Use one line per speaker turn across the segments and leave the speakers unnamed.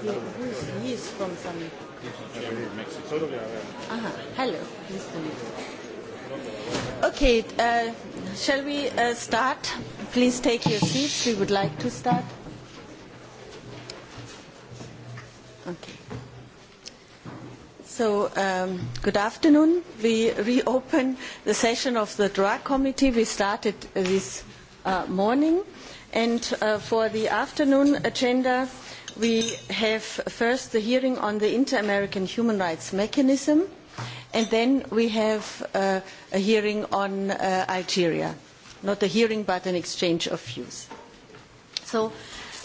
He, is from some. Aha, hello, Okay, uh, shall we uh, start? Please take your seats. We would like to start. Okay. So, um, good afternoon. We reopen the session of the Drug committee. We started this uh, morning. And uh, for the afternoon agenda, we have first the hearing on the Inter-American Human Rights Mechanism, and then we have uh, a hearing on uh, Algeria. Not a hearing, but an exchange of views. So,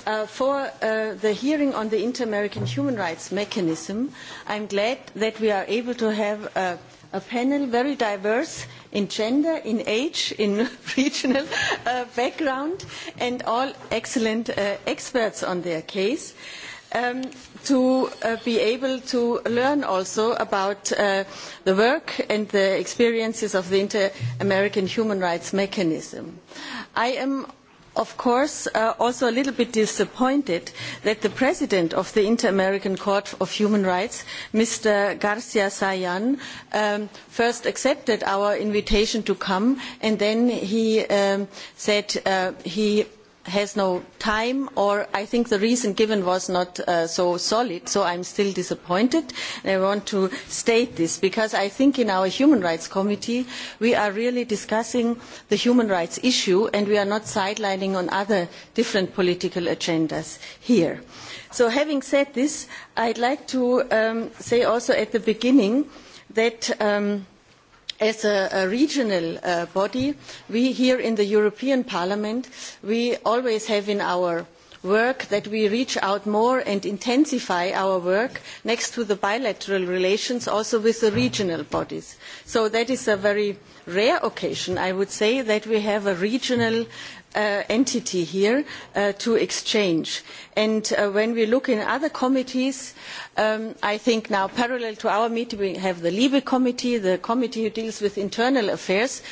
uh, for uh, the hearing on the Inter-American Human Rights Mechanism, I'm glad that we are able to have a a panel very diverse in gender, in age, in regional uh, background, and all excellent uh, experts on their case. Um, to uh, be able to learn also about uh, the work and the experiences of the Inter-American Human Rights Mechanism. I am of course uh, also a little bit disappointed that the president of the Inter-American Court of Human Rights, Mr. Garcia Sayan, um, first accepted our invitation to come and then he um, said uh, he has no time or I think the reason given was not uh, so solid so I'm still disappointed and I want to state this because I think in our human rights committee we are really discussing the human rights issue and we are not sidelining on other different political agendas here. So having said this I'd like to um, say also at the beginning that um, as a, regional uh, body, we here in the European Parliament, we always have in our work that we reach out more and intensify our work next to the bilateral relations also with the regional bodies. So that is a very rare occasion, I would say, that we have a regional Uh, entity here uh, to exchange. And uh, when we look in other committees, um, I think now parallel to our meeting, we have the LIBE committee, the committee who deals with internal affairs.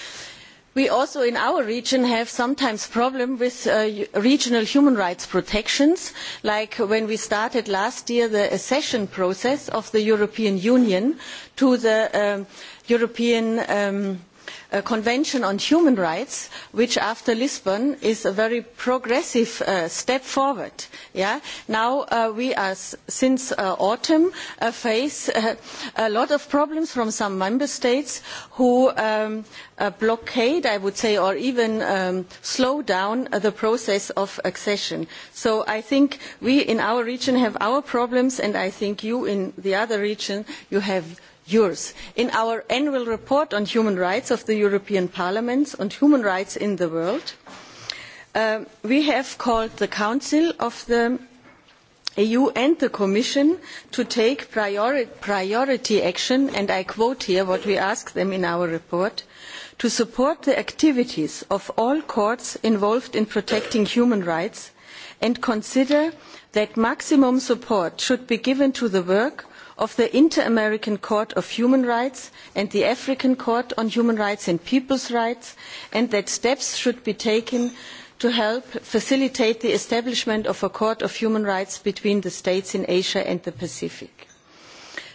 We also in our region have sometimes problem with uh, regional human rights protections, like when we started last year the accession process of the European Union to the um, European um, Uh, Convention on Human Rights, which after Lisbon is a very progressive uh, step forward. Yeah? Now uh, we are, since uh, autumn, uh, face a lot of problems from some member states who um, blockade, I would say, or even um, slow down the process of accession. So I think we in our region have our problems, and I think you in the other region, you have yours. in our annual report on human rights of the european parliament on human rights in the world uh, we have called on the council of the eu and the commission to take priori priority action and i quote here what we ask them in our report to support the activities of all courts involved in protecting human rights and consider that maximum support should be given to the work of the Inter-American Court of Human Rights and the African Court on Human Rights and People's Rights and that steps should be taken to help facilitate the establishment of a Court of Human Rights between the states in Asia and the Pacific.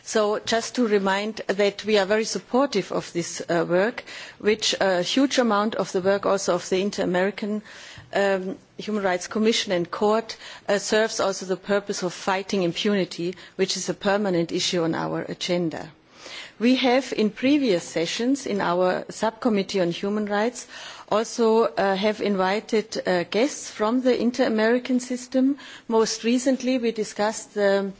So just to remind that we are very supportive of this uh, work, which a huge amount of the work also of the Inter-American uh, Um, human Rights Commission and Court uh, serves also the purpose of fighting impunity, which is a permanent issue on our agenda. We have in previous sessions in our subcommittee on human rights also uh, have invited uh, guests from the inter-American system. Most recently we discussed the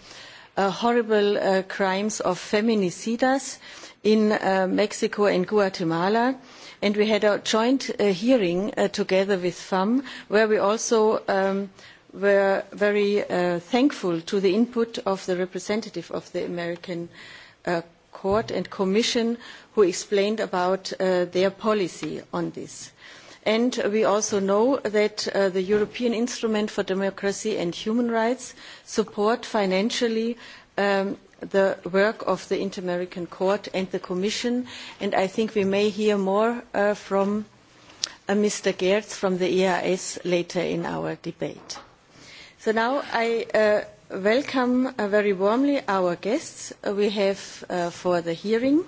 uh, horrible uh, crimes of feminicidas in uh, Mexico and Guatemala. Uh, and we had a joint uh, hearing uh, together with FAM where we also um, were very uh, thankful to the input of the representative of the American uh, Court and Commission who explained about their policy on this. And we also know that the European Instrument for Democracy and Human Rights support financially um, the work of the Inter-American Court and the Commission, and I think we may hear more uh, from uh, Mr. Geertz from the EIS later in our debate. So now I uh, welcome uh, very warmly our guests we have uh, for the hearing.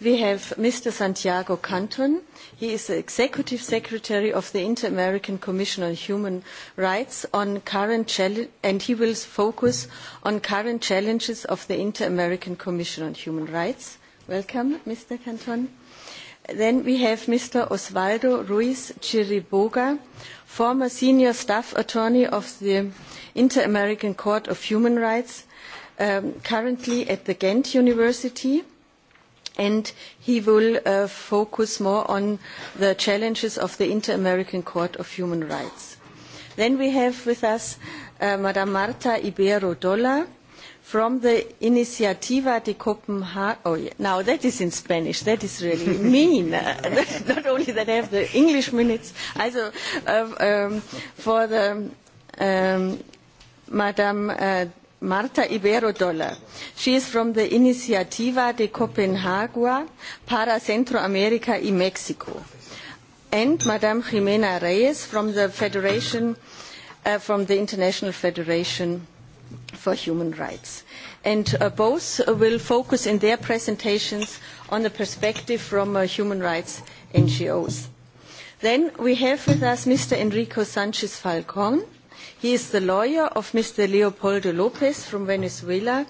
We have Mr. Santiago Canton, He is the Executive Secretary of the Inter-American Commission on Human Rights on current and he will focus on current challenges of the Inter-American Commission on Human Rights. Welcome, Mr. Canton. Then we have Mr. Osvaldo Ruiz Chiriboga, former senior staff attorney of the Inter-American Court of Human Rights, um, currently at the Ghent University and he will uh, focus more on the challenges of the Inter-American Court of Human Rights. Then we have with us uh, Madame Marta Ibero-Dolla, from the Iniciativa de Copenhagen. Oh, yeah. Now that is in Spanish. That is really mean. not only that I have the English minutes, also uh, um, for the um, Madame uh, Marta ibero Dolar, She is from the Iniciativa de Copenhague para Centroamerica y Mexico. And Madame Jimena Reyes from the Federation, uh, from the International Federation for Human Rights. And uh, both will focus in their presentations on the perspective from uh, human rights NGOs. Then we have with us Mr. Enrico Sanchez Falcon, He is the lawyer of Mr. Leopoldo Lopez from Venezuela,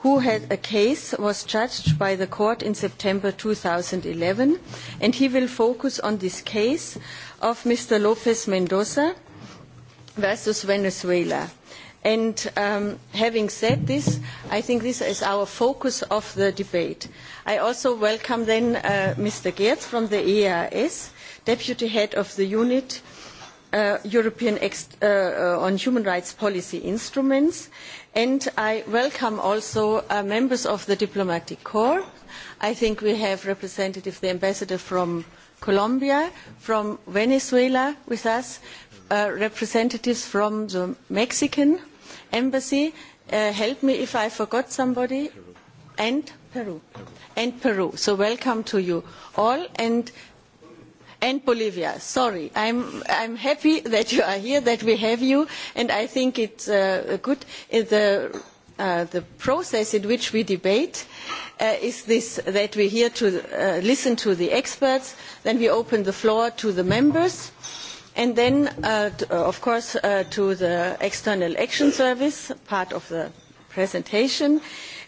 who had a case was judged by the court in September 2011, and he will focus on this case of Mr. Lopez Mendoza versus Venezuela. And um, having said this, I think this is our focus of the debate. I also welcome then uh, Mr. Geertz from the EAS, Deputy Head of the Unit uh, European uh, uh, on human rights policy instruments, and I welcome also uh, members of the diplomatic corps. I think we have representative, the ambassador from Colombia, from Venezuela with us, uh, representatives from the Mexican embassy. help me if I forgot somebody. Peru. And Peru. Peru. And Peru. So welcome to you all. And and Bolivia. Sorry, i am happy that you are here, that we have you, and I think it is uh, good. The, uh, the process in which we debate uh, is this, that we are here to listen to the experts, then we open the floor to the members, and then, of course, to the External Action Service, part of the presentation, uh,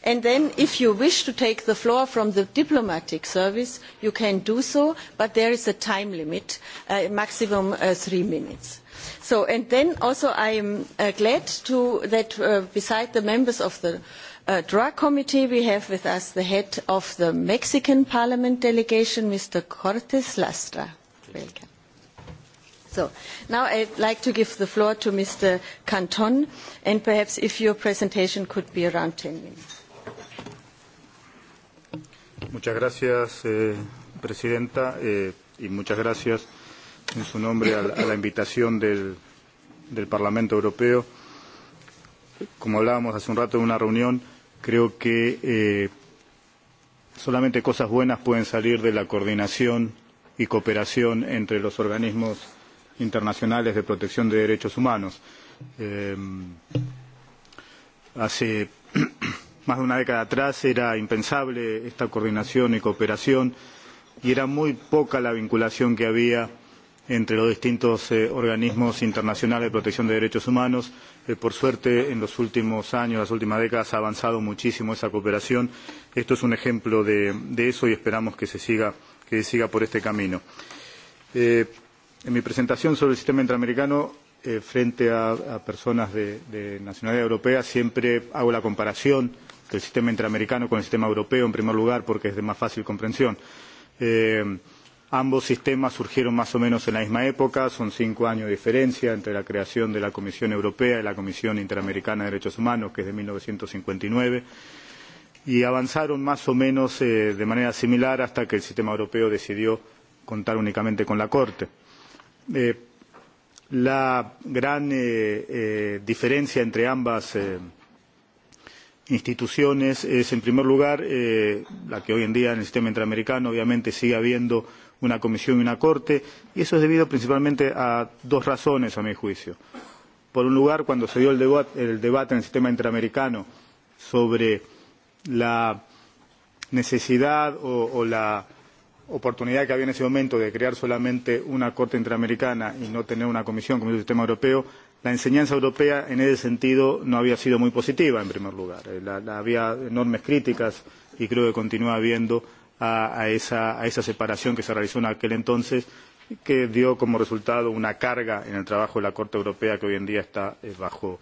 and then if you wish to take the floor from the diplomatic service you can do so but there is a time limit a uh, maximum of uh, three minutes. So, and then also i am uh, glad to, that uh, besides the members of the drug committee we have with us the head of the mexican parliament delegation mr cortes lastra. welcome. So, now I'd like to give the floor to Mr. Canton, and perhaps if your presentation could be around 10 minutes.
Muchas gracias, eh, Presidenta, eh, y muchas gracias en su nombre a la, a la invitación del, del Parlamento Europeo. Como hablábamos hace un rato en una reunión, creo que eh, solamente cosas buenas pueden salir de la coordinación y cooperación entre los organismos internacionales de protección de derechos humanos. Eh, hace más de una década atrás era impensable esta coordinación y cooperación y era muy poca la vinculación que había entre los distintos eh, organismos internacionales de protección de derechos humanos. Eh, por suerte, en los últimos años, las últimas décadas, ha avanzado muchísimo esa cooperación. Esto es un ejemplo de, de eso y esperamos que se siga, que se siga por este camino. Eh, en mi presentación sobre el sistema interamericano, eh, frente a, a personas de, de nacionalidad europea, siempre hago la comparación eh, del sistema interamericano con el sistema europeo, en primer lugar, porque es de más fácil comprensión. Eh, ambos sistemas surgieron más o menos en la misma época, son cinco años de diferencia entre la creación de la Comisión Europea y la Comisión Interamericana de Derechos Humanos, que es de 1959 y avanzaron más o menos eh, de manera similar hasta que el sistema europeo decidió contar únicamente con la Corte. Eh, la gran eh, eh, diferencia entre ambas eh, instituciones es, en primer lugar, eh, la que hoy en día en el sistema interamericano obviamente sigue habiendo una comisión y una corte, y eso es debido principalmente a dos razones, a mi juicio. Por un lugar, cuando se dio el, el debate en el sistema interamericano sobre la necesidad o, o la oportunidad que había en ese momento de crear solamente una Corte Interamericana y no tener una comisión como el sistema europeo, la enseñanza europea en ese sentido no había sido muy positiva en primer lugar. Eh, la, la, había enormes críticas y creo que continúa habiendo a, a, esa, a esa separación que se realizó en aquel entonces que dio como resultado una carga en el trabajo de la Corte Europea que hoy en día está eh, bajo,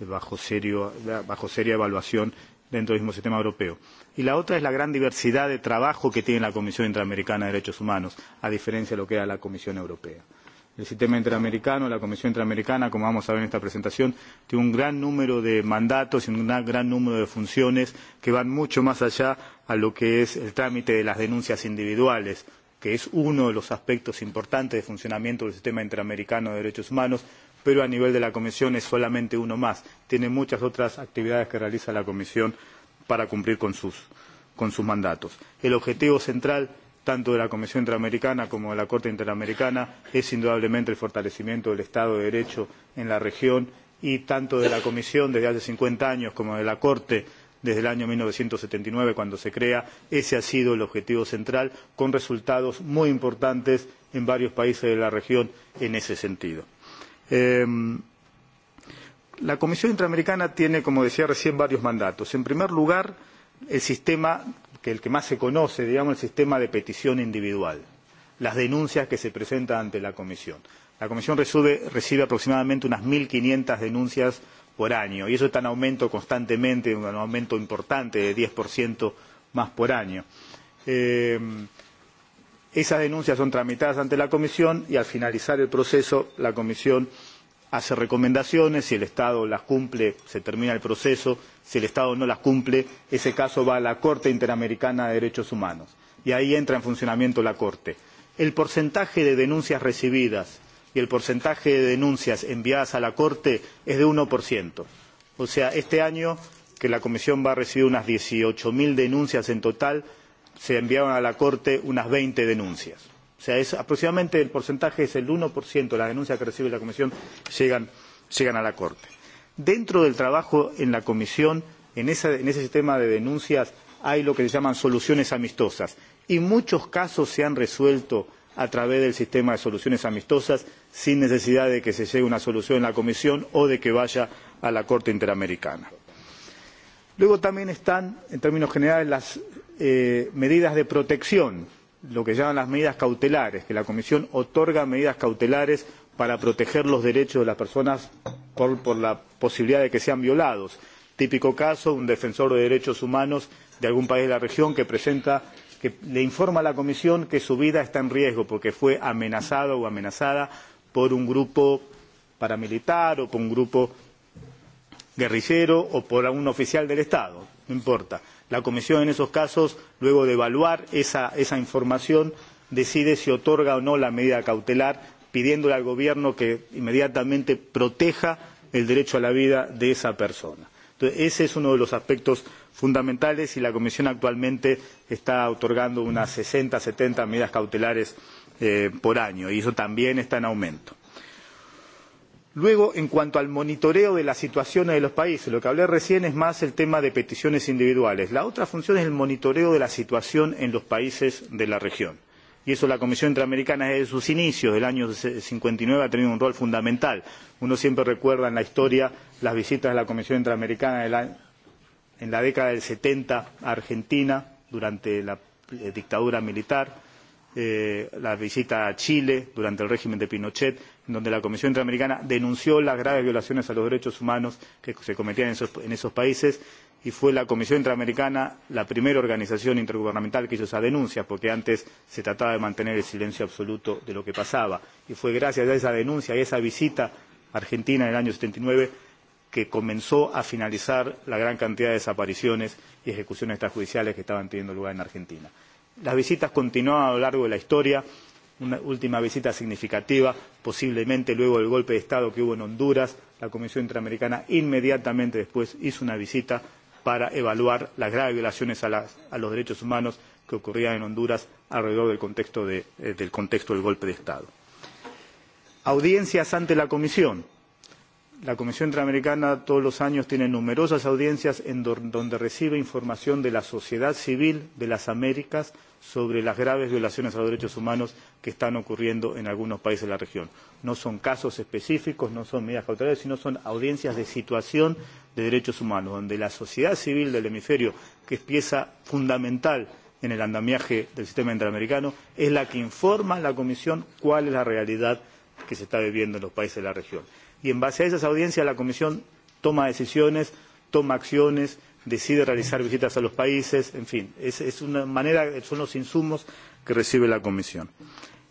eh, bajo, serio, bajo seria evaluación dentro del mismo sistema europeo. Y la otra es la gran diversidad de trabajo que tiene la Comisión Interamericana de Derechos Humanos, a diferencia de lo que era la Comisión Europea el sistema interamericano, la Comisión Interamericana, como vamos a ver en esta presentación, tiene un gran número de mandatos y un gran número de funciones que van mucho más allá a lo que es el trámite de las denuncias individuales, que es uno de los aspectos importantes de funcionamiento del sistema interamericano de derechos humanos, pero a nivel de la Comisión es solamente uno más. Tiene muchas otras actividades que realiza la Comisión para cumplir con sus, con sus mandatos. El objetivo central tanto de la Comisión Interamericana como de la Corte Interamericana es indudablemente el fortalecimiento del Estado de Derecho en la región y tanto de la Comisión desde hace 50 años como de la Corte desde el año 1979 cuando se crea. Ese ha sido el objetivo central con resultados muy importantes en varios países de la región en ese sentido. Eh, la Comisión Interamericana tiene, como decía recién, varios mandatos. En primer lugar, el sistema que el que más se conoce, digamos, el sistema de petición individual, las denuncias que se presentan ante la Comisión. La Comisión resube, recibe aproximadamente unas 1.500 denuncias por año y eso está en aumento constantemente, un aumento importante de 10% más por año. Eh, esas denuncias son tramitadas ante la Comisión y al finalizar el proceso la Comisión hace recomendaciones, si el Estado las cumple, se termina el proceso, si el Estado no las cumple, ese caso va a la Corte Interamericana de Derechos Humanos y ahí entra en funcionamiento la Corte. El porcentaje de denuncias recibidas y el porcentaje de denuncias enviadas a la Corte es de 1%. O sea, este año que la Comisión va a recibir unas 18.000 denuncias en total, se enviaron a la Corte unas 20 denuncias O sea, es aproximadamente el porcentaje es el 1% de las denuncias que recibe la Comisión llegan, llegan a la Corte. Dentro del trabajo en la Comisión, en, esa, en ese sistema de denuncias, hay lo que se llaman soluciones amistosas. Y muchos casos se han resuelto a través del sistema de soluciones amistosas sin necesidad de que se llegue una solución en la Comisión o de que vaya a la Corte Interamericana. Luego también están, en términos generales, las eh, medidas de protección lo que llaman las medidas cautelares, que la Comisión otorga medidas cautelares para proteger los derechos de las personas por, por la posibilidad de que sean violados. Típico caso, un defensor de derechos humanos de algún país de la región que presenta que le informa a la Comisión que su vida está en riesgo porque fue amenazado o amenazada por un grupo paramilitar o por un grupo guerrillero o por un oficial del Estado, no importa La Comisión, en esos casos, luego de evaluar esa, esa información, decide si otorga o no la medida cautelar, pidiéndole al Gobierno que inmediatamente proteja el derecho a la vida de esa persona. Entonces, ese es uno de los aspectos fundamentales y la Comisión actualmente está otorgando unas 60, 70 medidas cautelares eh, por año y eso también está en aumento. Luego, en cuanto al monitoreo de las situaciones de los países, lo que hablé recién es más el tema de peticiones individuales. La otra función es el monitoreo de la situación en los países de la región. Y eso la Comisión Interamericana desde sus inicios, del año 59, ha tenido un rol fundamental. Uno siempre recuerda en la historia las visitas de la Comisión Interamericana la, en la década del 70 a Argentina, durante la eh, dictadura militar, eh, la visita a Chile durante el régimen de Pinochet donde la Comisión Interamericana denunció las graves violaciones a los derechos humanos que se cometían en esos, en esos países y fue la Comisión Interamericana la primera organización intergubernamental que hizo esa denuncia, porque antes se trataba de mantener el silencio absoluto de lo que pasaba. Y fue gracias a esa denuncia y a esa visita a Argentina en el año 79 que comenzó a finalizar la gran cantidad de desapariciones y ejecuciones extrajudiciales que estaban teniendo lugar en Argentina. Las visitas continuaron a lo largo de la historia una última visita significativa, posiblemente luego del golpe de Estado que hubo en Honduras, la Comisión Interamericana inmediatamente después hizo una visita para evaluar las graves violaciones a, las, a los derechos humanos que ocurrían en Honduras alrededor del contexto, de, eh, del contexto del golpe de Estado. Audiencias ante la Comisión la Comisión Interamericana todos los años tiene numerosas audiencias en do donde recibe información de la sociedad civil de las Américas sobre las graves violaciones a los derechos humanos que están ocurriendo en algunos países de la región. No son casos específicos, no son medidas cautelares, sino son audiencias de situación de derechos humanos, donde la sociedad civil del hemisferio, que es pieza fundamental en el andamiaje del sistema interamericano, es la que informa a la Comisión cuál es la realidad que se está viviendo en los países de la región y en base a esas audiencias la Comisión toma decisiones, toma acciones, decide realizar visitas a los países, en fin, es, es una manera, son los insumos que recibe la Comisión.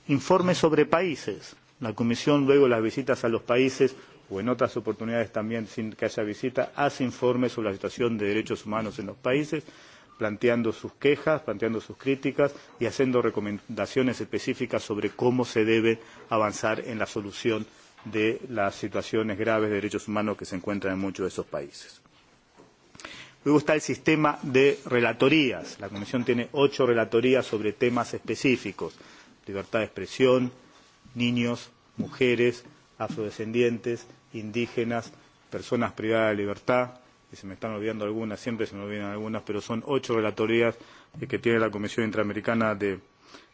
Informes sobre países. La Comisión luego las visitas a los países o en otras oportunidades también sin que haya visita, hace informes sobre la situación de derechos humanos en los países, planteando sus quejas, planteando sus críticas y haciendo recomendaciones específicas sobre cómo se debe avanzar en la solución de las situaciones graves de derechos humanos que se encuentran en muchos de esos países. Luego está el sistema de relatorías. La Comisión tiene ocho relatorías sobre temas específicos libertad de expresión, niños, mujeres, afrodescendientes, indígenas, personas privadas de libertad, y se me están olvidando algunas, siempre se me olvidan algunas, pero son ocho relatorías eh, que tiene la Comisión Interamericana de,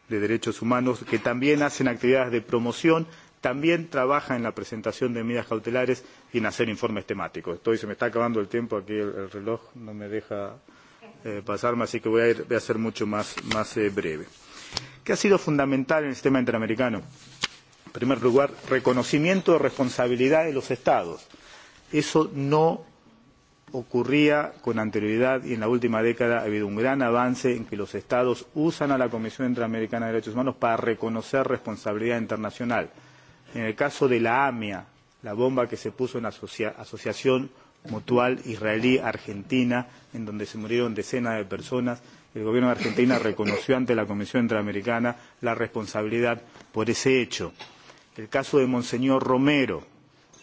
de Derechos Humanos, que también hacen actividades de promoción también trabaja en la presentación de medidas cautelares y en hacer informes temáticos. Estoy, se me está acabando el tiempo, aquí el, el reloj no me deja eh, pasarme, así que voy a, ir, voy a ser mucho más, más eh, breve. ¿Qué ha sido fundamental en el sistema interamericano? En primer lugar, reconocimiento de responsabilidad de los Estados. Eso no ocurría con anterioridad y en la última década ha habido un gran avance en que los Estados usan a la Comisión Interamericana de Derechos Humanos para reconocer responsabilidad internacional En el caso de la AMIA, la bomba que se puso en la asocia Asociación Mutual Israelí-Argentina, en donde se murieron decenas de personas, el gobierno de Argentina reconoció ante la Comisión Interamericana la responsabilidad por ese hecho. El caso de Monseñor Romero,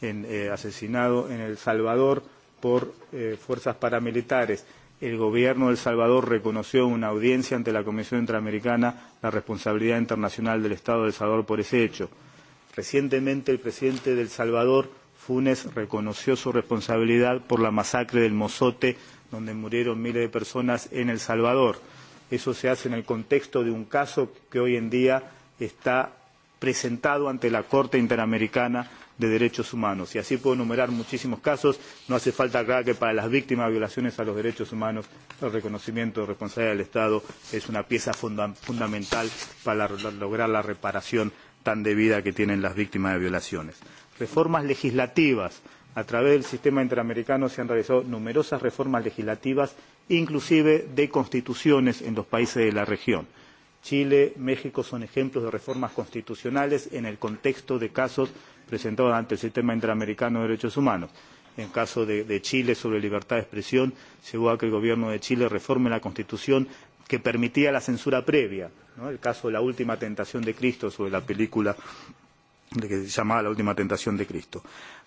en, eh, asesinado en El Salvador por eh, fuerzas paramilitares. El gobierno de El Salvador reconoció en una audiencia ante la Comisión Interamericana la responsabilidad internacional del Estado de El Salvador por ese hecho. Recientemente el presidente de El Salvador, Funes, reconoció su responsabilidad por la masacre del Mozote, donde murieron miles de personas en El Salvador. Eso se hace en el contexto de un caso que hoy en día está presentado ante la Corte Interamericana de Derechos Humanos. Y así puedo enumerar muchísimos casos. No hace falta aclarar que para las víctimas de violaciones a los derechos humanos el reconocimiento de responsabilidad del Estado es una pieza funda fundamental para lograr la reparación tan debida que tienen las víctimas de violaciones. Reformas legislativas. A través del sistema interamericano se han realizado numerosas reformas legislativas, inclusive de constituciones en los países de la región. Chile, México son ejemplos de reformas constitucionales en el contexto de casos presentados ante el Sistema Interamericano de Derechos Humanos. En caso de, de Chile sobre libertad de expresión, se busca que el Gobierno de Chile reforme la Constitución que permitía la censura previa. ¿no? El caso de la última tentación de Cristo sobre la película de que se llamaba La última tentación de Cristo.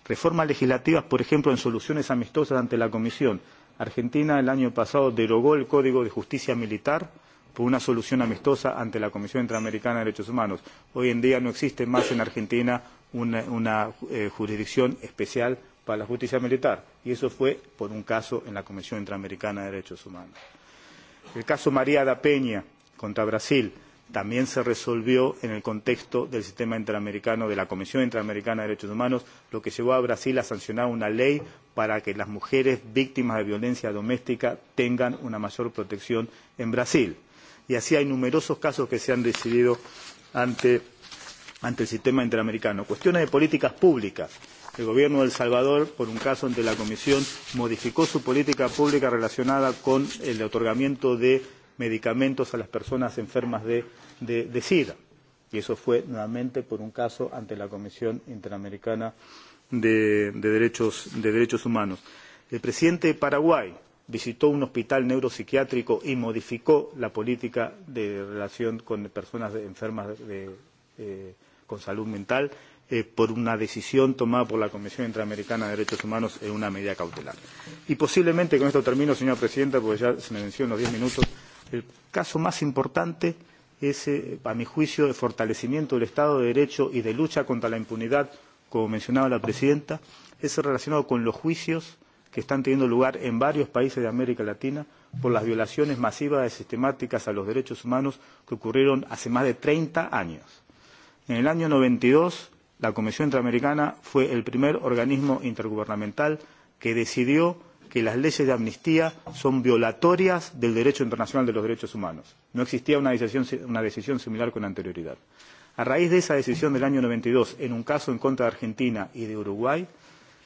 Reformas legislativas, por ejemplo, en soluciones amistosas ante la Comisión. Argentina el año pasado derogó el Código de Justicia Militar por una solución amistosa ante la Comisión Interamericana de Derechos Humanos. Hoy en día no existe más en Argentina una, una eh, jurisdicción especial para la justicia militar y eso fue por un caso en la Comisión Interamericana de Derechos Humanos. El caso María da Peña contra Brasil también se resolvió en el contexto del sistema interamericano, de la Comisión Interamericana de Derechos Humanos, lo que llevó a Brasil a sancionar una ley para que las mujeres víctimas de violencia doméstica tengan una mayor protección en Brasil. Y así hay numerosos casos que se han decidido ante, ante el sistema interamericano. Cuestiones de políticas públicas el gobierno de El Salvador, por un caso ante la Comisión, modificó su política pública relacionada con el otorgamiento de medicamentos a las personas enfermas de, de, de SIDA. Y eso fue nuevamente por un caso ante la Comisión Interamericana de, de, Derechos, de Derechos Humanos. El presidente de Paraguay visitó un hospital neuropsiquiátrico y modificó la política de relación con personas enfermas de, de, eh, con salud mental eh, por una decisión tomada por la Comisión Interamericana de Derechos Humanos en una medida cautelar. Y posiblemente, con esto termino, señora presidenta, porque ya se me venció en los diez minutos, el caso más importante es, eh, a mi juicio, de fortalecimiento del Estado de Derecho y de lucha contra la impunidad, como mencionaba la presidenta, es relacionado con los juicios que están teniendo lugar en varios países de América Latina por las violaciones masivas y sistemáticas a los derechos humanos que ocurrieron hace más de 30 años. En el año 92, la Comisión Interamericana fue el primer organismo intergubernamental que decidió que las leyes de amnistía son violatorias del derecho internacional de los derechos humanos. No existía una decisión, una decisión similar con anterioridad. A raíz de esa decisión del año 92, en un caso en contra de Argentina y de Uruguay,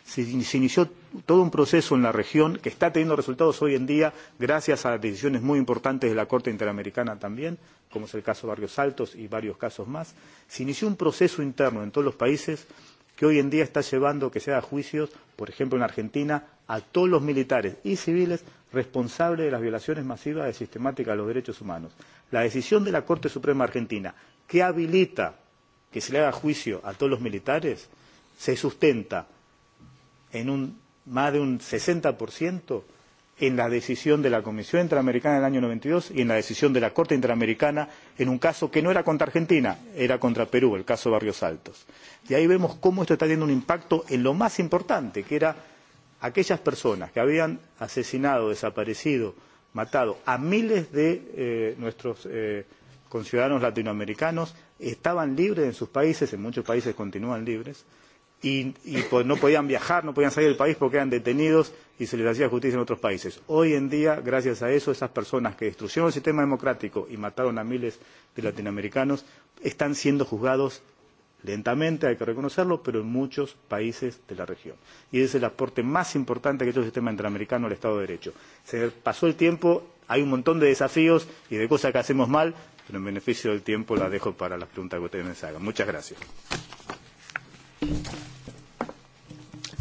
se, inició todo un proceso en la región que está teniendo resultados hoy en día gracias a decisiones muy importantes de la Corte Interamericana también, como es el caso de Barrios Altos y varios casos más. Se inició un proceso interno en todos los países que hoy en día está llevando que se haga juicios, por ejemplo en Argentina, a todos los militares y civiles responsables de las violaciones masivas y sistemáticas de los derechos humanos. La decisión de la Corte Suprema Argentina que habilita que se le haga juicio a todos los militares se sustenta en un, más de un 60% en la decisión de la Comisión Interamericana del año 92 y en la decisión de la Corte Interamericana en un caso que no era contra Argentina, era contra Perú, el caso Barrios Altos. Y ahí vemos cómo esto está teniendo un impacto en lo más importante, que era aquellas personas que habían asesinado, desaparecido, matado a miles de eh, nuestros eh, conciudadanos latinoamericanos, estaban libres en sus países, en muchos países continúan libres, y, y pues, no podían viajar, no podían salir del país porque eran detenidos y se les hacía justicia en otros países. Hoy en día, gracias a eso, esas personas que destruyeron el sistema democrático y mataron a miles de latinoamericanos están siendo juzgados lentamente, hay que reconocerlo, pero en muchos países de la región. Y ese es el aporte más importante que ha hecho el sistema interamericano al Estado de Derecho. Se pasó el tiempo, hay un montón de desafíos y de cosas que hacemos mal, pero en beneficio del tiempo la dejo para las preguntas que ustedes me hagan. Muchas gracias. Thank
you.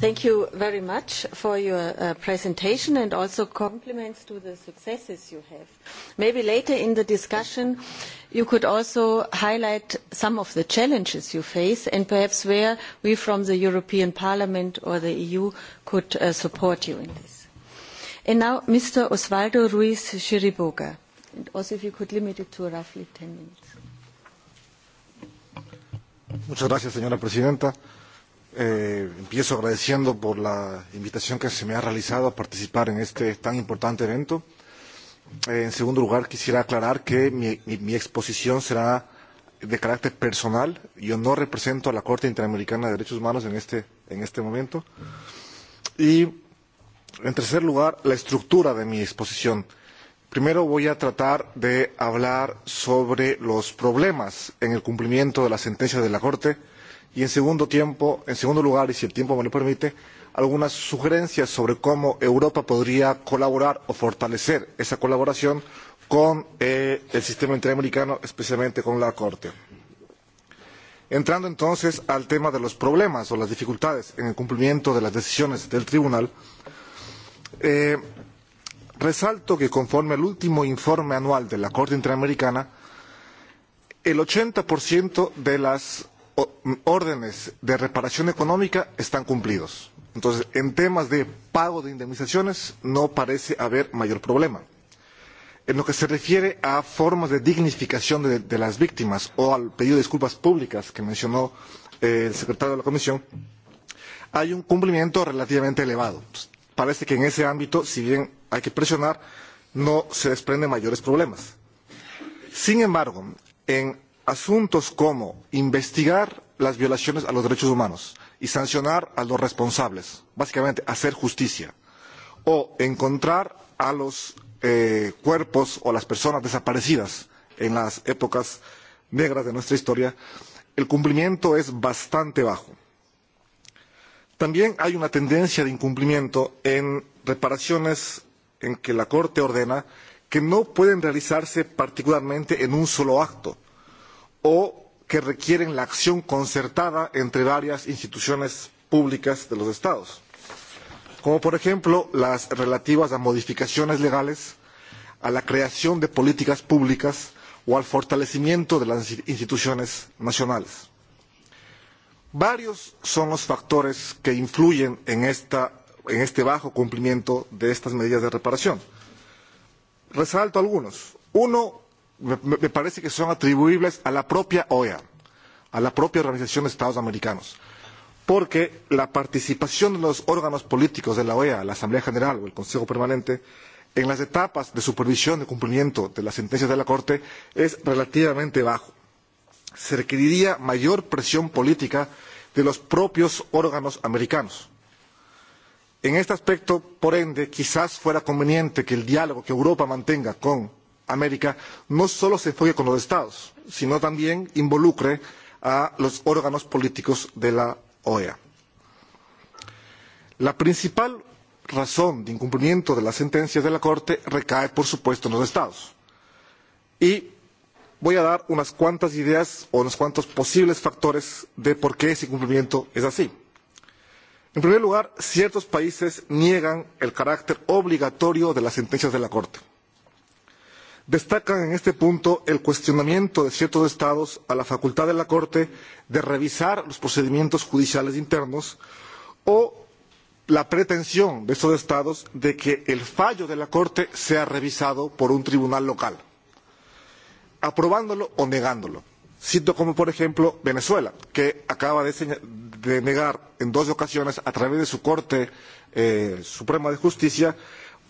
Thank you very much for your uh, presentation and also compliments to the successes you have. Maybe later in the discussion you could also highlight some of the challenges you face and perhaps where we from the European Parliament or the EU could uh, support you in this. And now Mr. Osvaldo Ruiz Chiriboga. And also if you could limit it to roughly 10 minutes.
Muchas gracias, señora presidenta. Eh, empiezo agradeciendo por la invitación que se me ha realizado a participar en este tan importante evento. Eh, en segundo lugar, quisiera aclarar que mi, mi, mi exposición será de carácter personal. Yo no represento a la Corte Interamericana de Derechos Humanos en este, en este momento. Y, en tercer lugar, la estructura de mi exposición. Primero voy a tratar de hablar sobre los problemas en el cumplimiento de la sentencia de la Corte Y en segundo, tiempo, en segundo lugar, y si el tiempo me lo permite, algunas sugerencias sobre cómo Europa podría colaborar o fortalecer esa colaboración con eh, el sistema interamericano, especialmente con la Corte. Entrando entonces al tema de los problemas o las dificultades en el cumplimiento de las decisiones del Tribunal, eh, resalto que conforme al último informe anual de la Corte Interamericana, el 80% de las órdenes de reparación económica están cumplidos. Entonces, en temas de pago de indemnizaciones no parece haber mayor problema. En lo que se refiere a formas de dignificación de, de las víctimas o al pedido de disculpas públicas que mencionó eh, el secretario de la Comisión, hay un cumplimiento relativamente elevado. Entonces, parece que en ese ámbito, si bien hay que presionar, no se desprenden mayores problemas. Sin embargo, en asuntos como investigar las violaciones a los derechos humanos y sancionar a los responsables, básicamente hacer justicia, o encontrar a los eh, cuerpos o las personas desaparecidas en las épocas negras de nuestra historia, el cumplimiento es bastante bajo. También hay una tendencia de incumplimiento en reparaciones en que la Corte ordena que no pueden realizarse particularmente en un solo acto, o que requieren la acción concertada entre varias instituciones públicas de los Estados, como por ejemplo las relativas a modificaciones legales, a la creación de políticas públicas o al fortalecimiento de las instituciones nacionales. Varios son los factores que influyen en, esta, en este bajo cumplimiento de estas medidas de reparación. Resalto algunos. Uno, me, parece que son atribuibles a la propia OEA, a la propia Organización de Estados Americanos. Porque la participación de los órganos políticos de la OEA, la Asamblea General o el Consejo Permanente, en las etapas de supervisión de cumplimiento de las sentencias de la Corte es relativamente bajo. Se requeriría mayor presión política de los propios órganos americanos. En este aspecto, por ende, quizás fuera conveniente que el diálogo que Europa mantenga con América no solo se enfoque con los estados, sino también involucre a los órganos políticos de la OEA. La principal razón de incumplimiento de las sentencias de la Corte recae, por supuesto, en los estados. Y voy a dar unas cuantas ideas o unos cuantos posibles factores de por qué ese incumplimiento es así. En primer lugar, ciertos países niegan el carácter obligatorio de las sentencias de la Corte destacan en este punto el cuestionamiento de ciertos estados a la facultad de la Corte de revisar los procedimientos judiciales internos o la pretensión de estos estados de que el fallo de la Corte sea revisado por un tribunal local, aprobándolo o negándolo. Cito como por ejemplo Venezuela, que acaba de, de negar en dos ocasiones a través de su Corte eh, Suprema de Justicia,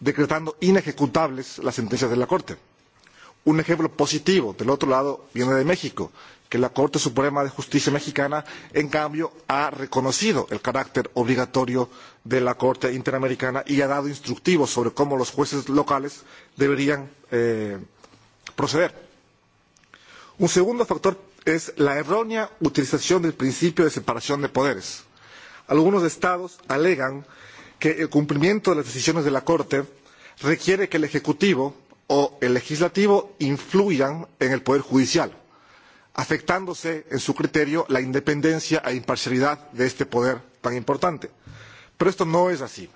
decretando inejecutables las sentencias de la Corte. Un ejemplo positivo, del otro lado, viene de México, que la Corte Suprema de Justicia mexicana, en cambio, ha reconocido el carácter obligatorio de la Corte Interamericana y ha dado instructivos sobre cómo los jueces locales deberían eh, proceder. Un segundo factor es la errónea utilización del principio de separación de poderes. Algunos estados alegan que el cumplimiento de las decisiones de la Corte requiere que el Ejecutivo o el legislativo influyan en el poder judicial, afectándose en su criterio la independencia e imparcialidad de este poder tan importante. Pero esto no es así.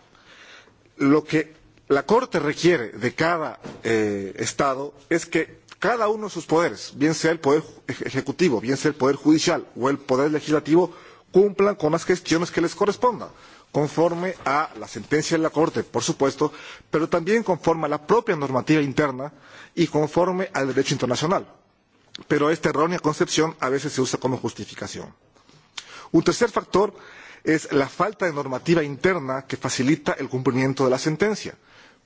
Lo que la Corte requiere de cada eh, Estado es que cada uno de sus poderes, bien sea el poder ejecutivo, bien sea el poder judicial o el poder legislativo, cumplan con las gestiones que les correspondan conforme a la sentencia de la Corte, por supuesto, pero también conforme a la propia normativa interna y conforme al derecho internacional. Pero esta errónea concepción a veces se usa como justificación. Un tercer factor es la falta de normativa interna que facilita el cumplimiento de la sentencia.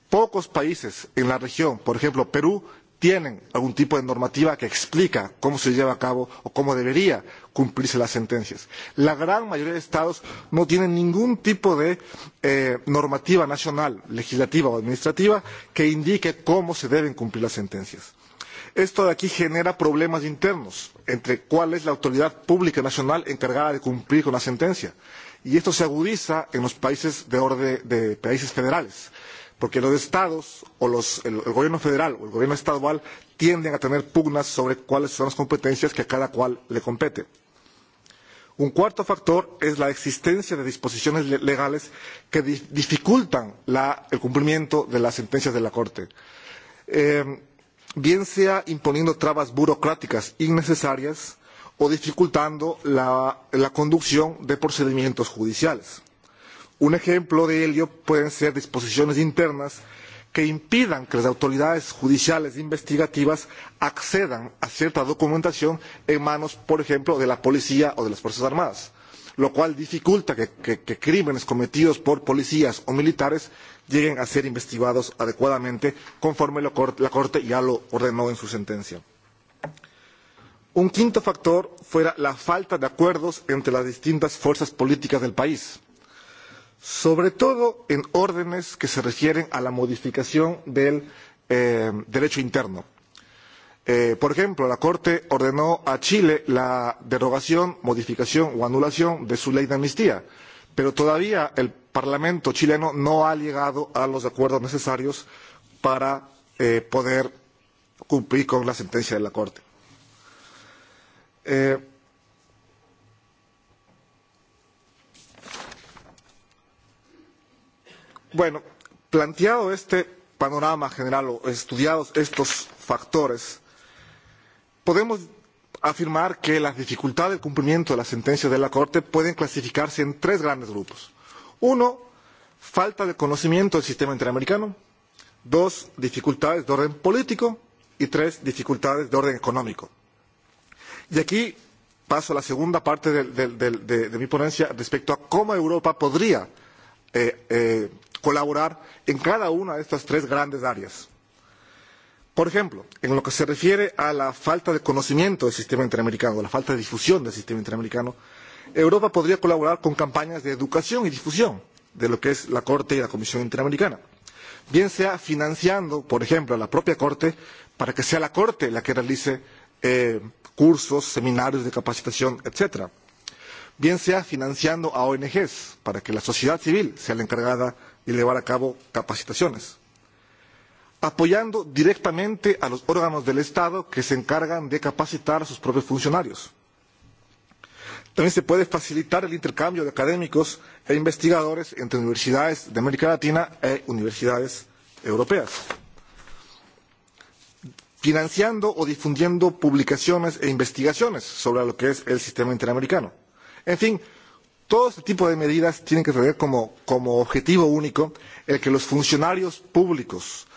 Pocos países en la región, por ejemplo Perú, tienen algún tipo de normativa que explica cómo se lleva a cabo o cómo debería cumplirse las sentencias. La gran mayoría de estados no tienen ningún tipo de eh, normativa nacional, legislativa o administrativa que indique cómo se deben cumplir las sentencias. Esto de aquí genera problemas internos entre cuál es la autoridad pública nacional encargada de cumplir con la sentencia. Y esto se agudiza en los países de, orden, de países federales porque los estados o los, el, el gobierno federal o el gobierno estadual tienden a tener pugnas sobre cuáles son las competencias que a cada cual le compete. Un cuarto factor es la existencia de disposiciones legales que di dificultan la, el cumplimiento de las sentencias de la Corte, eh, bien sea imponiendo trabas burocráticas innecesarias o dificultando la, la conducción de procedimientos judiciales. Un ejemplo de ello pueden ser disposiciones internas que impidan que las autoridades judiciales investigativas accedan a cierta documentación en manos, por ejemplo, de la policía o de las Fuerzas Armadas, lo cual dificulta que, que, que crímenes cometidos por policías o militares lleguen a ser investigados adecuadamente, conforme lo, la Corte ya lo ordenó en su sentencia. Un quinto factor fuera la falta de acuerdos entre las distintas fuerzas políticas del país sobre todo en órdenes que se refieren a la modificación del eh, derecho interno. Eh, por ejemplo, la Corte ordenó a Chile la derogación, modificación o anulación de su ley de amnistía, pero todavía el Parlamento chileno no ha llegado a los acuerdos necesarios para eh, poder cumplir con la sentencia de la Corte. Eh, Bueno, planteado este panorama general o estudiados estos factores, podemos afirmar que las dificultades del cumplimiento de las sentencias de la Corte pueden clasificarse en tres grandes grupos. Uno, falta de conocimiento del sistema interamericano. Dos, dificultades de orden político. Y tres, dificultades de orden económico. Y aquí paso a la segunda parte de, de, de, de mi ponencia respecto a cómo Europa podría eh, eh, colaborar en cada una de estas tres grandes áreas. Por ejemplo, en lo que se refiere a la falta de conocimiento del sistema interamericano, la falta de difusión del sistema interamericano, Europa podría colaborar con campañas de educación y difusión de lo que es la Corte y la Comisión Interamericana. Bien sea financiando, por ejemplo, a la propia Corte para que sea la Corte la que realice eh, cursos, seminarios de capacitación, etcétera bien sea financiando a ONGs para que la sociedad civil sea la encargada de llevar a cabo capacitaciones, apoyando directamente a los órganos del Estado que se encargan de capacitar a sus propios funcionarios. También se puede facilitar el intercambio de académicos e investigadores entre universidades de América Latina e universidades europeas, financiando o difundiendo publicaciones e investigaciones sobre lo que es el sistema interamericano En fin, todo este tipo de medidas tienen que tener como, como objetivo único el que los funcionarios públicos,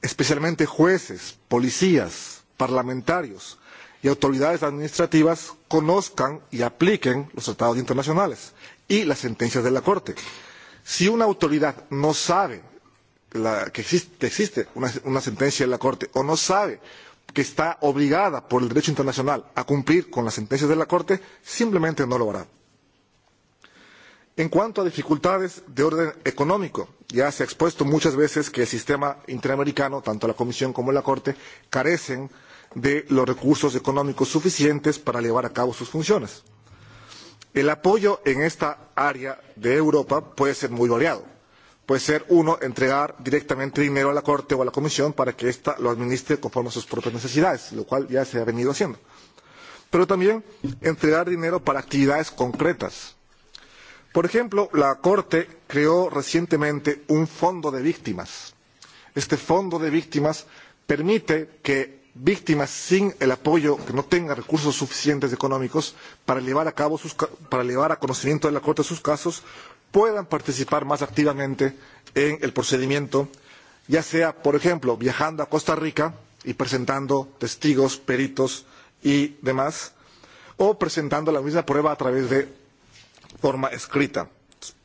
especialmente jueces, policías, parlamentarios y autoridades administrativas, conozcan y apliquen los tratados internacionales y las sentencias de la Corte. Si una autoridad no sabe la, que existe, existe una, una sentencia de la Corte o no sabe que está obligada por el derecho internacional a cumplir con las sentencias de la Corte, simplemente no lo hará. En cuanto a dificultades de orden económico, ya se ha expuesto muchas veces que el sistema interamericano, tanto la Comisión como la Corte, carecen de los recursos económicos suficientes para llevar a cabo sus funciones. El apoyo en esta área de Europa puede ser muy variado puede ser uno entregar directamente dinero a la Corte o a la Comisión para que ésta lo administre conforme a sus propias necesidades, lo cual ya se ha venido haciendo. Pero también entregar dinero para actividades concretas. Por ejemplo, la Corte creó recientemente un fondo de víctimas. Este fondo de víctimas permite que víctimas sin el apoyo, que no tengan recursos suficientes económicos para llevar a cabo sus, para llevar a conocimiento de la Corte sus casos, puedan participar más activamente en el procedimiento, ya sea, por ejemplo, viajando a Costa Rica y presentando testigos, peritos y demás, o presentando la misma prueba a través de forma escrita.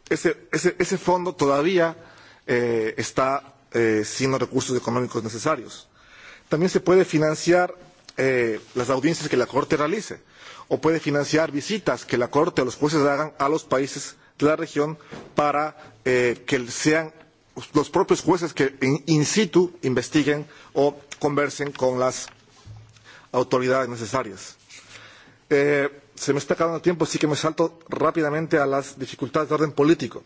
Ese, ese, ese fondo todavía eh, está eh, sin los recursos económicos necesarios. También se puede financiar eh, las audiencias que la Corte realice, o puede financiar visitas que la Corte o los jueces hagan a los países de la región para eh, que sean los propios jueces que in, in situ investiguen o conversen con las autoridades necesarias. Eh, se me está acabando el tiempo, así que me salto rápidamente a las dificultades de orden político.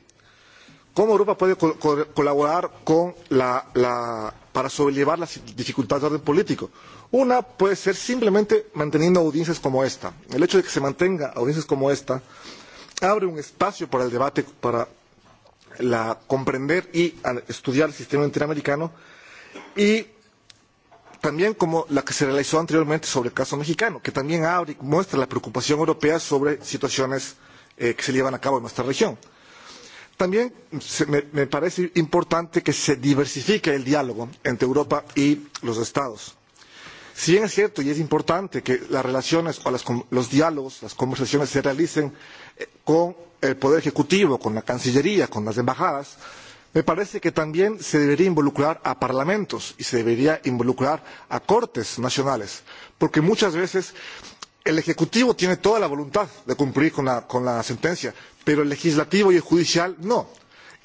¿Cómo Europa puede co co colaborar con la, la, para sobrellevar las dificultades de orden político? Una puede ser simplemente manteniendo audiencias como esta. El hecho de que se mantenga audiencias como esta abre un espacio para el debate, para la, comprender y estudiar el sistema interamericano y también como la que se realizó anteriormente sobre el caso mexicano, que también abre y muestra la preocupación europea sobre situaciones eh, que se llevan a cabo en nuestra región. También se, me, me parece importante que se diversifique el diálogo entre Europa y los Estados si bien es cierto y es importante que las relaciones o las, los diálogos, las conversaciones se realicen eh, con el Poder Ejecutivo, con la Cancillería, con las embajadas, me parece que también se debería involucrar a parlamentos y se debería involucrar a cortes nacionales, porque muchas veces el Ejecutivo tiene toda la voluntad de cumplir con la, con la sentencia, pero el legislativo y el judicial no.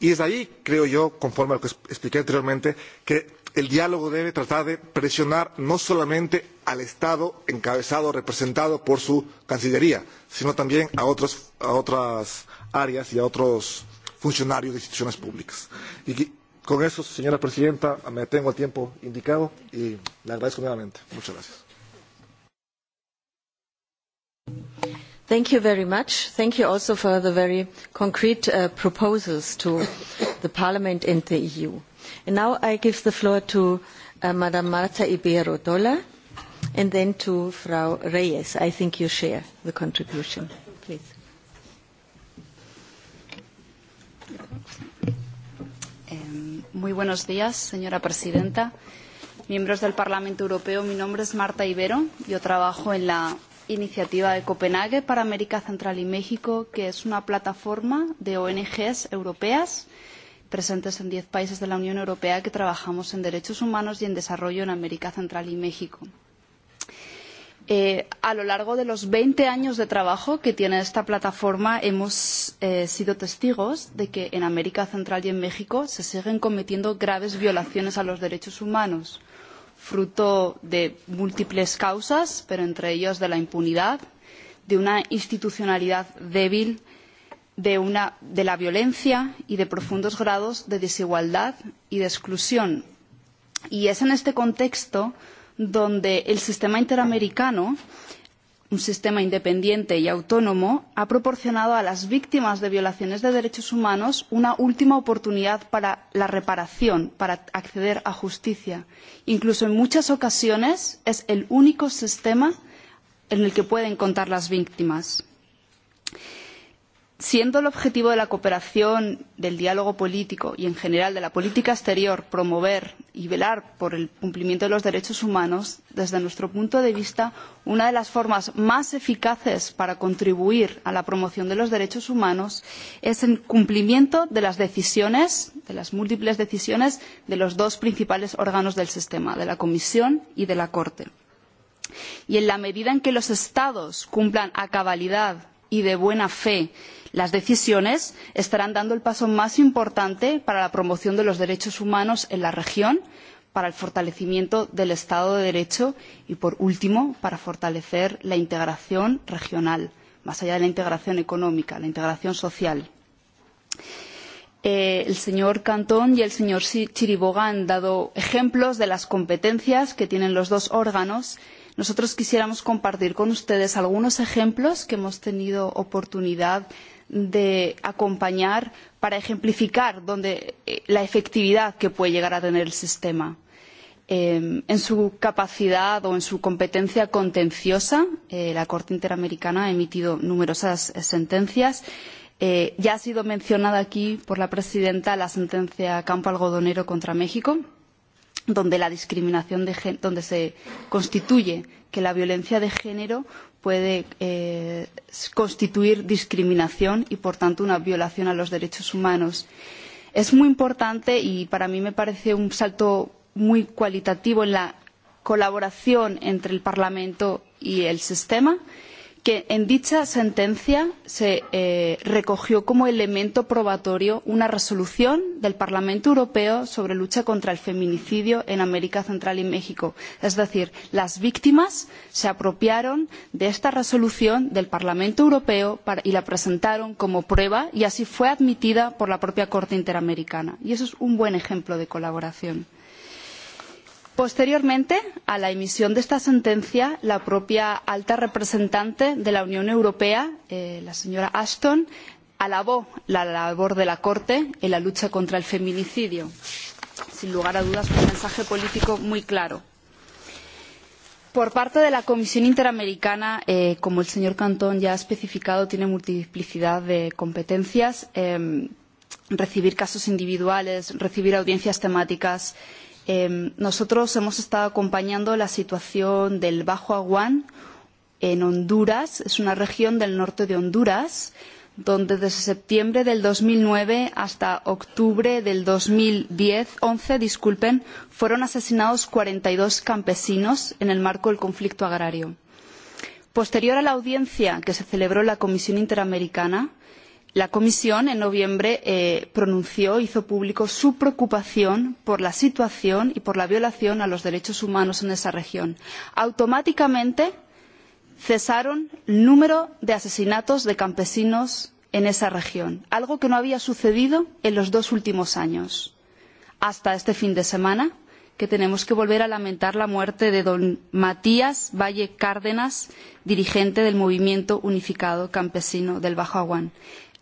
Y es ahí, creo yo, conforme a lo que expliqué anteriormente, que el diálogo debe tratar de presionar no solamente al Estado encabezado, representado por su Cancillería, sino también a, otros, a otras áreas y a otros funcionarios de instituciones públicas. Y con eso, señora presidenta, me tengo al tiempo indicado y le agradezco nuevamente. Muchas gracias.
Thank you very much. Thank you also for the very concrete uh, proposals to the Parliament and the EU now I give the floor to uh, Madam Marta Ibero Dola and then to Frau Reyes. I
think you share the contribution, please. muy buenos días, señora presidenta, miembros del Parlamento Europeo. Mi nombre es Marta Ibero. Yo trabajo en la iniciativa de Copenhague para América Central y México, que es una plataforma de ONGs europeas eh, presentes en 10 países de la Unión Europea que trabajamos en derechos humanos y en desarrollo en América Central y México. Eh, a lo largo de los 20 años de trabajo que tiene esta plataforma hemos eh, sido testigos de que en América Central y en México se siguen cometiendo graves violaciones a los derechos humanos, fruto de múltiples causas, pero entre ellas de la impunidad, de una institucionalidad débil, de, una, de la violencia y de profundos grados de desigualdad y de exclusión. Y es en este contexto donde el sistema interamericano, un sistema independiente y autónomo, ha proporcionado a las víctimas de violaciones de derechos humanos una última oportunidad para la reparación, para acceder a justicia. Incluso en muchas ocasiones es el único sistema en el que pueden contar las víctimas. Siendo el objetivo de la cooperación, del diálogo político y, en general, de la política exterior promover y velar por el cumplimiento de los derechos humanos, desde nuestro punto de vista, una de las formas más eficaces para contribuir a la promoción de los derechos humanos es el cumplimiento de las decisiones, de las múltiples decisiones de los dos principales órganos del sistema, de la Comisión y de la Corte. Y en la medida en que los Estados cumplan a cabalidad y de buena fe las decisiones estarán dando el paso más importante para la promoción de los derechos humanos en la región para el fortalecimiento del Estado de Derecho y, por último, para fortalecer la integración regional, más allá de la integración económica, la integración social. Eh, el señor Cantón y el señor Chiriboga han dado ejemplos de las competencias que tienen los dos órganos. Nosotros quisiéramos compartir con ustedes algunos ejemplos que hemos tenido oportunidad de de acompañar para ejemplificar donde, eh, la efectividad que puede llegar a tener el sistema. Eh, en su capacidad o en su competencia contenciosa, eh, la Corte Interamericana ha emitido numerosas eh, sentencias. Eh, ya ha sido mencionada aquí por la presidenta la sentencia Campo Algodonero contra México, donde la discriminación de donde se constituye que la violencia de género puede eh, constituir discriminación y, por tanto, una violación a los derechos humanos. Es muy importante y para mí me parece un salto muy cualitativo en la colaboración entre el Parlamento y el sistema. Eh, que en dicha sentencia se eh, recogió como elemento probatorio una resolución del Parlamento Europeo sobre lucha contra el feminicidio en América Central y México. Es decir, las víctimas se apropiaron de esta resolución del Parlamento Europeo para, y la presentaron como prueba y así fue admitida por la propia Corte Interamericana. Y eso es un buen ejemplo de colaboración. Posteriormente a la emisión de esta sentencia, la propia alta representante de la Unión Europea, eh, la señora Ashton, alabó la labor de la Corte en la lucha contra el feminicidio. Sin lugar a dudas, un mensaje político muy claro. Por parte de la Comisión Interamericana, eh, como el señor Cantón ya ha especificado, tiene multiplicidad de competencias. Eh, recibir casos individuales, recibir audiencias temáticas, Eh, nosotros hemos estado acompañando la situación del Bajo Aguán en Honduras. Es una región del norte de Honduras donde desde septiembre del 2009 hasta octubre del 2010, 11, disculpen, fueron asesinados 42 campesinos en el marco del conflicto agrario. Posterior a la audiencia que se celebró en la Comisión Interamericana, La Comisión en noviembre eh, pronunció, hizo público su preocupación por la situación y por la violación a los derechos humanos en esa región. Automáticamente cesaron el número de asesinatos de campesinos en esa región, algo que no había sucedido en los dos últimos años. Hasta este fin de semana, que tenemos que volver a lamentar la muerte de don Matías Valle Cárdenas, dirigente del Movimiento Unificado Campesino del Bajo Aguán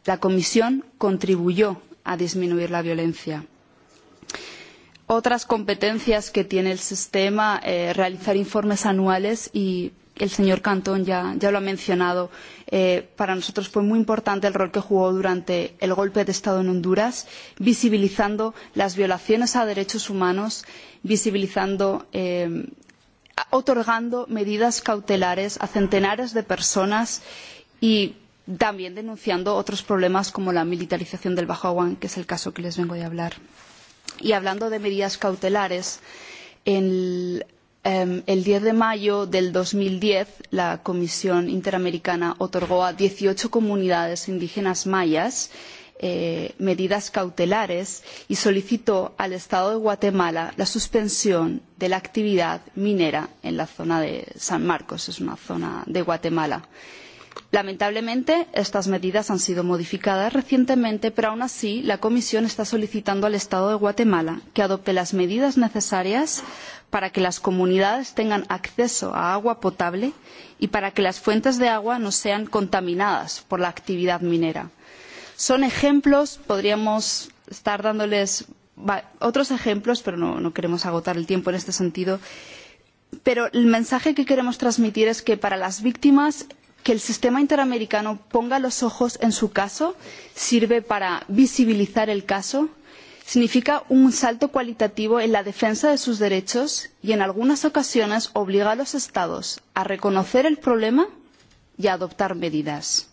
La Comisión contribuyó a disminuir la violencia. Otras competencias que tiene el sistema, eh, realizar informes anuales y el señor Cantón ya, ya lo ha mencionado. Eh, para nosotros fue muy importante el rol que jugó durante el golpe de Estado en Honduras, visibilizando las violaciones a derechos humanos, visibilizando, eh, otorgando medidas cautelares a centenares de personas y también denunciando otros problemas como la militarización del Bajo Aguán, que es el caso que les vengo a hablar. Y hablando de medidas cautelares, el, eh, el 10 de mayo del 2010 la Comisión Interamericana otorgó a 18 comunidades indígenas mayas eh, medidas cautelares y solicitó al Estado de Guatemala la suspensión de la actividad minera en la zona de San Marcos, es una zona de Guatemala. Eh, Lamentablemente, estas medidas han sido modificadas recientemente, pero aún así la Comisión está solicitando al Estado de Guatemala que adopte las medidas necesarias para que las comunidades tengan acceso a agua potable y para que las fuentes de agua no sean contaminadas por la actividad minera. Son ejemplos, podríamos estar dándoles otros ejemplos, pero no, no queremos agotar el tiempo en este sentido. Pero el mensaje que queremos transmitir es que para las víctimas que el sistema interamericano ponga los ojos en su caso sirve para visibilizar el caso, significa un salto cualitativo en la defensa de sus derechos y en algunas ocasiones obliga a los Estados a reconocer el problema y a adoptar medidas.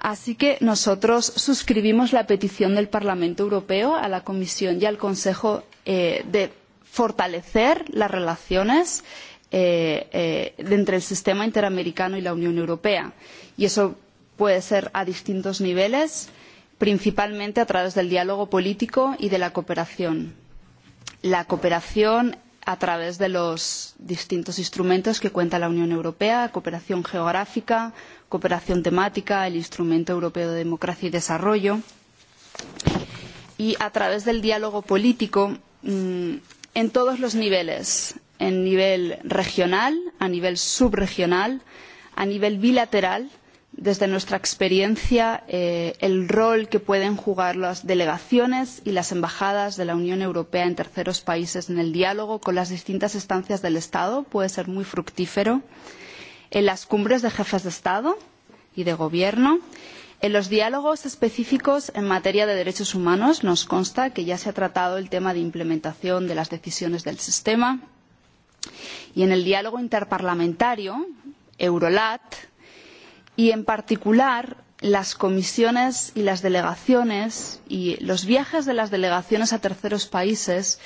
Así que nosotros suscribimos la petición del Parlamento Europeo a la Comisión y al Consejo eh, de fortalecer las relaciones eh, eh, entre el sistema interamericano y la Unión Europea. Y eso puede ser a distintos niveles, principalmente a través del diálogo político y de la cooperación. La cooperación a través de los distintos instrumentos que cuenta la Unión Europea, cooperación geográfica, cooperación temática, el Instrumento Europeo de Democracia y Desarrollo. Y a través del diálogo político mmm, en todos los niveles, en nivel regional, a nivel subregional, a nivel bilateral, desde nuestra experiencia, eh, el rol que pueden jugar las delegaciones y las embajadas de la Unión Europea en terceros países en el diálogo con las distintas estancias del Estado puede ser muy fructífero, en las cumbres de jefes de Estado y de Gobierno, en los diálogos específicos en materia de derechos humanos nos consta que ya se ha tratado el tema de implementación de las decisiones del sistema, y en el diálogo interparlamentario, Eurolat, y en particular las comisiones y las delegaciones y los viajes de las delegaciones a terceros países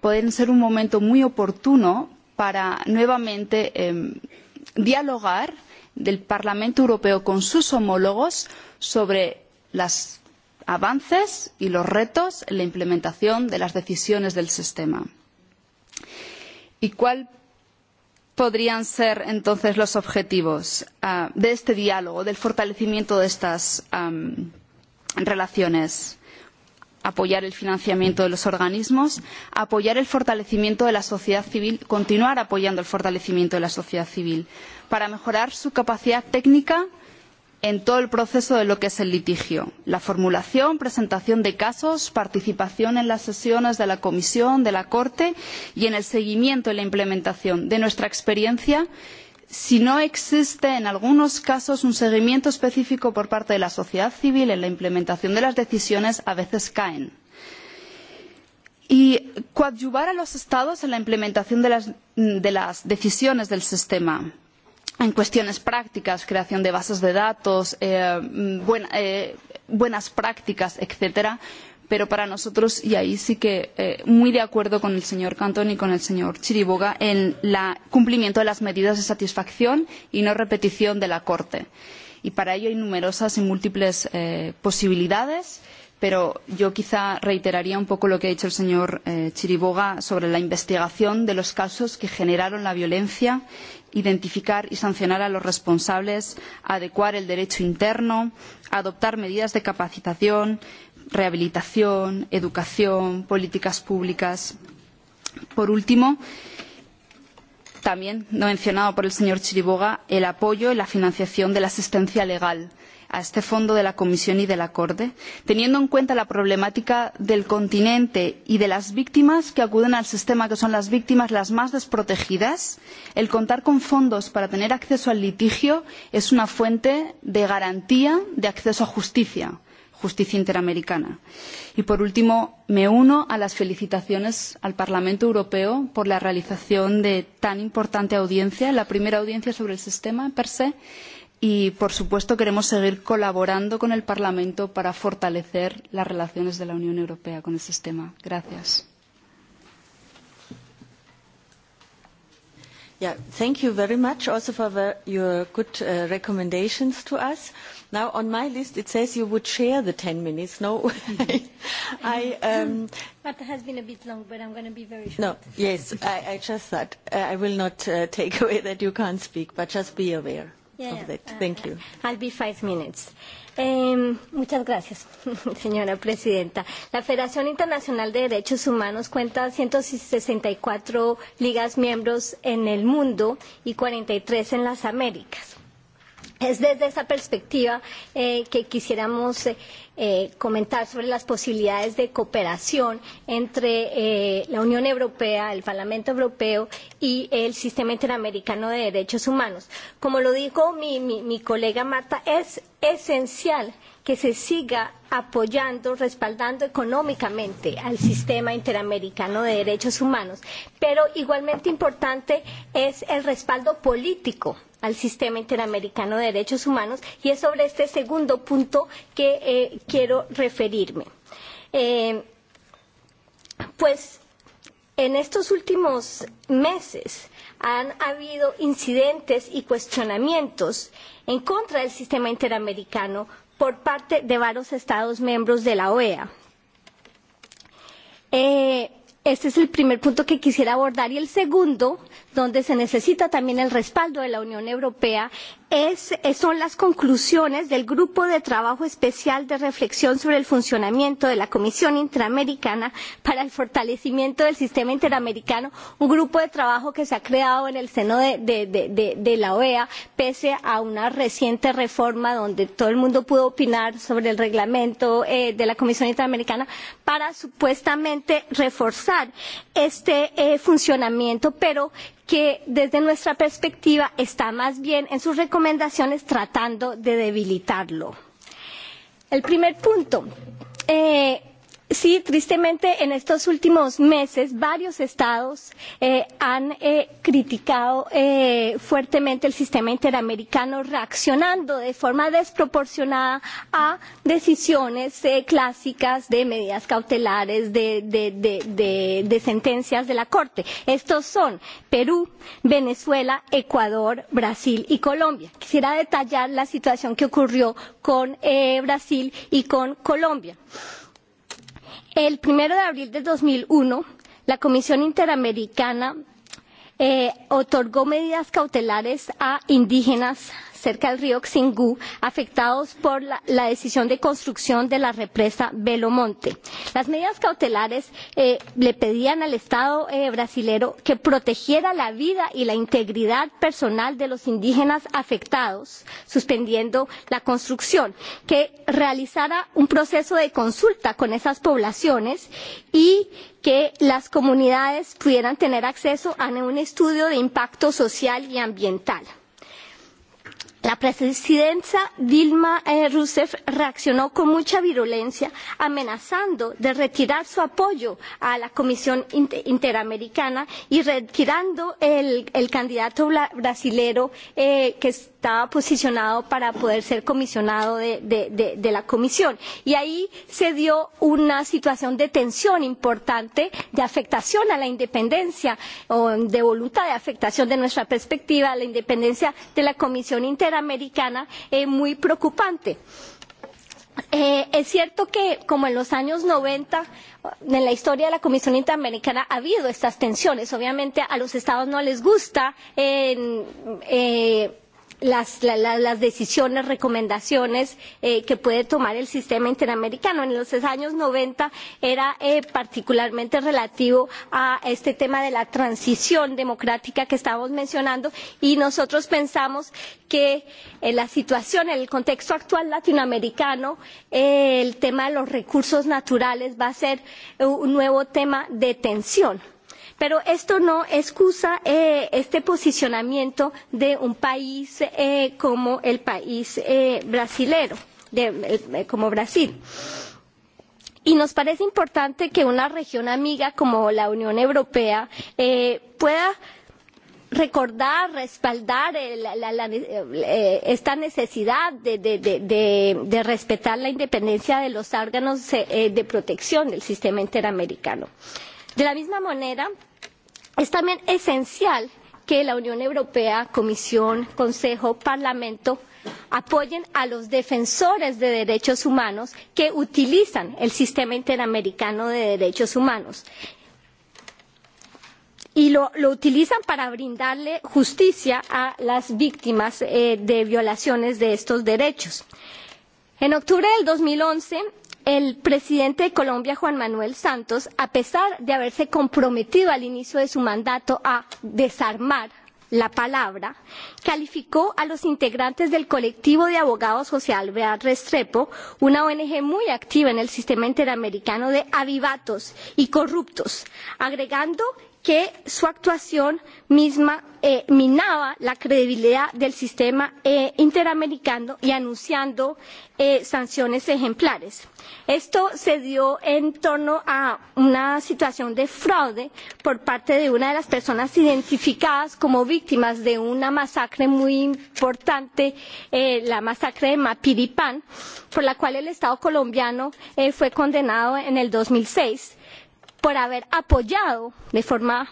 pueden ser un momento muy oportuno para nuevamente eh, dialogar del Parlamento Europeo con sus homólogos sobre los avances y los retos en la implementación de las decisiones del sistema y cuál podrían ser entonces los objetivos uh, de este diálogo, del fortalecimiento de estas um, relaciones? apoyar el financiamiento de los organismos, apoyar el fortalecimiento de la sociedad civil, continuar apoyando el fortalecimiento de la sociedad civil para mejorar su capacidad técnica en todo el proceso de lo que es el litigio. La formulación, presentación de casos, participación en las sesiones de la Comisión, de la Corte y en el seguimiento y la implementación de nuestra experiencia si no existe en algunos casos un seguimiento específico por parte de la sociedad civil en la implementación de las decisiones, a veces caen. Y coadyuvar a los Estados en la implementación de las, de las decisiones del sistema en cuestiones prácticas, creación de bases de datos, eh, mm, buena, eh, buenas prácticas, etcétera. Pero para nosotros, y ahí sí que eh, muy de acuerdo con el señor Cantón y con el señor Chiriboga, en el cumplimiento de las medidas de satisfacción y no repetición de la Corte. Y para ello hay numerosas y múltiples eh, posibilidades pero yo quizá reiteraría un poco lo que ha dicho el señor eh, Chiriboga sobre la investigación de los casos que generaron la violencia identificar y sancionar a los responsables, adecuar el derecho interno, adoptar medidas de capacitación, rehabilitación, educación, políticas públicas. Por último, también no mencionado por el señor Chiriboga, el apoyo y la financiación de la asistencia legal a este fondo de la Comisión y de la Corte, teniendo en cuenta la problemática del continente y de las víctimas que acuden al sistema, que son las víctimas las más desprotegidas, el contar con fondos para tener acceso al litigio es una fuente de garantía de acceso a justicia justicia interamericana. Y por último, me uno a las felicitaciones al Parlamento Europeo por la realización de tan importante audiencia, la primera audiencia sobre el sistema per se, y, por supuesto, queremos seguir colaborando con el Parlamento para fortalecer las relaciones de la Unión Europea con el sistema. Gracias.
Yeah, thank you very much also for your good uh, recommendations to us. Now, on my list, it says you would share the 10 minutes. No,
I. Um, but it has been a bit long, but I'm going to be very short. No,
yes, I, I just thought uh, I will not uh, take away that you can't speak, but just be aware yeah, of Uh, Thank you.
I'll be five minutes. Eh, muchas gracias, señora presidenta. La Federación Internacional de Derechos Humanos cuenta 164 ligas miembros en el mundo y 43 en las Américas Es desde esa perspectiva eh, que quisiéramos eh, eh, comentar sobre las posibilidades de cooperación entre eh, la Unión Europea, el Parlamento Europeo y el Sistema Interamericano de Derechos Humanos. Como lo dijo mi, mi, mi colega Marta, es esencial que se siga apoyando, respaldando económicamente al sistema interamericano de derechos humanos. Pero igualmente importante es el respaldo político al sistema interamericano de derechos humanos y es sobre este segundo punto que eh, quiero referirme. Eh, pues en estos últimos meses han habido incidentes y cuestionamientos en contra del sistema interamericano por parte de varios Estados miembros de la OEA. Eh, este es el primer punto que quisiera abordar y el segundo donde se necesita también el respaldo de la Unión Europea, es, eh, son las conclusiones del Grupo de Trabajo Especial de Reflexión sobre el Funcionamiento de la Comisión Interamericana para el Fortalecimiento del Sistema Interamericano, un grupo de trabajo que se ha creado en el seno de, de, de, de, de la OEA, pese a una reciente reforma donde todo el mundo pudo opinar sobre el reglamento eh, de la Comisión Interamericana para supuestamente reforzar este eh, funcionamiento, pero que desde nuestra perspectiva está más bien en sus recomendaciones tratando de debilitarlo. El primer punto. Eh, Sí, tristemente en estos últimos meses varios estados eh, han eh, criticado eh, fuertemente el sistema interamericano, reaccionando de forma desproporcionada a decisiones eh, clásicas de medidas cautelares, de, de, de, de, de sentencias de la Corte. Estos son Perú, Venezuela, Ecuador, Brasil y Colombia. Quisiera detallar la situación que ocurrió con eh, Brasil y con Colombia el primero de abril de 2001, la comisión interamericana eh, otorgó medidas cautelares a indígenas cerca del río Xingú, afectados por la, la decisión de construcción de la represa Belo Monte. Las medidas cautelares eh, le pedían al Estado eh, brasilero que protegiera la vida y la integridad personal de los indígenas afectados, suspendiendo la construcción, que realizara un proceso de consulta con esas poblaciones y que las comunidades pudieran tener acceso a un estudio de impacto social y ambiental. La presidencia Dilma Rousseff reaccionó con mucha virulencia, amenazando de retirar su apoyo a la Comisión Interamericana y retirando el, el candidato brasilero eh, que es estaba posicionado para poder ser comisionado de, de, de, de la comisión. Y ahí se dio una situación de tensión importante, de afectación a la independencia, o de voluntad de afectación de nuestra perspectiva a la independencia de la Comisión Interamericana, eh, muy preocupante. Eh, es cierto que, como en los años 90, en la historia de la Comisión Interamericana ha habido estas tensiones. Obviamente a los estados no les gusta eh, eh, las, la, la, las decisiones, recomendaciones eh, que puede tomar el sistema interamericano. En los años 90 era eh, particularmente relativo a este tema de la transición democrática que estábamos mencionando y nosotros pensamos que en eh, la situación, el contexto actual latinoamericano, eh, el tema de los recursos naturales va a ser eh, un nuevo tema de tensión Pero esto no excusa eh, este posicionamiento de un país eh, como el país eh, brasilero, de, eh, eh, como Brasil. Y nos parece importante que una región amiga como la Unión Europea eh, pueda recordar, respaldar el, eh, la, la, eh, esta necesidad de, de, de, de, de respetar la independencia de los órganos eh, de protección del sistema interamericano. Eh, de la misma manera es también esencial que la unión europea comisión consejo parlamento apoyen a los defensores de derechos humanos que utilizan el sistema interamericano de derechos humanos y lo, lo utilizan para brindarle justicia a las víctimas eh, de violaciones de estos derechos. En octubre del 2011, el presidente de Colombia, Juan Manuel Santos, a pesar de haberse comprometido al inicio de su mandato a desarmar la palabra, calificó a los integrantes del colectivo de abogados social Alvear Restrepo, una ONG muy activa en el sistema interamericano de avivatos y corruptos, agregando que su actuación misma eh, minaba la credibilidad del sistema eh, interamericano y anunciando eh, sanciones ejemplares. Esto se dio en torno a una situación de fraude por parte de una de las personas identificadas como víctimas de una masacre muy importante, eh, la masacre de Mapiripán, por la cual el Estado colombiano eh, fue condenado en el 2006 por haber apoyado de forma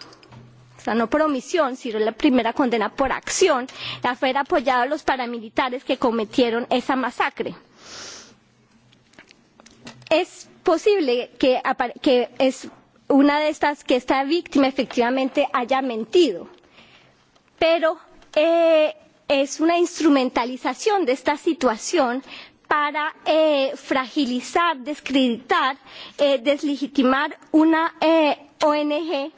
o sea, no por omisión, sino la primera condena por acción, de haber apoyado a los paramilitares que cometieron esa masacre. Es posible que, que es una de estas, que esta víctima efectivamente haya mentido, pero eh, es una instrumentalización de esta situación para eh, fragilizar, descreditar, eh, deslegitimar una eh, ONG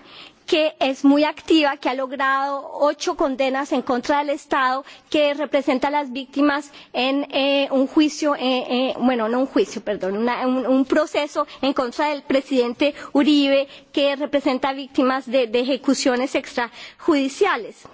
que es muy activa, que ha logrado ocho condenas en contra del Estado, que representa a las víctimas en eh, un juicio, eh, eh, bueno, no un juicio, perdón, una, un, un proceso en contra del presidente Uribe, que representa víctimas de, de ejecuciones extrajudiciales.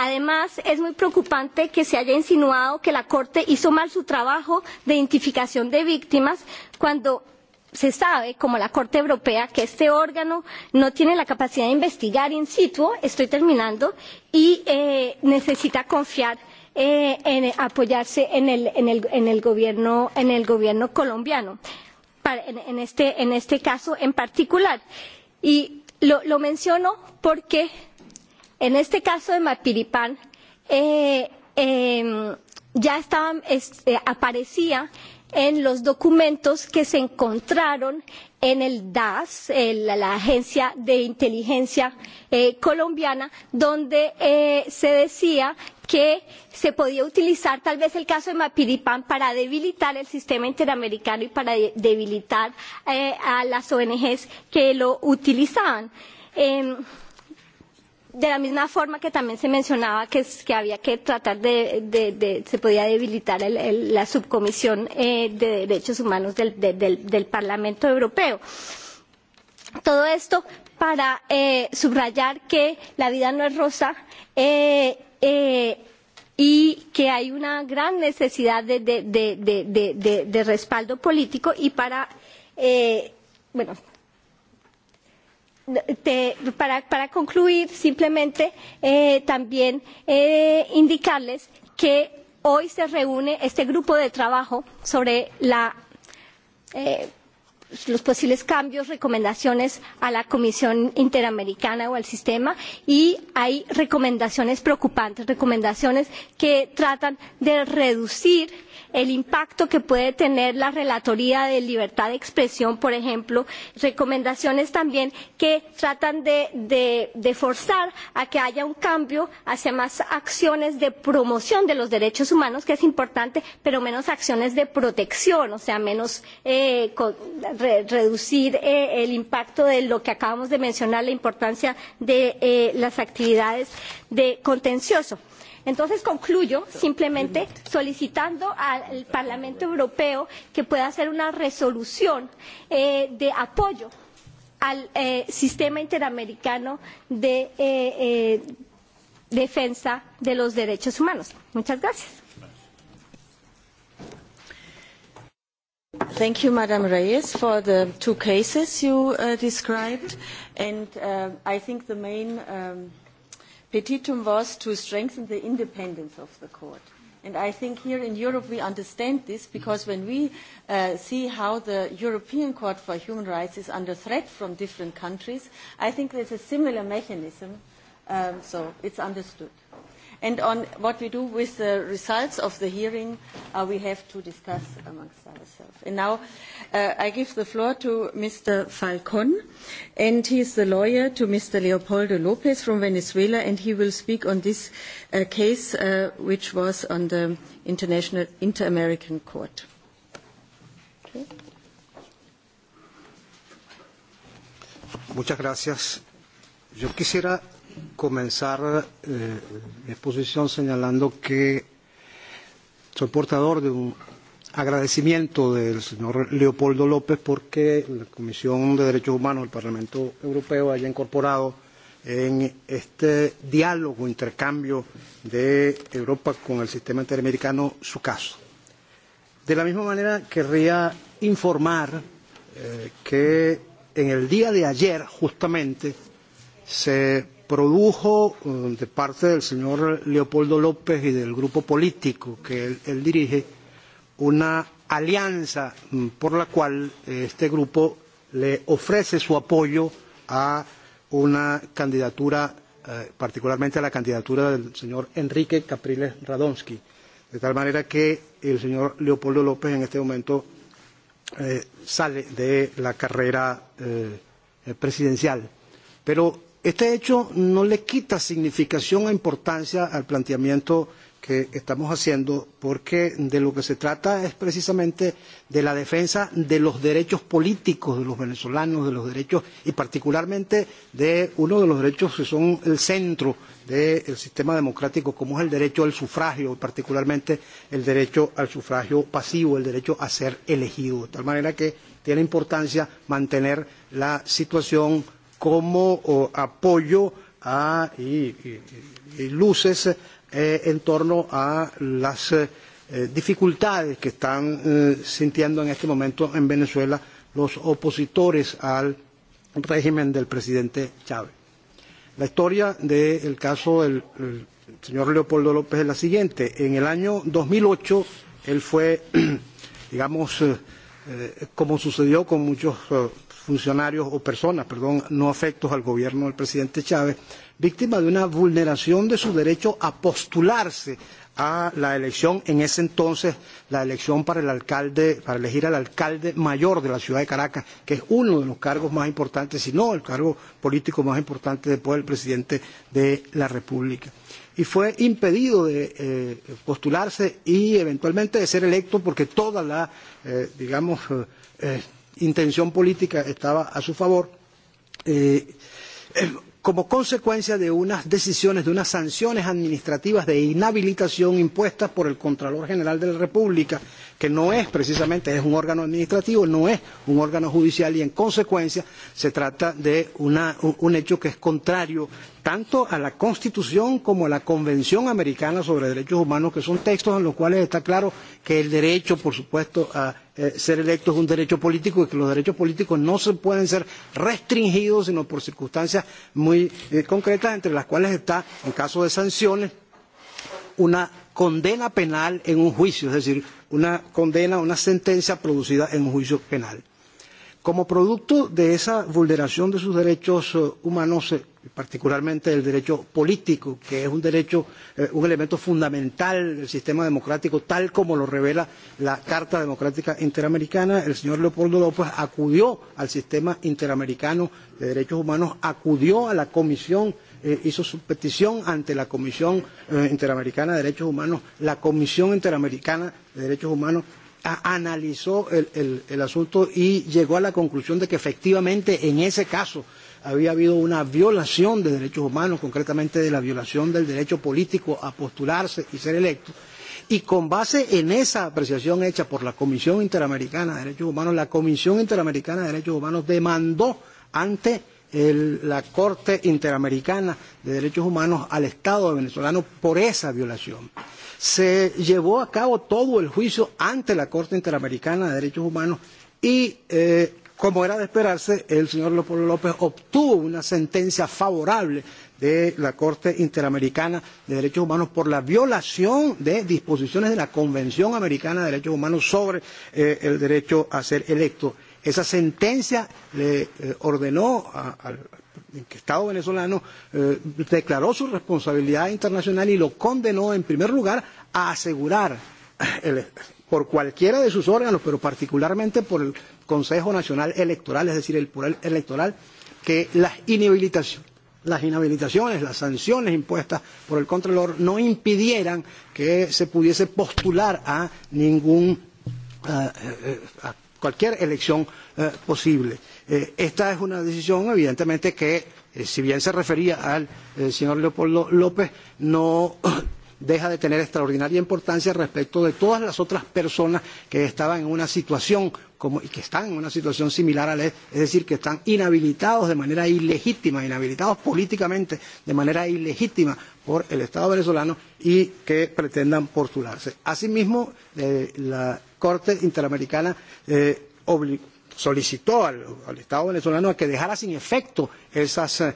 Además, es muy preocupante que se haya insinuado que la Corte hizo mal su trabajo de identificación de víctimas cuando se sabe, como la Corte Europea, que este órgano no tiene la capacidad de investigar in situ, estoy terminando, y eh, necesita confiar eh, en apoyarse en el, en, el, en, el gobierno, en el gobierno colombiano, para, en, en, este, en este caso en particular. Y lo, lo menciono porque En este caso de Mapiripán, eh, eh, ya estaban, este, aparecía en los documentos que se encontraron en el DAS, el, la Agencia de Inteligencia eh, Colombiana, donde eh, se decía que se podía utilizar tal vez el caso de Mapiripán para debilitar el sistema interamericano y para debilitar eh, a las ONGs que lo utilizaban. Eh, de la misma forma que también se mencionaba que, que había que tratar de, de, de se podía debilitar el, el, la subcomisión eh, de derechos humanos del, de, del, del Parlamento Europeo. Todo esto para eh, subrayar que la vida no es rosa eh, eh, y que hay una gran necesidad de, de, de, de, de, de, de respaldo político y para eh, bueno, de, para, para concluir, simplemente eh, también eh, indicarles que hoy se reúne este grupo de trabajo sobre la, eh, los posibles cambios, recomendaciones a la Comisión Interamericana o al sistema y hay recomendaciones preocupantes, recomendaciones que tratan de reducir el impacto que puede tener la relatoría de libertad de expresión, por ejemplo, recomendaciones también que tratan de, de, de forzar a que haya un cambio hacia más acciones de promoción de los derechos humanos, que es importante, pero menos acciones de protección, o sea, menos eh, con, re, reducir eh, el impacto de lo que acabamos de mencionar, la importancia de eh, las actividades de contencioso. Entonces concluyo simplemente solicitando al Parlamento Europeo que pueda hacer una resolución eh, de apoyo al eh, sistema interamericano de eh, eh, defensa de los derechos humanos. Muchas gracias.
Thank you, Madam Reyes, for the two cases you uh, described. And uh, I think the main um, petitum was to strengthen the independence of the court. And I think here in Europe we understand this because when we uh, see how the European Court for Human Rights is under threat from different countries, I think there's a similar mechanism. Um, so it's understood. And on what we do with the results of the hearing, uh, we have to discuss amongst ourselves. And now uh, I give the floor to Mr. Falcon, and he is the lawyer to Mr. Leopoldo Lopez from Venezuela, and he will speak on this uh, case, uh, which was on the International Inter-American Court. Okay.
Muchas gracias. Yo quisiera comenzar eh, mi exposición señalando que soy portador de un agradecimiento del señor Leopoldo López porque la Comisión de Derechos Humanos del Parlamento Europeo haya incorporado en este diálogo, intercambio de Europa con el sistema interamericano su caso. De la misma manera, querría informar eh, que en el día de ayer, justamente, se produjo eh, de parte del señor Leopoldo López y del grupo político que él, él dirige una alianza mm, por la cual eh, este grupo le ofrece su apoyo a una candidatura, eh, particularmente a la candidatura del señor Enrique Capriles Radonsky. De tal manera que el señor Leopoldo López en este momento eh, sale de la carrera eh, presidencial. Pero Este hecho no le quita significación e importancia al planteamiento que estamos haciendo, porque de lo que se trata es precisamente de la defensa de los derechos políticos de los venezolanos, de los derechos y particularmente de uno de los derechos que son el centro del de sistema democrático, como es el derecho al sufragio, particularmente el derecho al sufragio pasivo, el derecho a ser elegido, de tal manera que tiene importancia mantener la situación como apoyo a, y, y, y luces eh, en torno a las eh, dificultades que están eh, sintiendo en este momento en Venezuela los opositores al régimen del presidente Chávez. La historia del de caso del el señor Leopoldo López es la siguiente. En el año 2008 él fue, digamos, eh, eh, como sucedió con muchos eh, funcionarios o personas, perdón, no afectos al gobierno del presidente Chávez, víctima de una vulneración de su derecho a postularse a la elección, en ese entonces la elección para el alcalde, para elegir al alcalde mayor de la ciudad de Caracas, que es uno de los cargos más importantes, si no el cargo político más importante después del presidente de la República y fue impedido de eh, postularse y eventualmente de ser electo porque toda la, eh, digamos, eh, intención política estaba a su favor, eh, eh, como consecuencia de unas decisiones, de unas sanciones administrativas de inhabilitación impuestas por el Contralor General de la República que no es precisamente, es un órgano administrativo, no es un órgano judicial y en consecuencia se trata de una, un hecho que es contrario tanto a la Constitución como a la Convención Americana sobre Derechos Humanos, que son textos en los cuales está claro que el derecho, por supuesto, a eh, ser electo es un derecho político y que los derechos políticos no se pueden ser restringidos sino por circunstancias muy eh, concretas, entre las cuales está, en caso de sanciones, una condena penal en un juicio, es decir, una condena, una sentencia producida en un juicio penal. Como producto de esa vulneración de sus derechos eh, humanos, eh, particularmente del derecho político, que es un derecho, eh, un elemento fundamental del sistema democrático, tal como lo revela la Carta Democrática Interamericana, el señor Leopoldo López acudió al sistema interamericano de derechos humanos, acudió a la Comisión eh, hizo su petición ante la Comisión eh, Interamericana de Derechos Humanos. La Comisión Interamericana de Derechos Humanos a, ah, analizó el, el, el asunto y llegó a la conclusión de que efectivamente en ese caso había habido una violación de derechos humanos, concretamente de la violación del derecho político a postularse y ser electo. Y con base en esa apreciación hecha por la Comisión Interamericana de Derechos Humanos, la Comisión Interamericana de Derechos Humanos demandó ante el, la Corte Interamericana de Derechos Humanos al Estado venezolano por esa violación. Se llevó a cabo todo el juicio ante la Corte Interamericana de Derechos Humanos y, eh, como era de esperarse, el señor Leopoldo López obtuvo una sentencia favorable de la Corte Interamericana de Derechos Humanos por la violación de disposiciones de la Convención Americana de Derechos Humanos sobre eh, el derecho a ser electo Esa sentencia le eh, ordenó a, al Estado venezolano, eh, declaró su responsabilidad internacional y lo condenó en primer lugar a asegurar el, por cualquiera de sus órganos, pero particularmente por el Consejo Nacional Electoral, es decir, el plural electoral, que las inhabilitaciones, las inhabilitaciones, las sanciones impuestas por el Contralor no impidieran que se pudiese postular a ningún uh, uh, cualquier elección eh, posible. Eh, esta es una decisión, evidentemente, que, eh, si bien se refería al eh, señor Leopoldo López, no deja de tener extraordinaria importancia respecto de todas las otras personas que estaban en una situación como, y que están en una situación similar a la es decir, que están inhabilitados de manera ilegítima, inhabilitados políticamente de manera ilegítima por el Estado venezolano y que pretendan postularse. Asimismo, eh, la Corte Interamericana eh, solicitó al, al Estado venezolano a que dejara sin efecto esas eh,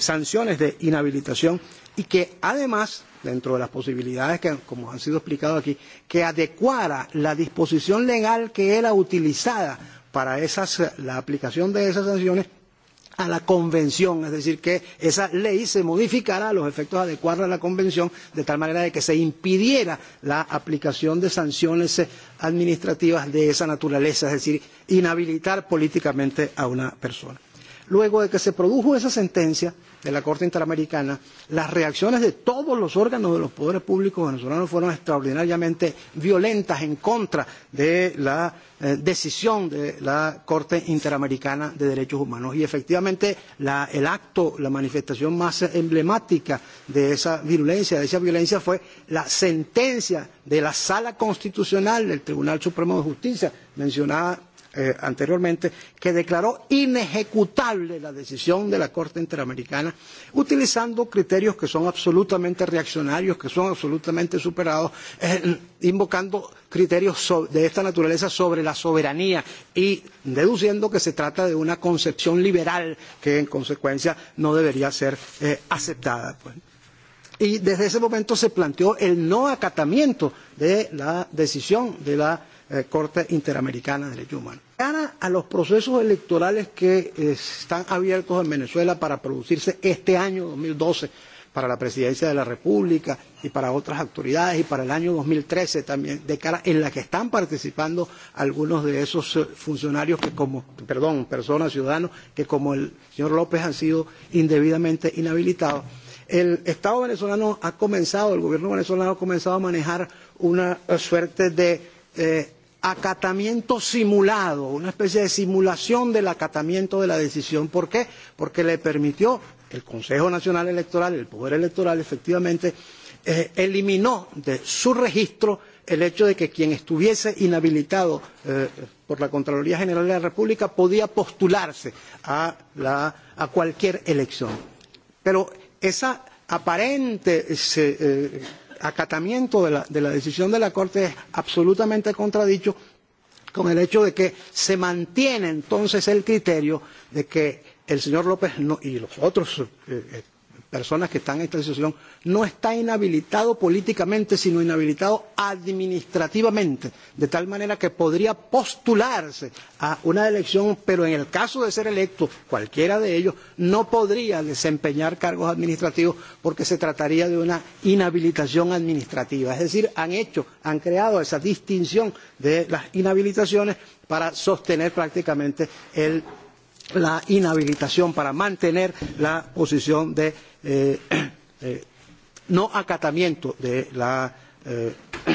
sanciones de inhabilitación y que además, dentro de las posibilidades que como han sido explicados aquí, que adecuara la disposición legal que era utilizada para esas, la aplicación de esas sanciones a la convención, es decir, que esa ley se modificara a los efectos adecuados a la convención, de tal manera de que se impidiera la aplicación de sanciones eh, administrativas de esa naturaleza, es decir, inhabilitar políticamente a una persona. Luego de que se produjo esa sentencia, de la Corte Interamericana, las reacciones de todos los órganos de los poderes públicos venezolanos fueron extraordinariamente violentas en contra de la eh, decisión de la Corte Interamericana de Derechos Humanos. Y efectivamente la, el acto, la manifestación más emblemática de esa virulencia, de esa violencia fue la sentencia de la Sala Constitucional del Tribunal Supremo de Justicia, mencionada eh, anteriormente, que declaró inejecutable la decisión de la Corte Interamericana utilizando criterios que son absolutamente reaccionarios, que son absolutamente superados, eh, invocando criterios so de esta naturaleza sobre la soberanía y deduciendo que se trata de una concepción liberal que en consecuencia no debería ser eh, aceptada. Pues. Y desde ese momento se planteó el no acatamiento de la decisión de la eh, Corte Interamericana de Derechos Humanos cara a los procesos electorales que eh, están abiertos en Venezuela para producirse este año 2012 para la presidencia de la República y para otras autoridades y para el año 2013 también, de cara en la que están participando algunos de esos eh, funcionarios que como, perdón, personas, ciudadanos, que como el señor López han sido indebidamente inhabilitados. El Estado venezolano ha comenzado, el gobierno venezolano ha comenzado a manejar una eh, suerte de eh, acatamiento simulado, una especie de simulación del acatamiento de la decisión. ¿Por qué? Porque le permitió el Consejo Nacional Electoral, el Poder Electoral, efectivamente, eh, eliminó de su registro el hecho de que quien estuviese inhabilitado eh, por la Contraloría General de la República podía postularse a, la, a cualquier elección. Pero esa aparente se, eh, acatamiento de la, de la decisión de la Corte es absolutamente contradicho con el hecho de que se mantiene entonces el criterio de que el señor López no, y los otros eh, eh personas que están en esta situación, no está inhabilitado políticamente, sino inhabilitado administrativamente, de tal manera que podría postularse a una elección, pero en el caso de ser electo, cualquiera de ellos, no podría desempeñar cargos administrativos porque se trataría de una inhabilitación administrativa. Es decir, han hecho, han creado esa distinción de las inhabilitaciones para sostener prácticamente el la inhabilitación para mantener la posición de Eh, eh, no acatamiento de la eh,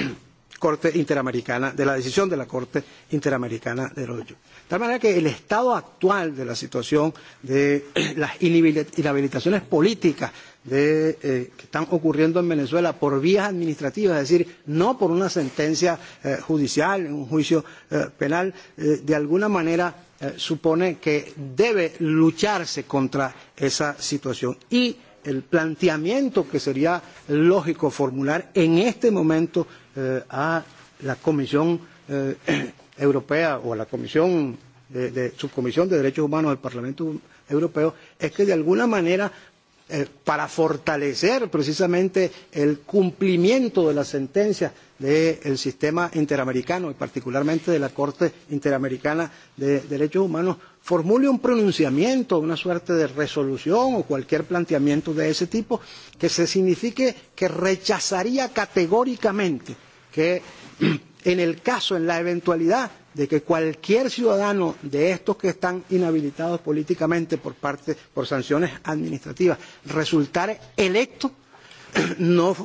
Corte Interamericana, de la decisión de la Corte Interamericana de los Derechos. De tal manera que el estado actual de la situación de las inhabilitaciones políticas de, eh, que están ocurriendo en Venezuela por vías administrativas, es decir, no por una sentencia eh, judicial, un juicio eh, penal, eh, de alguna manera eh, supone que debe lucharse contra esa situación. Y el planteamiento que sería lógico formular en este momento eh, a la Comisión eh, Europea o a la Comisión de, eh, de Subcomisión de Derechos Humanos del Parlamento Europeo es que de alguna manera eh, para fortalecer precisamente el cumplimiento de las sentencias del sistema interamericano y particularmente de la Corte Interamericana de Derechos Humanos, formule un pronunciamiento, una suerte de resolución o cualquier planteamiento de ese tipo que se signifique que rechazaría categóricamente que en el caso, en la eventualidad de que cualquier ciudadano de estos que están inhabilitados políticamente por parte por sanciones administrativas resultara electo no,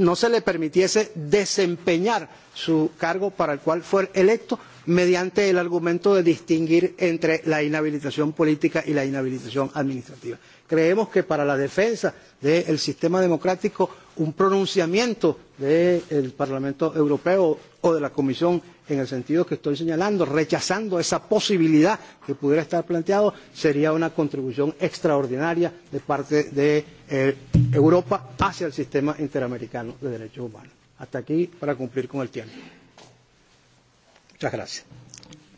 no se le permitiese desempeñar su cargo para el cual fue electo mediante el argumento de distinguir entre la inhabilitación política y la inhabilitación administrativa. Creemos que para la defensa del de sistema democrático un pronunciamiento del de Parlamento Europeo o de la Comisión en el sentido que estoy señalando, rechazando esa posibilidad que pudiera estar planteado, sería una contribución extraordinaria de parte de eh, Europa hacia el sistema interamericano de derechos humanos. Hasta aquí para cumplir con el tiempo.
Muchas gracias.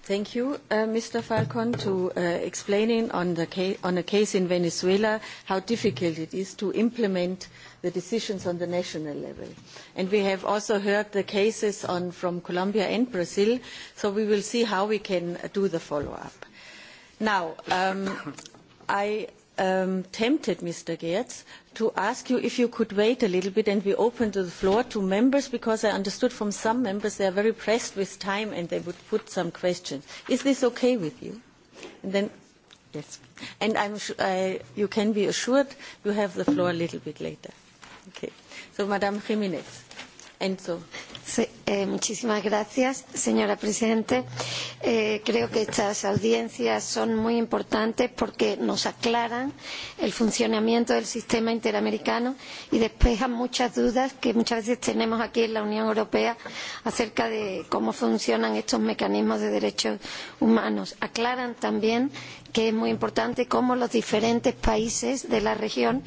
Thank you, uh, Mr. Falcon, to uh, explaining on the case, on a case in Venezuela how difficult it is to implement the decisions on the national level. And we have also heard the cases on, from Colombia and Brazil, so we will see how we can uh, do the follow-up. Now, um, I um, tempted Mr. Geertz to ask you if you could wait a little bit and we open the floor to members because I understood from some members they are very pressed with time and they would put some questions. Is this okay with you? And then, yes. And I'm, I, uh, you can be assured you have the floor a little bit later.
So, Madame Jiménez. Enzo. Sí, eh, muchísimas gracias, señora Presidente. Eh, creo que estas audiencias son muy importantes porque nos aclaran el funcionamiento del sistema interamericano y despejan muchas dudas que muchas veces tenemos aquí en la Unión Europea acerca de cómo funcionan estos mecanismos de derechos humanos. Aclaran también que es muy importante cómo los diferentes países de la región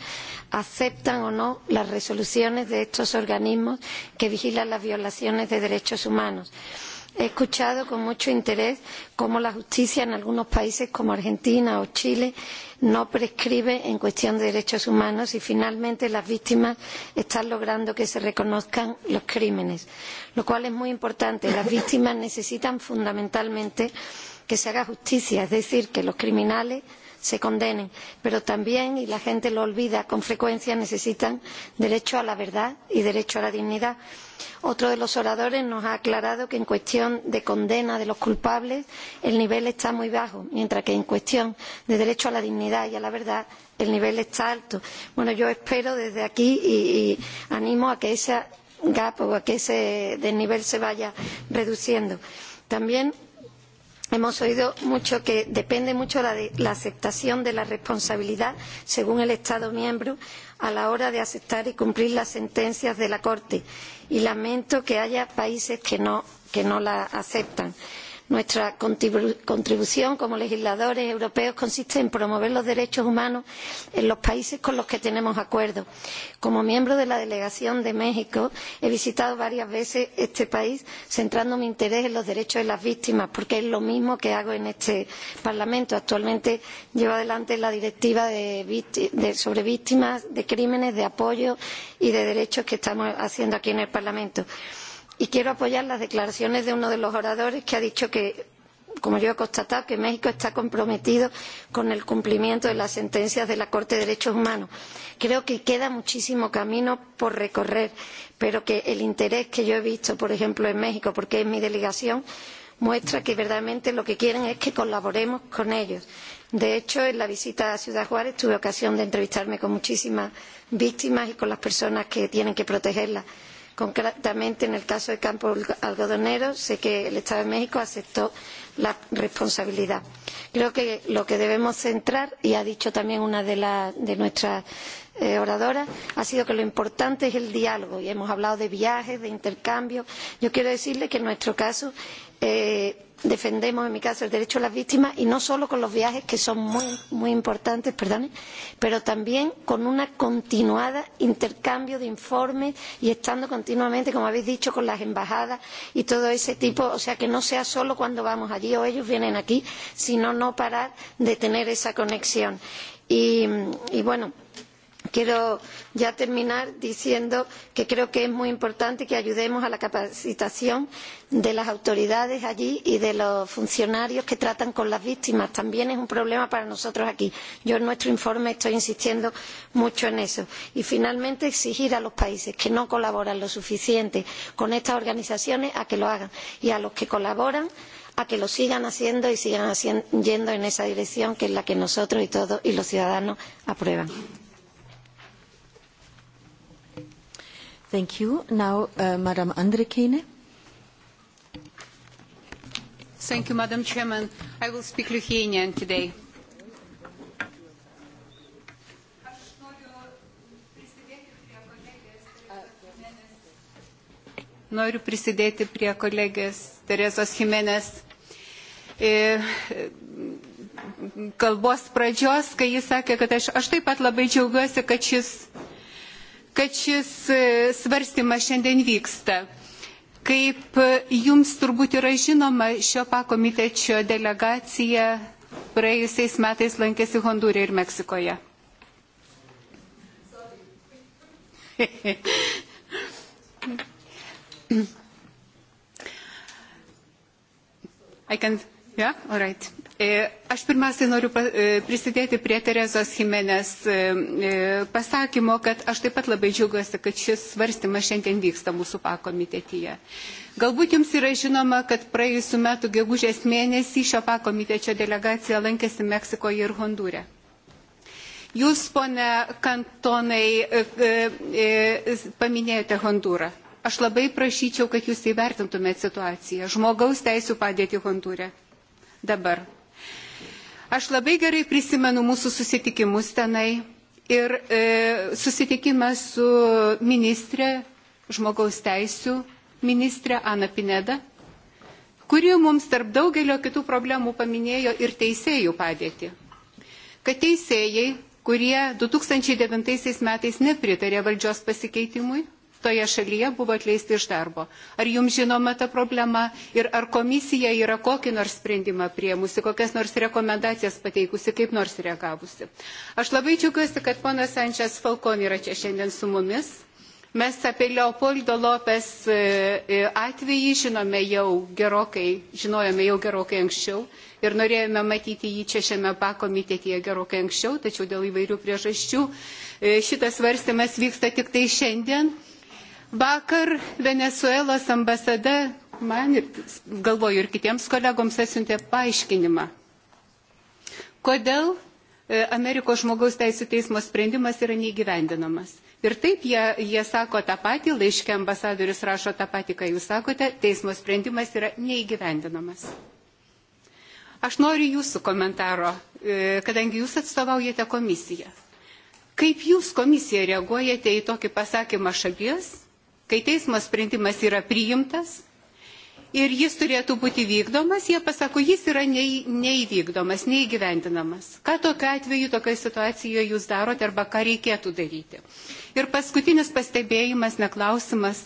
aceptan o no las resoluciones de estos organismos que vigilan las violaciones de derechos humanos. He escuchado con mucho interés cómo la justicia en algunos países como Argentina o Chile no prescribe en cuestión de derechos humanos y finalmente las víctimas están logrando que se reconozcan los crímenes, lo cual es muy importante. Las víctimas necesitan fundamentalmente que se haga justicia, es decir, que los criminales se condenen. Pero también, y la gente lo olvida con frecuencia, necesitan derecho a la verdad y derecho a la dignidad. Otro de los oradores nos ha aclarado que en cuestión de condena de los culpables el nivel está muy bajo, mientras que en cuestión de derecho a la dignidad y a la verdad el nivel está alto. Bueno, yo espero desde aquí y, y animo a que ese gap o a que ese desnivel se vaya reduciendo. También Hemos oído mucho que depende mucho la, de, la aceptación de la responsabilidad según el Estado miembro a la hora de aceptar y cumplir las sentencias de la Corte. Y lamento que haya países que no, que no la aceptan. Nuestra contribución como legisladores europeos consiste en promover los derechos humanos en los países con los que tenemos acuerdos. Como miembro de la delegación de México, he visitado varias veces este país centrando mi interés en los derechos de las víctimas, porque es lo mismo que hago en este Parlamento. Actualmente llevo adelante la directiva sobre víctimas de crímenes, de apoyo y de derechos que estamos haciendo aquí en el Parlamento. europeo y quiero apoyar las declaraciones de uno de los oradores que ha dicho que como yo he constatado que México está comprometido con el cumplimiento de las sentencias de la Corte de Derechos Humanos. Creo que queda muchísimo camino por recorrer, pero que el interés que yo he visto, por ejemplo, en México, porque es mi delegación, muestra que verdaderamente lo que quieren es que colaboremos con ellos. De hecho, en la visita a Ciudad Juárez tuve ocasión de entrevistarme con muchísimas víctimas y con las personas que tienen que protegerlas Concretamente, en el caso del campo algodonero, sé que el Estado de México aceptó la responsabilidad. Creo que lo que debemos centrar, y ha dicho también una de, la, de nuestras eh, oradora ha sido que lo importante es el diálogo y hemos hablado de viajes, de intercambio. Yo quiero decirle que en nuestro caso eh, defendemos, en mi caso, el derecho de las víctimas y no solo con los viajes, que son muy, muy importantes, perdone, pero también con un continuado intercambio de informes y estando continuamente, como habéis dicho, con las embajadas y todo ese tipo, o sea, que no sea solo cuando vamos allí o ellos vienen aquí, sino no parar de tener esa conexión. Y, y bueno, quiero ya terminar diciendo que creo que es muy importante que ayudemos a la capacitación de las autoridades allí y de los funcionarios que tratan con las víctimas. También es un problema para nosotros aquí. Yo en nuestro informe estoy insistiendo mucho en eso. Y finalmente exigir a los países que no colaboran lo suficiente con estas organizaciones a que lo hagan y a los que colaboran a que lo sigan haciendo y sigan yendo en esa dirección que es la que nosotros y todos y los ciudadanos aprueban. Thank you. Now, uh, Madam Thank
you, Madam Chairman. I will speak Lithuanian today. Noriu prisidėti prie kolegės Teresos Jimenez e, kalbos pradžios, kai jis sakė, kad aš taip pat labai džiaugiuosi, kad šis kad šis e, svarstymas šiandien vyksta. Kaip e, jums turbūt yra žinoma, šio pakomitečio delegacija praėjusiais metais lankėsi Hondūrė ir Meksikoje. I can, yeah, all right. E, aš pirmiausiai noriu e, prisidėti prie Terezos Jimenės e, pasakymo, kad aš taip pat labai džiaugiuosi, kad šis svarstymas šiandien vyksta mūsų pakomitetyje. Galbūt jums yra žinoma, kad praėjusiu metu gegužės mėnesį šio pakomitečio delegacija lankėsi Meksikoje ir Hondūre. Jūs, pone Kantonai, paminėjote Hondūrą. Aš labai prašyčiau, kad jūs įvertintumėte situaciją, žmogaus teisų padėti Hondūre dabar. Aš labai gerai prisimenu mūsų susitikimus tenai ir e, susitikimą su ministrė, žmogaus teisų ministrė Ana Pineda, kuri mums tarp daugelio kitų problemų paminėjo ir teisėjų padėtį. Kad teisėjai, kurie 2009 metais nepritarė valdžios pasikeitimui, toje šalyje buvo atleisti iš darbo. Ar jums žinoma ta problema ir ar komisija yra kokį nors sprendimą priemusi, kokias nors rekomendacijas pateikusi, kaip nors reagavusi. Aš labai džiugiuosi, kad ponas Sančias Falkon yra čia šiandien su mumis. Mes apie Leopoldo Lopes e, e, atvejį žinome jau gerokai, žinojome jau gerokai anksčiau ir norėjome matyti jį čia šiame pakomitetyje gerokai anksčiau, tačiau dėl įvairių priežasčių e, šitas svarstymas vyksta tik tai šiandien. Vakar Venezuelos ambasada man ir galvoju ir kitiems kolegoms atsiuntė paaiškinimą, kodėl e, Amerikos žmogaus teisų teismo sprendimas yra neįgyvendinamas. Ir taip jie, jie sako tą patį, laiškė ambasadorius rašo tą patį, ką jūs sakote, teismo sprendimas yra neįgyvendinamas. Aš noriu jūsų komentaro, e, kadangi jūs atstovaujate komisiją. Kaip jūs komisija reaguojate į tokį pasakymą šalies, kai teismo sprendimas yra priimtas ir jis turėtų būti vykdomas, jie pasako, jis yra nei, neįvykdomas, neįgyvendinamas. Ką tokiu atveju, tokioje situacijoje jūs darote arba ką reikėtų daryti? Ir paskutinis pastebėjimas, neklausimas.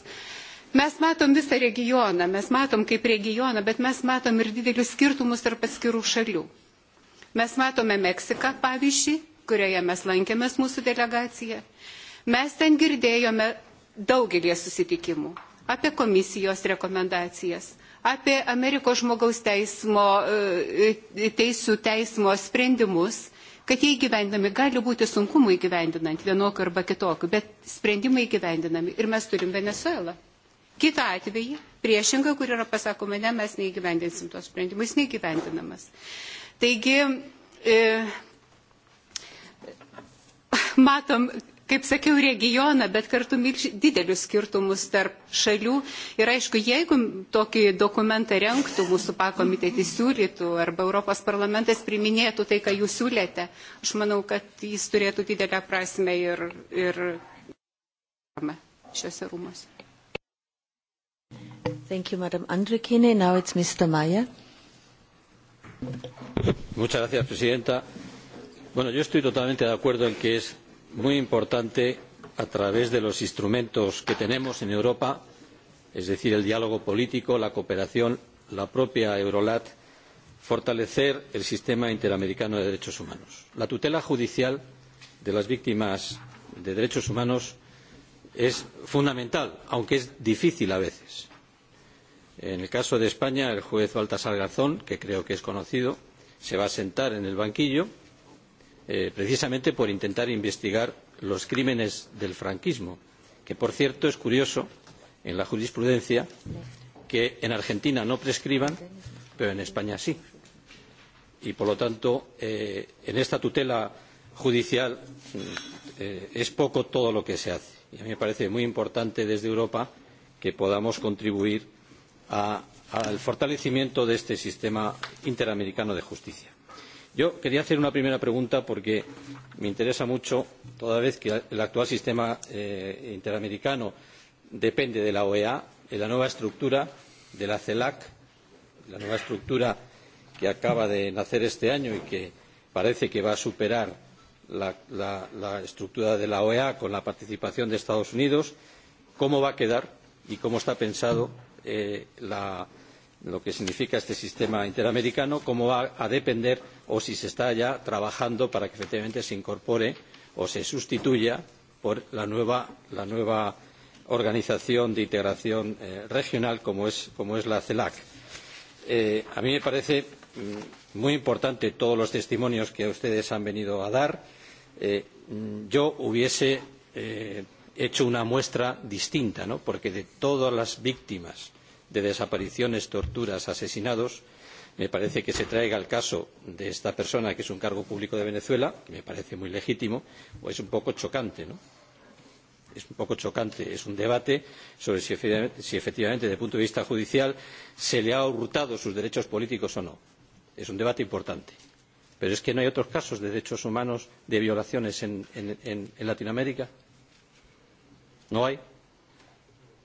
Mes matom visą regioną, mes matom kaip regioną, bet mes matom ir didelius skirtumus tarp atskirų šalių. Mes matome Meksiką, pavyzdžiui, kurioje mes lankėmės mūsų delegaciją. Mes ten girdėjome daugelį susitikimų apie komisijos rekomendacijas, apie Amerikos žmogaus teismo, e, teisų teismo sprendimus, kad jie įgyvendinami gali būti sunkumų įgyvendinant vienokiu arba kitokiu, bet sprendimai įgyvendinami ir mes turim Venezuelą. Kita atveju, priešinga, kur yra pasakoma, ne, mes neįgyvendinsim tos sprendimus, jis neįgyvendinamas. Taigi, e, matom, kaip sakiau, regioną, bet kartu didelius skirtumus tarp šalių. Ir aišku, jeigu tokį dokumentą renktų mūsų pakomitėti siūlytų arba Europos parlamentas priminėtų tai, ką jūs siūlėte, aš manau, kad jis turėtų didelę prasme ir, ir šiuose rūmose.
Thank you, Madam Andrikine. Now it's Mr. Mayer.
Muchas gracias, Presidenta. Bueno, yo estoy totalmente de acuerdo en que es muy importante a través de los instrumentos que tenemos en Europa, es decir, el diálogo político, la cooperación, la propia Eurolat, fortalecer el sistema interamericano de derechos humanos. La tutela judicial de las víctimas de derechos humanos es fundamental, aunque es difícil a veces. En el caso de España, el juez Baltasar Garzón, que creo que es conocido, se va a sentar en el banquillo Eh, precisamente por intentar investigar los crímenes del franquismo que por cierto es curioso en la jurisprudencia que en Argentina no prescriban pero en España sí y por lo tanto eh, en esta tutela judicial eh, es poco todo lo que se hace y a mí me parece muy importante desde Europa que podamos contribuir al fortalecimiento de este sistema interamericano de justicia yo quería hacer una primera pregunta porque me interesa mucho toda vez que el actual sistema eh, interamericano depende de la oea de la nueva estructura de la celac la nueva estructura que acaba de nacer este año y que parece que va a superar la, la, la estructura de la oea con la participación de los estados unidos cómo va a quedar y cómo está pensado eh, la, lo que significa este sistema interamericano, cómo va a depender o si se está ya trabajando para que efectivamente se incorpore o se sustituya por la nueva, la nueva organización de integración eh, regional como es, como es la CELAC. Eh, a mí me parece mm, muy importante todos los testimonios que ustedes han venido a dar. Eh, mm, yo hubiese eh, hecho una muestra distinta, ¿no? porque de todas las víctimas de desapariciones, torturas, asesinados, me parece que se traiga el caso de esta persona, que es un cargo público de Venezuela, que me parece muy legítimo, o es un poco chocante, ¿no? es un poco chocante es un debate sobre si efectivamente, si efectivamente desde el punto de vista judicial se le han hurtado sus derechos políticos o no. Es un debate importante. Pero es que no hay otros casos de derechos humanos de violaciones en, en, en, en Latinoamérica. No hay.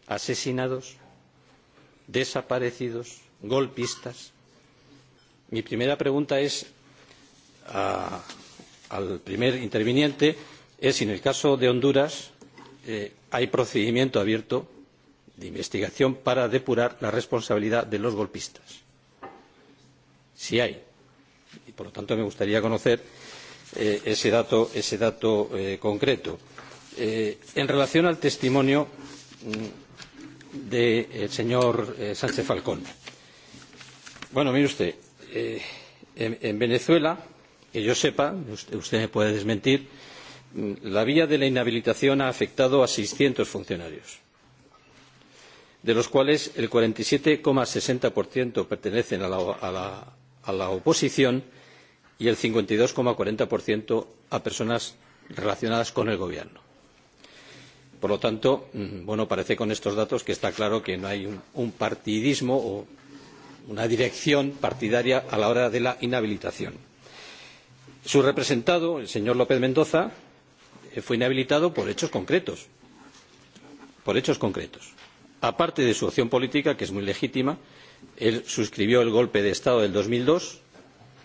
Asesinados, desaparecidos, golpistas. Mi primera pregunta es a, al primer interviniente es si en el caso de Honduras eh, hay procedimiento abierto de investigación para depurar la responsabilidad de los golpistas. Si hay. Y por lo tanto me gustaría conocer eh, ese dato, ese dato eh, concreto. Eh, en relación al testimonio, mm, Eh, eh, mire usted, eh, en, Venezuela, que yo sepa, usted, me puede desmentir, mm, la vía de la inhabilitación ha afectado a seiscientos funcionarios, de los cuales el 47,60% pertenecen a la, a, la, a la oposición y el cincuenta y dos cuarenta a personas relacionadas con el gobierno Por lo tanto, mm, bueno, parece con estos datos que está claro que no hay un, un partidismo o una dirección partidaria a la hora de la inhabilitación. Su representado, el señor López Mendoza, eh, fue inhabilitado por hechos concretos. Por hechos concretos. Aparte de su opción política, que es muy legítima, él suscribió el golpe de Estado del 2002,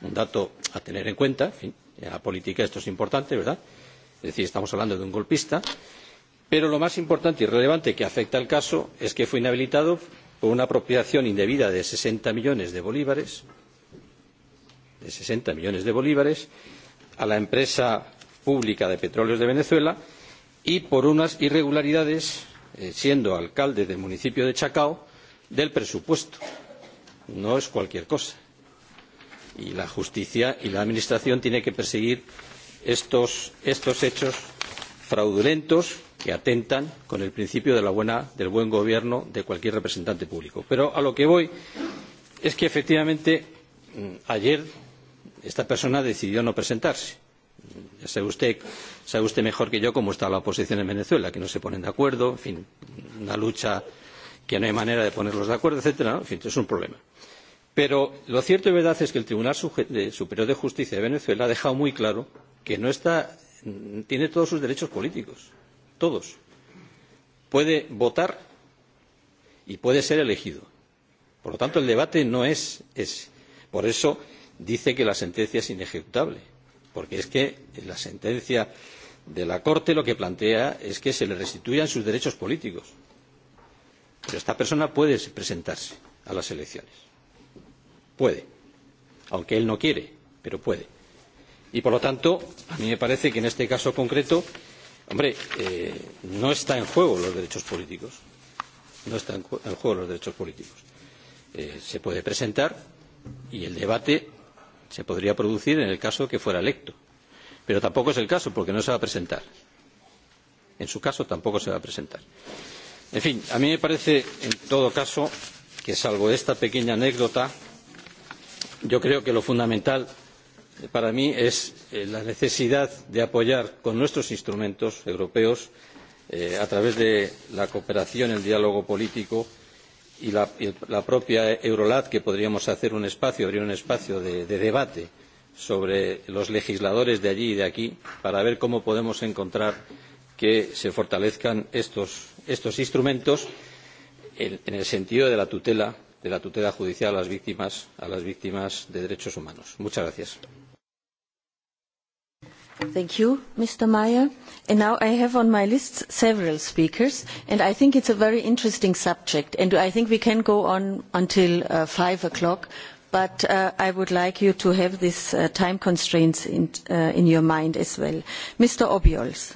un dato a tener en cuenta, en fin, en la política esto es importante, ¿verdad? Es decir, estamos hablando de un golpista pero lo más importante y relevante que afecta al caso es que fue inhabilitado por una apropiación indebida de sesenta millones de bolívares de sesenta millones de bolívares a la empresa pública de petróleos de venezuela y por unas irregularidades eh, siendo alcalde del municipio de chacao del presupuesto no es cualquier cosa y la justicia y la administración tienen que perseguir estos, estos hechos fraudulentos que atentan con el principio de la buena, del buen gobierno de cualquier representante público. Pero a lo que voy es que efectivamente mm, ayer esta persona decidió no presentarse. Ya sabe usted, sabe usted mejor que yo cómo está la oposición en Venezuela, que no se ponen de acuerdo, en fin, una lucha que no hay manera de ponerlos de acuerdo, etcétera, ¿no? en fin, es un problema. Pero lo cierto y verdad es que el Tribunal Superior de Justicia de Venezuela ha dejado muy claro que no está tiene todos sus derechos políticos, todos. Puede votar y puede ser elegido. Por lo tanto, el debate no es ese. Por eso dice que la sentencia es inejecutable, porque es que la sentencia de la Corte lo que plantea es que se le restituyan sus derechos políticos. Pero esta persona puede presentarse a las elecciones. Puede. Aunque él no quiere, pero puede y por lo tanto a mí me parece que en este caso concreto hombre eh, no está en juego los derechos políticos no están en, en juego los derechos políticos eh, se puede presentar y el debate se podría producir en el caso que fuera electo pero tampoco es el caso porque no se va a presentar en su caso tampoco se va a presentar en fin a mí me parece en todo caso que salvo esta pequeña anécdota yo creo que lo fundamental para mí es eh, la necesidad de apoyar con nuestros instrumentos europeos eh, a través de la cooperación el diálogo político y la, y la propia eurolat que podríamos hacer un espacio abrir un espacio de, de debate sobre los legisladores de allí y de aquí para ver cómo podemos encontrar que se fortalezcan estos, estos instrumentos en, en el sentido de la tutela de la tutela judicial a las víctimas, a las víctimas de derechos humanos. Muchas gracias.
Thank you, Mr. Meyer. And now I have on my list several speakers, and I think it's a very interesting subject, and I think we can go on until uh, five o'clock, but uh, I would like you to have these uh, time constraints in, uh, in your mind as well. Mr. Obiols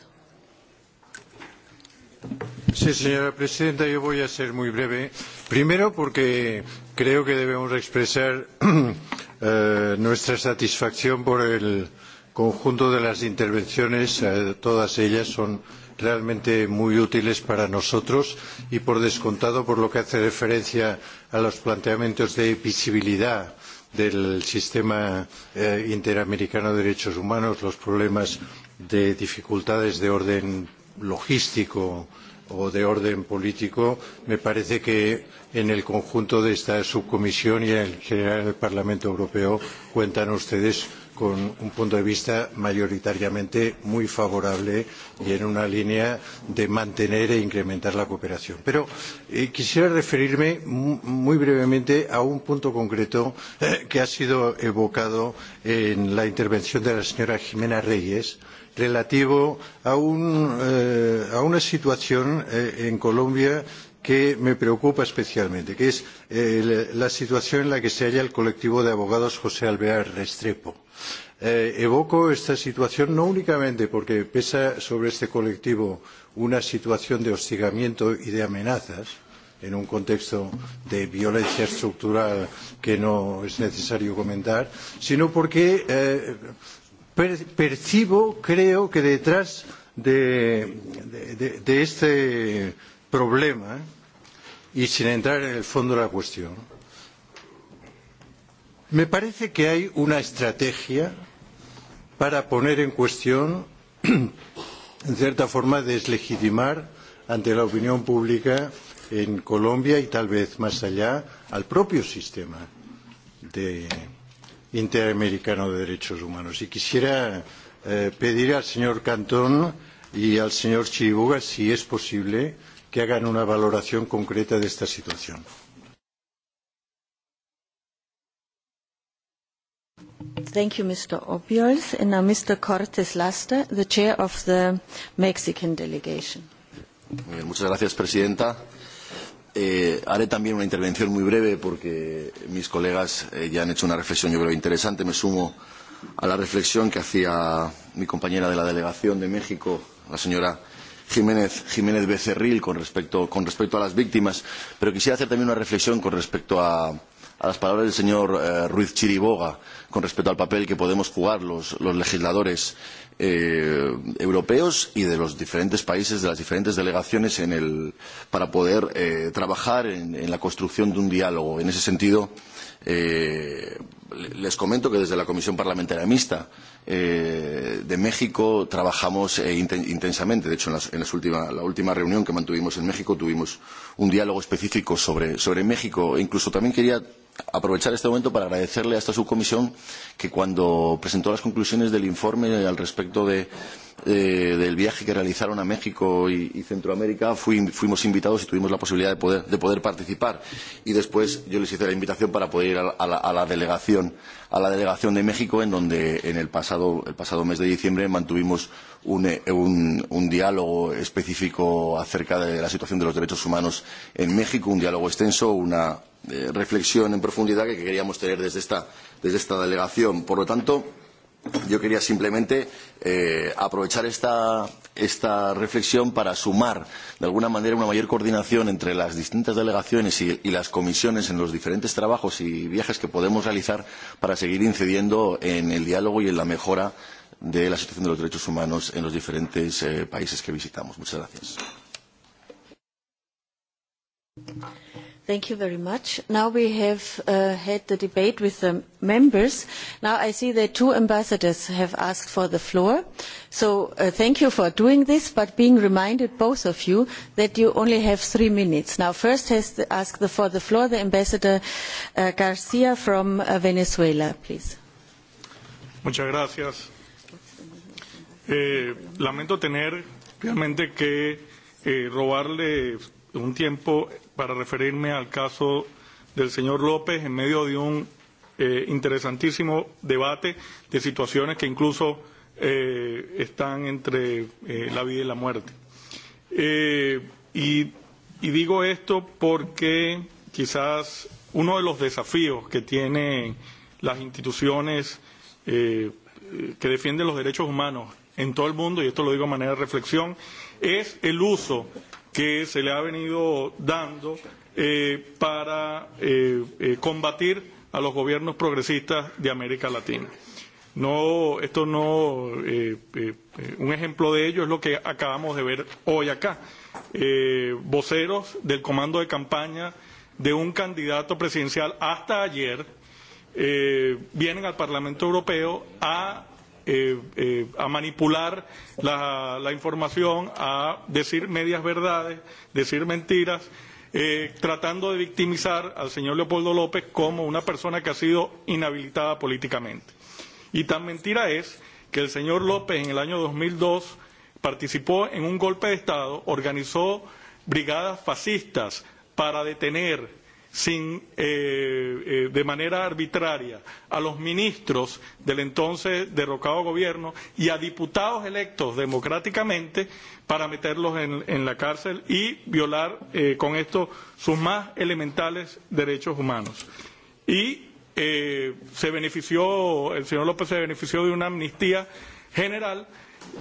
señora presidenta, yo voy a ser muy breve. Primero, porque creo que debemos expresar eh, nuestra satisfacción por el conjunto de las intervenciones. Eh, todas ellas son realmente muy útiles para nosotros y, por descontado, por lo que hace referencia a los planteamientos de visibilidad del sistema eh, interamericano de derechos humanos, los problemas de dificultades de orden logístico o de orden político, me parece que en el conjunto de esta subcomisión y en general el Parlamento Europeo cuentan ustedes con un punto de vista mayoritariamente muy favorable y en una línea de mantener e incrementar la cooperación. Pero eh, quisiera referirme muy brevemente a un punto concreto eh, que ha sido evocado en la intervención de la señora Jimena Reyes, eh, relativo a, un, eh, a una situación eh, en Colombia que me preocupa especialmente, que es eh, la situación en la que se halla el colectivo de abogados José Alvear Restrepo. Eh, evoco esta situación no únicamente porque pesa sobre este colectivo una situación de hostigamiento y de amenazas, en un contexto de violencia estructural que no es necesario comentar, sino porque eh, per, percibo, creo que detrás de, de, de este problema, y sin entrar en el fondo de la cuestión, me parece que hay una estrategia para poner en cuestión, en cierta forma, deslegitimar ante la opinión pública en Colombia y tal vez más allá al propio sistema de Interamericano de Derechos Humanos. Y quisiera eh, pedir al señor Cantón y al señor Chiriboga, si es posible, que hagan una valoración concreta de esta situación.
Thank you, Mr. Obiols. And now Mr. Cortes Lastra, the chair of the Mexican delegation.
bien, muchas gracias, Presidenta. Eh, Eh, haré también una intervención muy breve porque mis colegas eh, ya han hecho una reflexión, yo creo, interesante. Me sumo a la reflexión que hacía mi compañera de la delegación de México, la señora Jiménez, Jiménez Becerril, con respecto, con respecto a las víctimas. Pero quisiera hacer también una reflexión con respecto a, a las palabras del señor eh, Ruiz Chiriboga, con respecto al papel que podemos jugar los, los legisladores eh, europeos y de los diferentes países, de las diferentes delegaciones, en el, para poder eh, trabajar en, en la construcción de un diálogo. En ese sentido, eh, les comento que desde la Comisión Parlamentaria Mixta eh, de México trabajamos eh, inten intensamente. De hecho, en, las, en las última, la última reunión que mantuvimos en México tuvimos un diálogo específico sobre, sobre México. E incluso también quería aprovechar este momento para agradecerle a esta subcomisión que cuando presentó las conclusiones del informe al respecto de, eh, del viaje que realizaron a México y, y Centroamérica fui, fuimos invitados y tuvimos la posibilidad de poder, de poder participar y después yo les hice la invitación para poder ir a, a, la, a la delegación a la delegación de México en donde en el pasado, el pasado mes de diciembre mantuvimos un, eh, un, un diálogo específico acerca de la situación de los derechos humanos en México, un diálogo extenso, una, Eh, reflexión en profundidad que queríamos tener desde esta, desde esta delegación. Por lo tanto, yo quería simplemente eh, aprovechar esta, esta reflexión para sumar, de alguna manera, una mayor coordinación entre las distintas delegaciones y, y las comisiones en los diferentes trabajos y viajes que podemos realizar para seguir incidiendo en el diálogo y en la mejora de la situación de los derechos humanos en los diferentes eh, países que visitamos. Muchas gracias.
Thank you very much. Now we have uh, had the debate with the members. Now I see that two ambassadors have asked for the floor. So uh, thank you for doing this, but being reminded, both of you, that you only have three minutes. Now first has to ask the, for the floor the ambassador uh, Garcia from uh, Venezuela, please.
Muchas gracias. Eh, lamento tener realmente que eh, robarle un tiempo para referirme al caso del señor López en medio de un eh, interesantísimo debate de situaciones que incluso eh, están entre eh, la vida y la muerte. Eh, y, y digo esto porque quizás uno de los desafíos que tienen las instituciones eh, que defienden los derechos humanos en todo el mundo, y esto lo digo de manera de reflexión, es el uso que se le ha venido dando eh, para eh, eh, combatir a los gobiernos progresistas de América Latina. No, esto no, eh, eh, eh, un ejemplo de ello es lo que acabamos de ver hoy acá. Eh, voceros del comando de campaña de un candidato presidencial hasta ayer eh, vienen al Parlamento Europeo a eh, eh, a manipular la, la información, a decir medias verdades, decir mentiras, eh, tratando de victimizar al señor Leopoldo López como una persona que ha sido inhabilitada políticamente. Y tan mentira es que el señor López en el año 2002 participó en un golpe de Estado, organizó brigadas fascistas para detener sin, eh, eh, de manera arbitraria a los ministros del entonces derrocado gobierno y a diputados electos democráticamente para meterlos en, en la cárcel y violar eh, con esto sus más elementales derechos humanos. Y eh, se benefició, el señor López se benefició de una amnistía general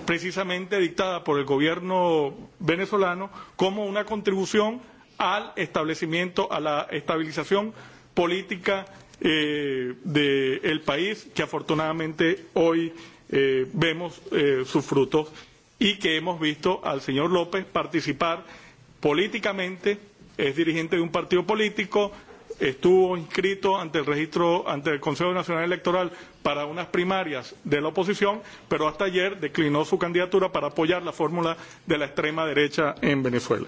precisamente dictada por el gobierno venezolano como una contribución al establecimiento, a la estabilización política eh, del de país, que afortunadamente hoy eh, vemos eh, sus frutos y que hemos visto al señor López participar políticamente, es dirigente de un partido político, estuvo inscrito ante el registro, ante el Consejo Nacional Electoral para unas primarias de la oposición, pero hasta ayer declinó su candidatura para apoyar la fórmula de la extrema derecha en Venezuela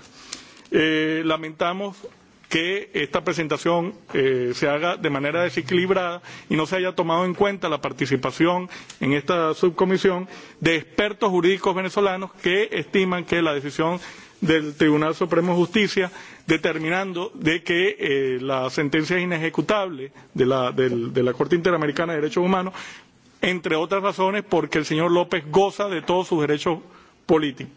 eh, lamentamos que esta presentación eh, se haga de manera desequilibrada y no se haya tomado en cuenta la participación en esta subcomisión de expertos jurídicos venezolanos que estiman que la decisión del Tribunal Supremo de Justicia determinando de que eh, la sentencia es inejecutable de la, del, de la Corte Interamericana de Derechos Humanos, entre otras razones porque el señor López goza de todos sus derechos políticos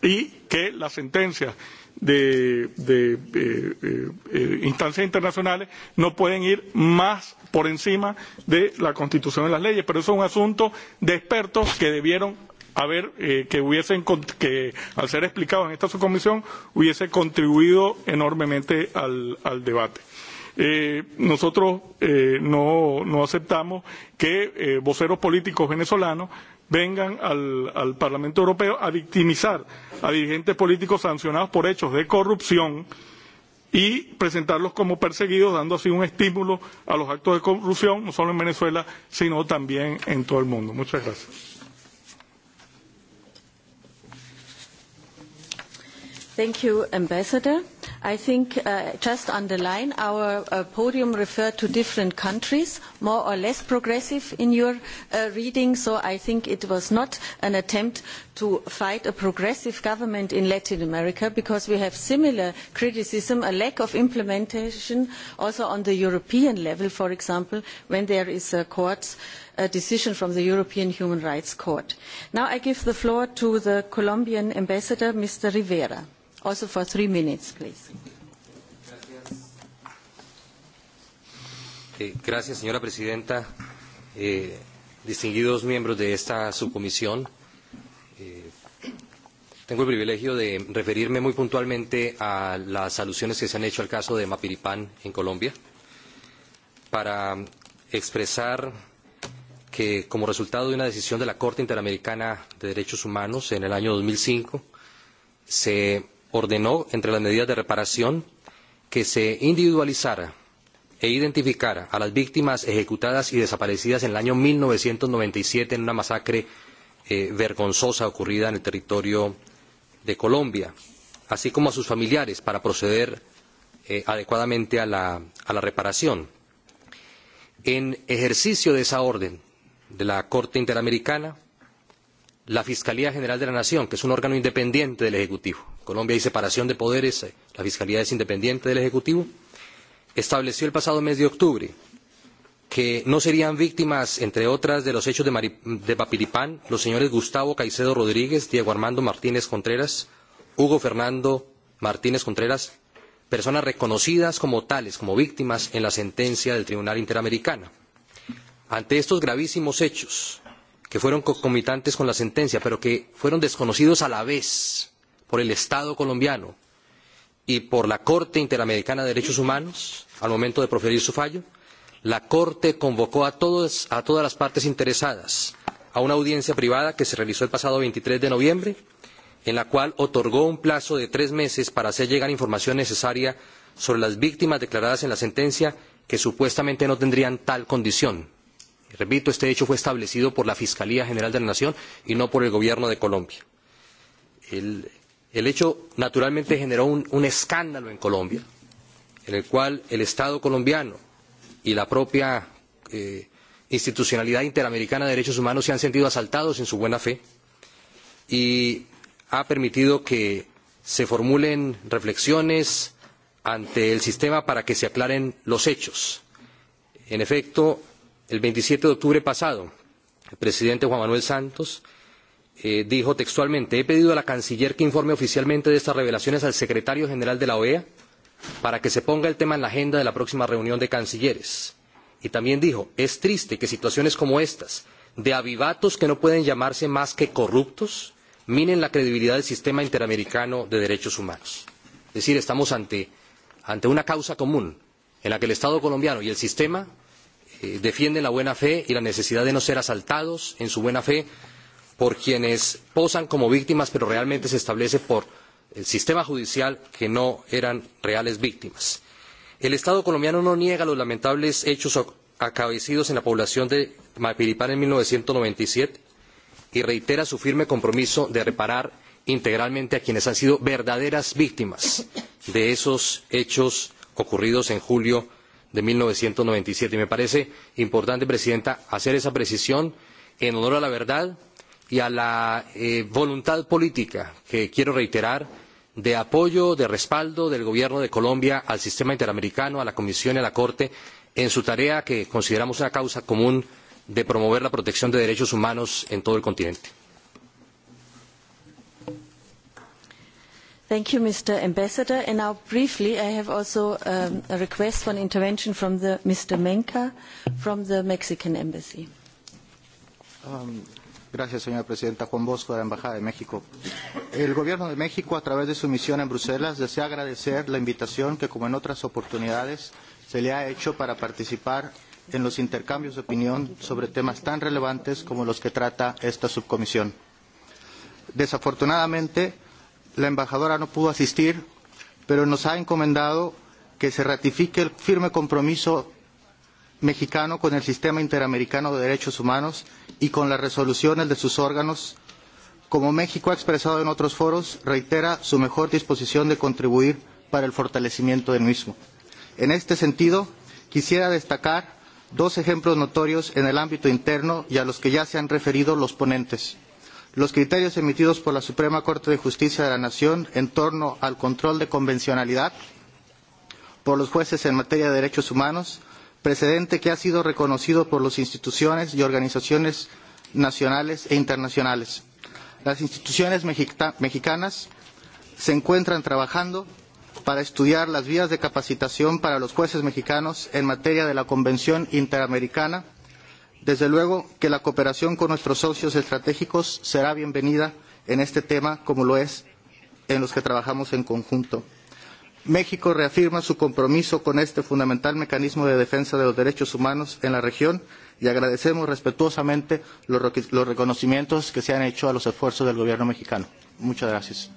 y que las sentencias de, de eh, eh, eh, instancias internacionales no pueden ir más por encima de la Constitución y las leyes, pero eso es un asunto de expertos que debieron haber eh, que hubiesen que al ser explicado en esta subcomisión hubiese contribuido enormemente al, al debate. Eh, nosotros eh, no, no aceptamos que eh, voceros políticos venezolanos vengan al, al Parlamento Europeo a victimizar a dirigentes políticos sancionados por hechos de corrupción y presentarlos como perseguidos, dando así un estímulo a los actos de corrupción, no solo en Venezuela, sino también en todo el mundo. Muchas gracias.
Thank you, Ambassador. I think uh, just underline our uh, podium referred to different countries, more or less progressive in your uh, reading, so I think it was not an attempt to fight a progressive government in Latin America because we have similar criticism, a lack of implementation also on the European level, for example, when there is a court's a decision from the European Human Rights Court. Now I give the floor to the Colombian ambassador, Mr. Rivera also for three minutes, please.
Eh, gracias, señora presidenta. Eh, distinguidos miembros de esta subcomisión, eh, tengo el privilegio de referirme muy puntualmente a las alusiones que se han hecho al caso de Mapiripán en Colombia para expresar que como resultado de una decisión de la Corte Interamericana de Derechos Humanos en el año 2005 se ordenó, entre las medidas de reparación, que se individualizara e identificara a las víctimas ejecutadas y desaparecidas en el año 1997 en una masacre eh, vergonzosa ocurrida en el territorio de Colombia, así como a sus familiares para proceder eh, adecuadamente a la, a la reparación. En ejercicio de esa orden de la Corte Interamericana, la Fiscalía General de la Nación, que es un órgano independiente del Ejecutivo, Colombia y separación de poderes, eh, la Fiscalía es independiente del Ejecutivo, estableció el pasado mes de octubre que no serían víctimas, entre otras, de los hechos de, de Papiripán los señores Gustavo Caicedo Rodríguez, Diego Armando Martínez Contreras, Hugo Fernando Martínez Contreras, personas reconocidas como tales, como víctimas en la sentencia del Tribunal Interamericano. Ante estos gravísimos hechos, que fueron concomitantes con la sentencia, pero que fueron desconocidos a la vez por el Estado colombiano y por la Corte Interamericana de Derechos Humanos al momento de proferir su fallo, la Corte convocó a, todos, a todas las partes interesadas a una audiencia privada que se realizó el pasado 23 de noviembre, en la cual otorgó un plazo de tres meses para hacer llegar información necesaria sobre las víctimas declaradas en la sentencia que supuestamente no tendrían tal condición. repito, este hecho fue establecido por la Fiscalía General de la Nación y no por el Gobierno de Colombia. El, El hecho naturalmente generó un, un escándalo en Colombia, en el cual el Estado colombiano y la propia eh, institucionalidad interamericana de derechos humanos se han sentido asaltados en su buena fe y ha permitido que se formulen reflexiones ante el sistema para que se aclaren los hechos. En efecto, el 27 de octubre pasado, el presidente Juan Manuel Santos eh, dijo textualmente he pedido a la canciller que informe oficialmente de estas revelaciones al secretario general de la OEA para que se ponga el tema en la agenda de la próxima reunión de cancilleres. Y también dijo es triste que situaciones como estas de avivatos que no pueden llamarse más que corruptos minen la credibilidad del sistema interamericano de derechos humanos. Es decir, estamos ante, ante una causa común en la que el Estado colombiano y el sistema eh, defienden la buena fe y la necesidad de no ser asaltados en su buena fe por quienes posan como víctimas, pero realmente se establece por el sistema judicial que no eran reales víctimas. El Estado colombiano no niega los lamentables hechos acaecidos en la población de Mapiripán en 1997 y reitera su firme compromiso de reparar integralmente a quienes han sido verdaderas víctimas de esos hechos ocurridos en julio de 1997. Y me parece importante, Presidenta, hacer esa precisión en honor a la verdad y a la eh, voluntad política que quiero reiterar de apoyo, de respaldo del Gobierno de Colombia al sistema interamericano, a la Comisión y a la Corte en su tarea que consideramos una causa común de promover la protección de derechos humanos en todo el continente.
Thank you, Mr. Ambassador. And now, briefly, I have also um, a request for an intervention from the, Mr. Menka from the Mexican Embassy.
Um, Gracias, señora presidenta. Juan Bosco, de la Embajada de México. El Gobierno de México, a través de su misión en Bruselas, desea agradecer la invitación que, como en otras oportunidades, se le ha hecho para participar en los intercambios de opinión sobre temas tan relevantes como los que trata esta subcomisión. Desafortunadamente, la embajadora no pudo asistir, pero nos ha encomendado que se ratifique el firme compromiso mexicano con el sistema interamericano de derechos humanos y con las resoluciones de sus órganos, como México ha expresado en otros foros, reitera su mejor disposición de contribuir para el fortalecimiento del mismo. En este sentido, quisiera destacar dos ejemplos notorios en el ámbito interno y a los que ya se han referido los ponentes. Los criterios emitidos por la Suprema Corte de Justicia de la Nación en torno al control de convencionalidad por los jueces en materia de derechos humanos precedente que ha sido reconocido por las instituciones y organizaciones nacionales e internacionales. Las instituciones mexicanas se encuentran trabajando para estudiar las vías de capacitación para los jueces mexicanos en materia de la Convención Interamericana. Desde luego que la cooperación con nuestros socios estratégicos será bienvenida en este tema como lo es en los que trabajamos en conjunto. México reafirma su compromiso con este fundamental mecanismo de defensa de los derechos humanos en la región y agradecemos respetuosamente los, los reconocimientos que se han hecho a los esfuerzos del gobierno mexicano. Muchas gracias.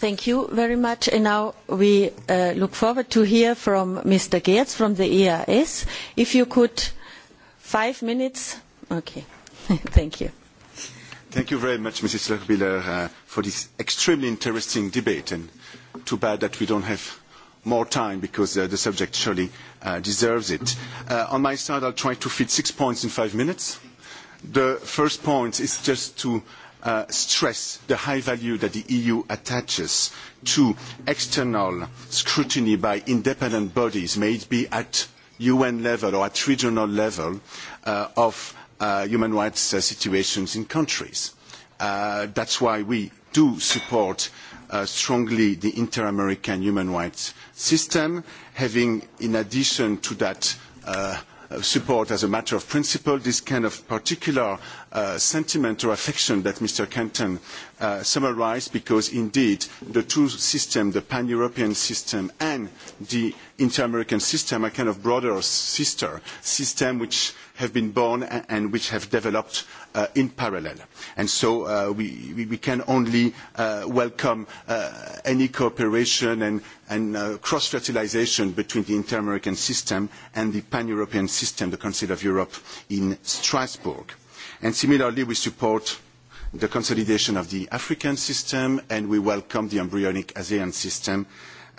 Thank you very much. And now we uh, look forward to hear from Mr. Geertz from the ERS. If you could, five minutes. Okay. Thank you.
Thank you very much, Mrs. Lochbiller, uh, for this extremely interesting debate. And too bad that we don't have more time because uh, the subject surely uh, deserves it. Uh, on my side, I'll try to fit six points in five minutes. The first point is just to uh, stress the high value that the EU attaches to external scrutiny by independent bodies, may it be at UN level or at regional level, uh, of Uh, human rights uh, situations in countries. Uh, that's why we do support uh, strongly the inter-American human rights system, having in addition to that uh, support as a matter of principle this kind of particular uh, sentiment or affection that Mr. Kenton uh, summarized because indeed the two systems, the pan-European system and the inter-American system are kind of brother or sister system which have been born and which have developed uh, in parallel. And so uh, we, we can only uh, welcome uh, any cooperation and, and uh, cross-fertilization between the inter-American system and the pan-European system, the Council of Europe in Strasbourg. And similarly, we support the consolidation of the African system, and we welcome the embryonic ASEAN system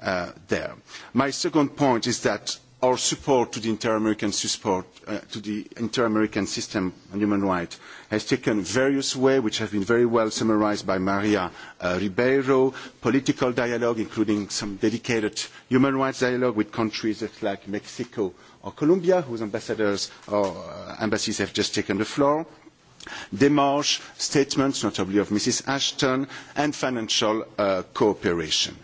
uh, there. My second point is that our support to the inter-American support uh, to the inter-American system on human rights has taken various ways, which have been very well summarised by Maria uh, Ribeiro. Political dialogue, including some dedicated human rights dialogue with countries like Mexico or Colombia, whose ambassadors or uh, embassies have just taken the floor démarches, statements, notably of Mrs. Ashton, and financial uh, cooperation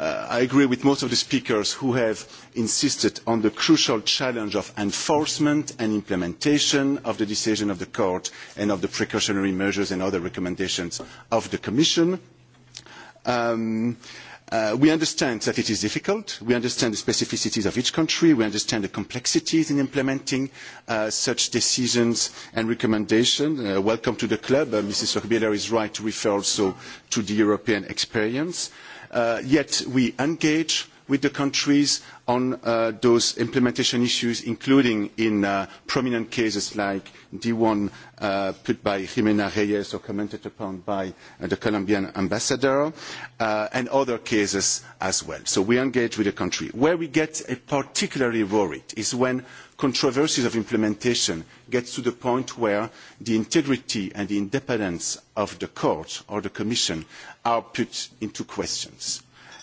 Uh, I agree with most of the speakers who have insisted on the crucial challenge of enforcement and implementation of the decision of the court and of the precautionary measures and other recommendations of the Commission. Um, Uh, we understand that it is difficult. We understand the specificities of each country. We understand the complexities in implementing uh, such decisions and recommendations. Uh, welcome to the club. Uh, Mrs. Lochbihler is right to refer also to the European experience. Uh, yet we engage with the countries on uh, those implementation issues, including in uh, prominent cases like the one uh, put by Jimena Reyes or commented upon by uh, the Colombian ambassador, uh, and other cases as well. So we engage with the country. Where we get particularly worried is when controversies of implementation get to the point where the integrity and the independence of the court or the commission are put into questions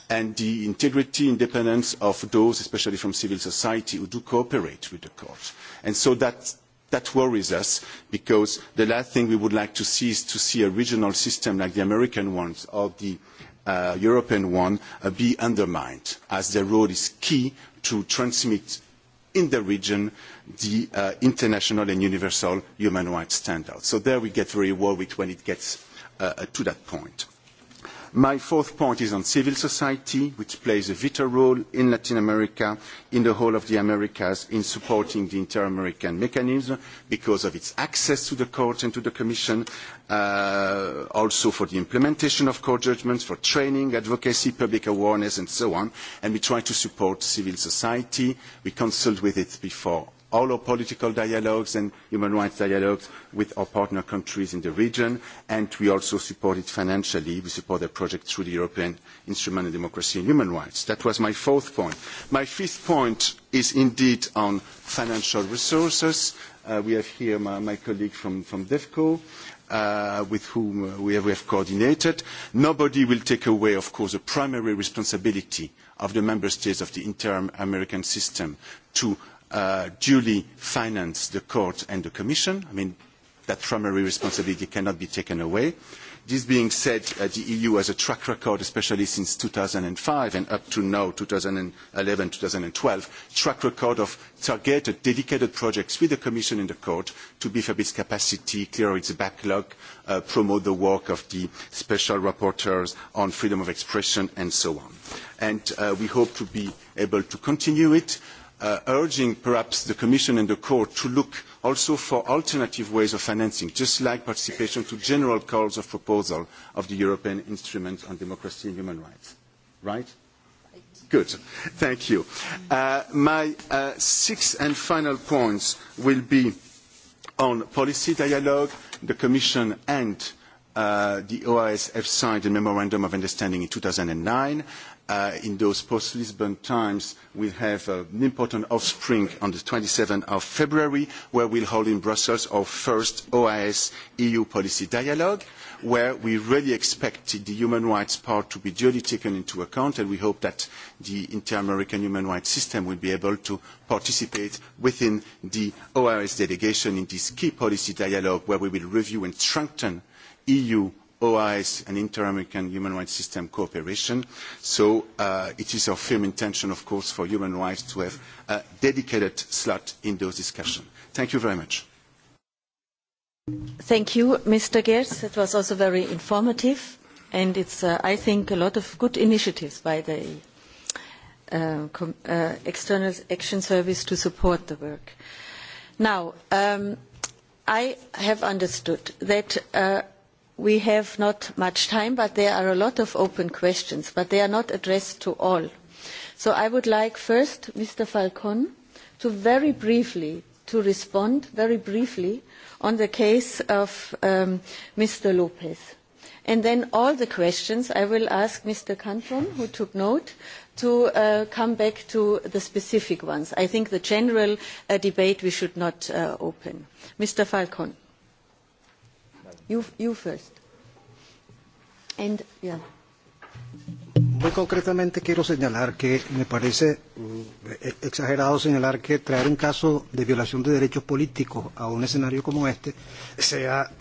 and the integrity, and independence of those, especially from civil society, who do cooperate with the court. And so that, that worries us because the last thing we would like to see is to see a regional system like the American ones or the uh, European one uh, be undermined, as the role is key to transmit in the region the uh, international and universal human rights standards. So there we get very worried when it gets uh, uh, to that point. My fourth point is on civil society, which plays a vital role in Latin America, in the whole of the Americas, in supporting the inter-American mechanism because of its access to the court and to the Commission, uh, also for the implementation of court judgments, for training, advocacy, public awareness, and so on. And we try to support civil society. We consult with it before all our political dialogues and human rights dialogues with our partner countries in the region, and we also support it financially. We support the project through the European Instrument of Democracy and Human Rights. That was my fourth point. My fifth point is indeed on financial resources. Uh, we have here my, my colleague from, from DEFCO. Uh, with whom uh, we have, we have coordinated. Nobody will take away, of course, the primary responsibility of the member states of the inter-American system to Uh, duly finance the court and the commission. I mean, that primary responsibility cannot be taken away. This being said, uh, the EU has a track record, especially since 2005 and up to now, 2011, 2012, track record of targeted, dedicated projects with the Commission and the Court to beef up its capacity, clear its backlog, uh, promote the work of the special rapporteurs on freedom of expression, and so on. And uh, we hope to be able to continue it. Uh, urging perhaps the Commission and the Court to look also for alternative ways of financing, just like participation to general calls of proposal of the European Instrument on Democracy and Human Rights. Right? Good. Thank you. Uh, my uh, sixth and final points will be on policy dialogue. The Commission and uh, the OIS have signed a memorandum of understanding in 2009. Uh, in those post-Lisbon times, we have uh, an important offspring on the 27th of February, where we'll hold in Brussels our first OIS-EU policy dialogue, where we really expect the human rights part to be duly taken into account, and we hope that the inter-American human rights system will be able to participate within the OIS delegation in this key policy dialogue, where we will review and strengthen EU OIS and Inter-American Human Rights System cooperation. So uh, it is our firm intention, of course, for human rights to have a dedicated slot in those discussions. Thank you very much.
Thank you, Mr. Geertz. It was also very informative. And it's, uh, I think, a lot of good initiatives by the uh, com, uh, External Action Service to support the work. Now, um, I have understood that uh, we have not much time, but there are a lot of open questions, but they are not addressed to all. So I would like first Mr. Falcon to very briefly respond very briefly on the case of Mr. Um, lpez And then all the questions I will ask Mr. Cantron, who took note, to uh, come back to the specific ones. I think the general uh, debate we should not uh, open. Mr. Falcon. You, you first. And, yeah.
Muy concretamente quiero señalar que me parece eh, exagerado señalar que traer un caso de violación de derechos políticos a un escenario como este sea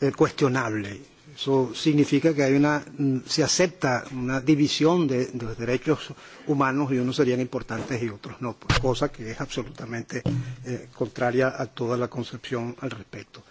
eh, cuestionable. Eso significa que hay una, mm, se acepta una división de, de los derechos humanos y unos serían importantes y otros no, cosa que es absolutamente eh, contraria a toda la concepción al respecto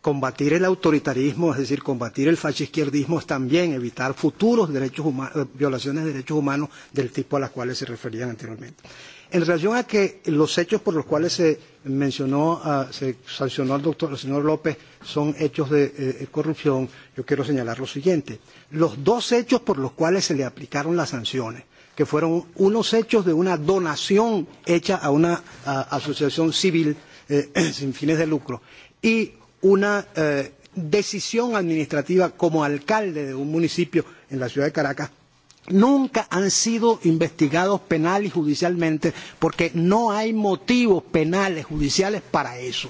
combatir el autoritarismo, es decir, combatir el fascisquerdismo es también evitar futuros derechos humanos, eh, violaciones de derechos humanos del tipo a las cuales se referían anteriormente. En relación a que los hechos por los cuales se mencionó, uh, se sancionó al doctor, al señor López, son hechos de eh, eh, corrupción, yo quiero señalar lo siguiente. Los dos hechos por los cuales se le aplicaron las sanciones, que fueron unos hechos de una donación hecha a una a, asociación civil eh, sin fines de lucro y una eh, decisión administrativa como alcalde de un municipio en la ciudad de Caracas nunca han sido investigados penal y judicialmente porque no hay motivos penales, judiciales para eso.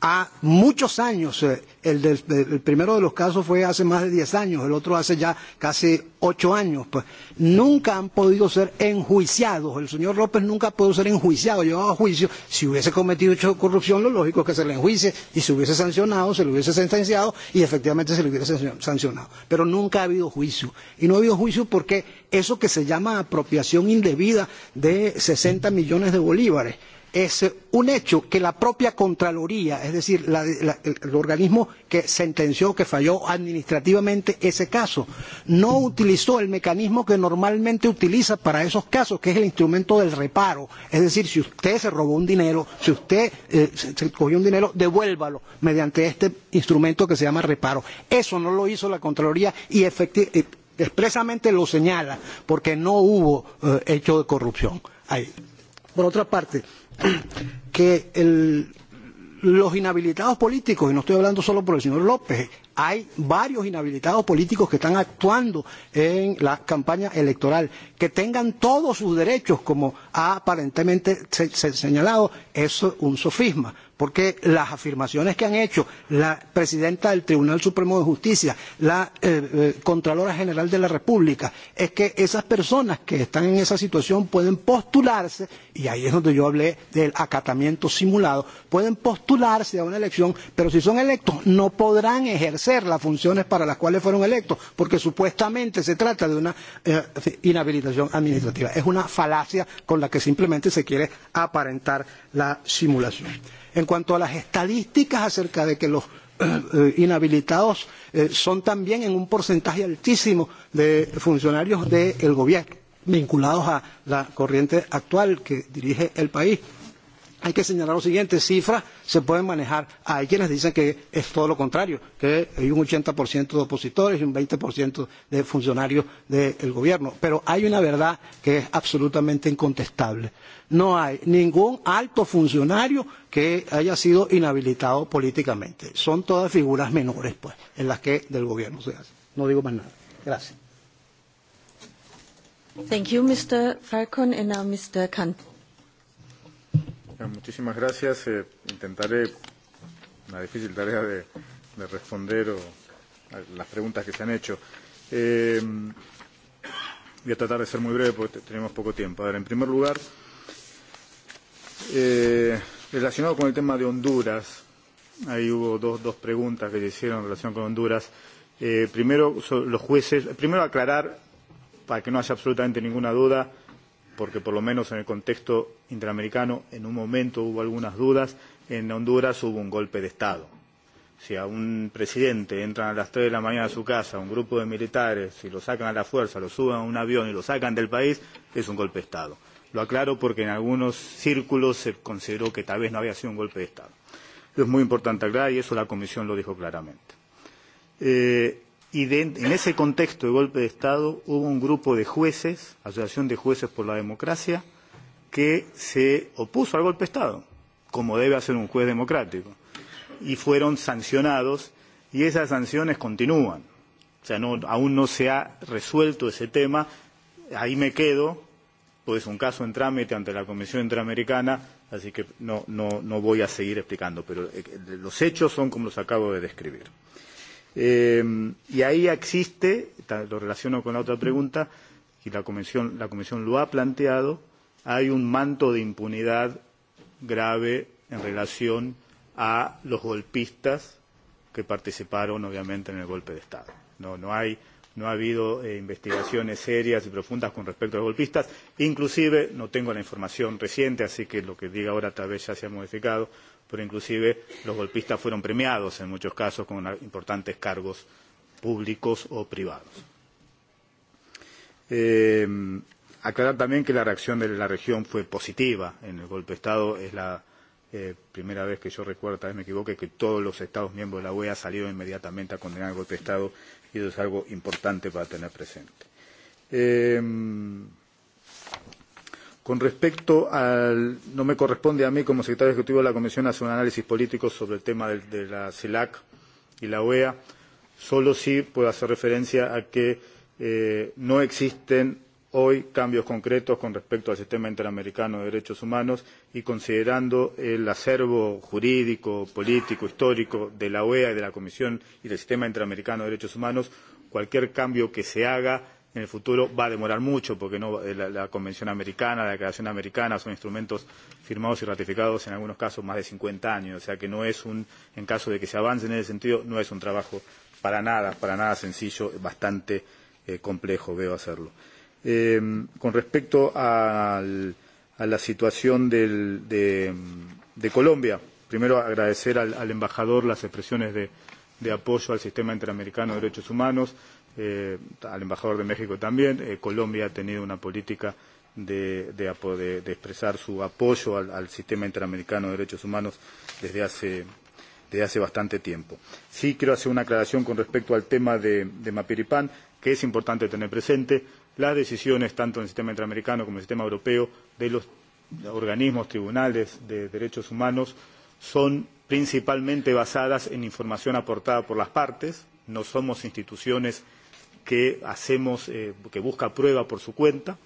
A muchos años eh, El, del, el primero de los casos fue hace más de 10 años, el otro hace ya casi 8 años. Pues nunca han podido ser enjuiciados. El señor López nunca pudo ser enjuiciado, llevado a juicio. Si hubiese cometido hecho de corrupción, lo lógico es que se le enjuicie y se hubiese sancionado, se le hubiese sentenciado y efectivamente se le hubiese sancionado. Pero nunca ha habido juicio. Y no ha habido juicio porque eso que se llama apropiación indebida de 60 millones de bolívares es eh, un hecho que la propia Contraloría, es decir, la, la, el organismo que sentenció, que falló administrativamente ese caso, no utilizó el mecanismo que normalmente utiliza para esos casos, que es el instrumento del reparo. Es decir, si usted se robó un dinero, si usted eh, se, se cogió un dinero, devuélvalo mediante este instrumento que se llama reparo. Eso no lo hizo la Contraloría y efectivamente eh, expresamente lo señala porque no hubo eh, hecho de corrupción ahí. Por otra parte, que el, los inhabilitados políticos, y no estoy hablando solo por el señor López, hay varios inhabilitados políticos que están actuando en la campaña electoral, que tengan todos sus derechos, como ha aparentemente se, se señalado, eso es un sofisma porque las afirmaciones que han hecho la presidenta del Tribunal Supremo de Justicia, la eh, eh, Contralora General de la República, es que esas personas que están en esa situación pueden postularse, y ahí es donde yo hablé del acatamiento simulado, pueden postularse a una elección, pero si son electos no podrán ejercer las funciones para las cuales fueron electos, porque supuestamente se trata de una eh, inhabilitación administrativa. Es una falacia con la que simplemente se quiere aparentar la simulación. En cuanto a las estadísticas acerca de que los eh, eh, inhabilitados eh, son también en un porcentaje altísimo de funcionarios del de gobierno vinculados a la corriente actual que dirige el país hay que señalar lo siguiente, cifras se pueden manejar. Hay quienes dicen que es todo lo contrario, que hay un 80% de opositores y un 20% de funcionarios del de gobierno. Pero hay una verdad que es absolutamente incontestable. No hay ningún alto funcionario que haya sido inhabilitado políticamente. Son todas figuras menores, pues, en las que del gobierno se hace. No digo más nada. Gracias.
Thank you, Mr. Falcon, and now Mr. Kant.
Muchísimas gracias. Eh, intentaré la difícil tarea de, de responder o, a las preguntas que se han hecho. Eh, voy a tratar de ser muy breve porque tenemos poco tiempo. A ver, en primer lugar, eh, relacionado con el tema de Honduras, ahí hubo dos, dos preguntas que se hicieron en relación con Honduras. Eh, primero, los jueces, primero aclarar, para que no haya absolutamente ninguna duda, porque por lo menos en el contexto interamericano en un momento hubo algunas dudas, en Honduras hubo un golpe de Estado. Si a un presidente entran a las 3 de la mañana a su casa un grupo de militares y lo sacan a la fuerza, lo suben a un avión y lo sacan del país, es un golpe de Estado. Lo aclaro porque en algunos círculos se consideró que tal vez no había sido un golpe de Estado. Es muy importante aclarar y eso la Comisión lo dijo claramente. Eh, y de, en ese contexto de golpe de Estado hubo un grupo de jueces, Asociación de Jueces por la Democracia, que se opuso al golpe de Estado, como debe hacer un juez democrático, y fueron sancionados y esas sanciones continúan. O sea, no, aún no se ha resuelto ese tema. Ahí me quedo, pues un caso en trámite ante la Comisión Interamericana, así que no, no, no voy a seguir explicando, pero eh, los hechos son como los acabo de describir. Eh, y ahí existe, lo relaciono con la otra pregunta, y la Comisión, la Comisión lo ha planteado, hay un manto de impunidad grave en relación a los golpistas que participaron, obviamente, en el golpe de Estado. No, no, hay, no ha habido eh, investigaciones serias y profundas con respecto a los golpistas. Inclusive, no tengo la información reciente, así que lo que diga ahora tal vez ya se ha modificado, pero inclusive los golpistas fueron premiados en muchos casos con importantes cargos públicos o privados. Eh, aclarar también que la reacción de la región fue positiva en el golpe de Estado. Es la eh, primera vez que yo recuerdo, tal vez me equivoque, que todos los Estados miembros de la OEA salieron inmediatamente a condenar el golpe de Estado y eso es algo importante para tener presente. Eh, Con respecto al, no me corresponde a mí como secretario ejecutivo de la Comisión hacer un análisis político sobre el tema de, de la CELAC y la OEA, solo sí puedo hacer referencia a que eh, no existen hoy cambios concretos con respecto al sistema interamericano de derechos humanos y considerando el acervo jurídico, político, histórico de la OEA y de la Comisión y del sistema interamericano de derechos humanos, cualquier cambio que se haga en el futuro va a demorar mucho porque no eh, la, la convención americana la declaración americana son instrumentos firmados y ratificados en algunos casos más de 50 años o sea que no es un en caso de que se avance en ese sentido no es un trabajo para nada para nada sencillo bastante eh, complejo veo hacerlo eh, con respecto al, a la situación del, de, de Colombia primero agradecer al, al embajador las expresiones de, de apoyo al sistema interamericano de derechos humanos eh, al embajador de México también. Eh, Colombia ha tenido una política de, de, de, de expresar su apoyo al, al sistema interamericano de derechos humanos desde hace, desde hace bastante tiempo. Sí quiero hacer una aclaración con respecto al tema de, de Mapiripán, que es importante tener presente. Las decisiones, tanto en el sistema interamericano como en el sistema europeo, de los organismos, tribunales de derechos humanos, son principalmente basadas en información aportada por las partes. No somos instituciones que hacemos, eh, que busca prueba por su cuenta.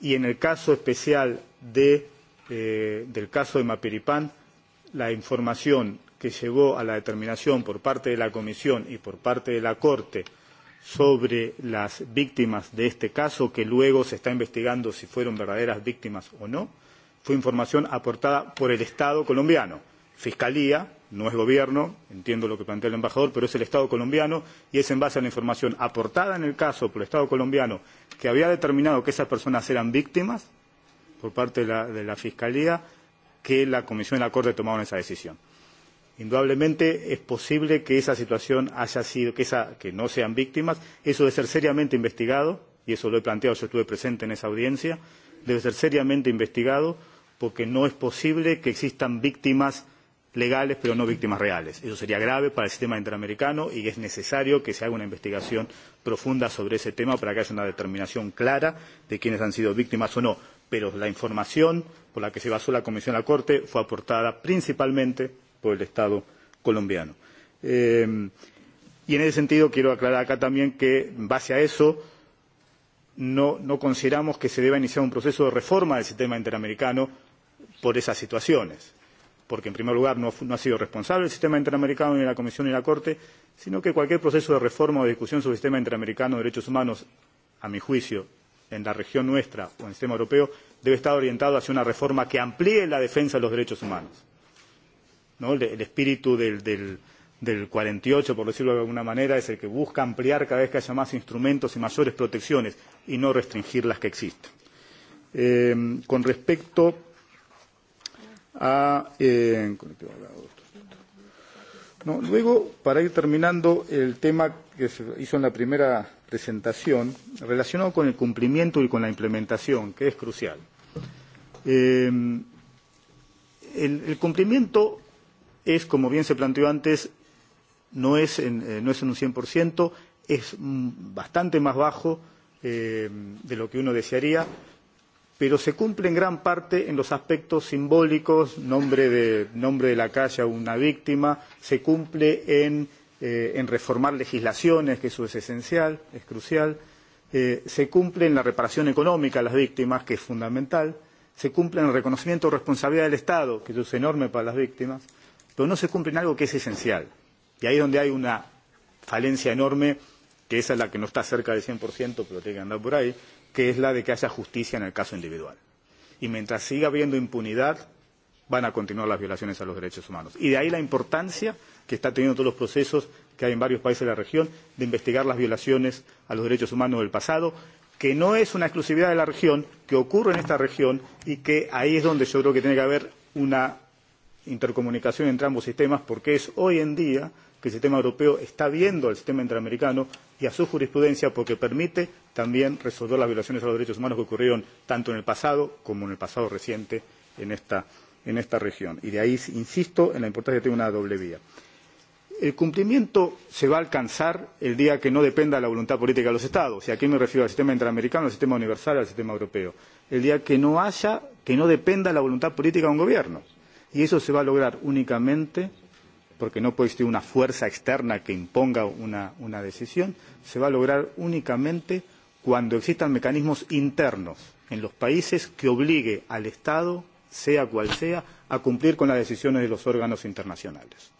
Y en el caso especial de, eh, del caso de Mapiripán la información que llegó a la determinación por parte de la Comisión y por parte de la Corte sobre las víctimas de este caso, que luego se está investigando si fueron verdaderas víctimas o no, fue información aportada por el Estado colombiano fiscalía, no es gobierno, entiendo lo que plantea el embajador, pero es el Estado colombiano y es en base a la información aportada en el caso por el Estado colombiano que había determinado que esas personas eran víctimas por parte de la, de la fiscalía que la Comisión de la Corte tomaron esa decisión. Indudablemente es posible que esa situación haya sido, que, esa, que no sean víctimas, eso debe ser seriamente investigado, y eso lo he planteado, yo estuve presente en esa audiencia, debe ser seriamente investigado porque no es posible que existan víctimas legales pero no víctimas reales. Eso sería grave para el sistema interamericano y es necesario que se haga una investigación profunda sobre ese tema para que haya una determinación clara de quiénes han sido víctimas o no. Pero la información por la que se basó la Comisión a la Corte fue aportada principalmente por el Estado colombiano. Eh, y en ese sentido quiero aclarar acá también que, en base a eso, no, no consideramos que se deba iniciar un proceso de reforma del sistema interamericano por esas situaciones porque en primer lugar no, no ha sido responsable el sistema interamericano ni la Comisión ni la Corte, sino que cualquier proceso de reforma o de discusión sobre el sistema interamericano de derechos humanos, a mi juicio, en la región nuestra o en el sistema europeo, debe estar orientado hacia una reforma que amplíe la defensa de los derechos humanos. ¿No? El, el espíritu del, del, del 48, por decirlo de alguna manera, es el que busca ampliar cada vez que haya más instrumentos y mayores protecciones y no restringir las que existen. Eh, con respecto a. Eh, no, luego, para ir terminando, el tema que se hizo en la primera presentación, relacionado con el cumplimiento y con la implementación, que es crucial. Eh, el, el cumplimiento es, como bien se planteó antes, no es en, eh, no es en un 100%, es bastante más bajo eh, de lo que uno desearía, pero se cumple en gran parte en los aspectos simbólicos, nombre de, nombre de la calle a una víctima, se cumple en, eh, en reformar legislaciones, que eso es esencial, es crucial, eh, se cumple en la reparación económica a las víctimas, que es fundamental, se cumple en el reconocimiento de responsabilidad del Estado, que eso es enorme para las víctimas, pero no se cumple en algo que es esencial. Y ahí es donde hay una falencia enorme, que esa es la que no está cerca del 100%, pero tiene que andar por ahí, que es la de que haya justicia en el caso individual. Y mientras siga habiendo impunidad, van a continuar las violaciones a los derechos humanos. Y de ahí la importancia que está teniendo todos los procesos que hay en varios países de la región de investigar las violaciones a los derechos humanos del pasado, que no es una exclusividad de la región, que ocurre en esta región y que ahí es donde yo creo que tiene que haber una intercomunicación entre ambos sistemas, porque es hoy en día que el sistema europeo está viendo al sistema interamericano y a su jurisprudencia porque permite también resolver las violaciones a los derechos humanos que ocurrieron tanto en el pasado como en el pasado reciente en esta, en esta región. Y de ahí insisto en la importancia de tener una doble vía. El cumplimiento se va a alcanzar el día que no dependa de la voluntad política de los Estados, y aquí me refiero al sistema interamericano, al sistema universal, al sistema europeo, el día que no haya, que no dependa de la voluntad política de un gobierno. Y eso se va a lograr únicamente porque no puede existir una fuerza externa que imponga una, una decisión, se va a lograr únicamente cuando existan mecanismos internos en los países que obligue al Estado, sea cual sea, a cumplir con las decisiones de los órganos internacionales.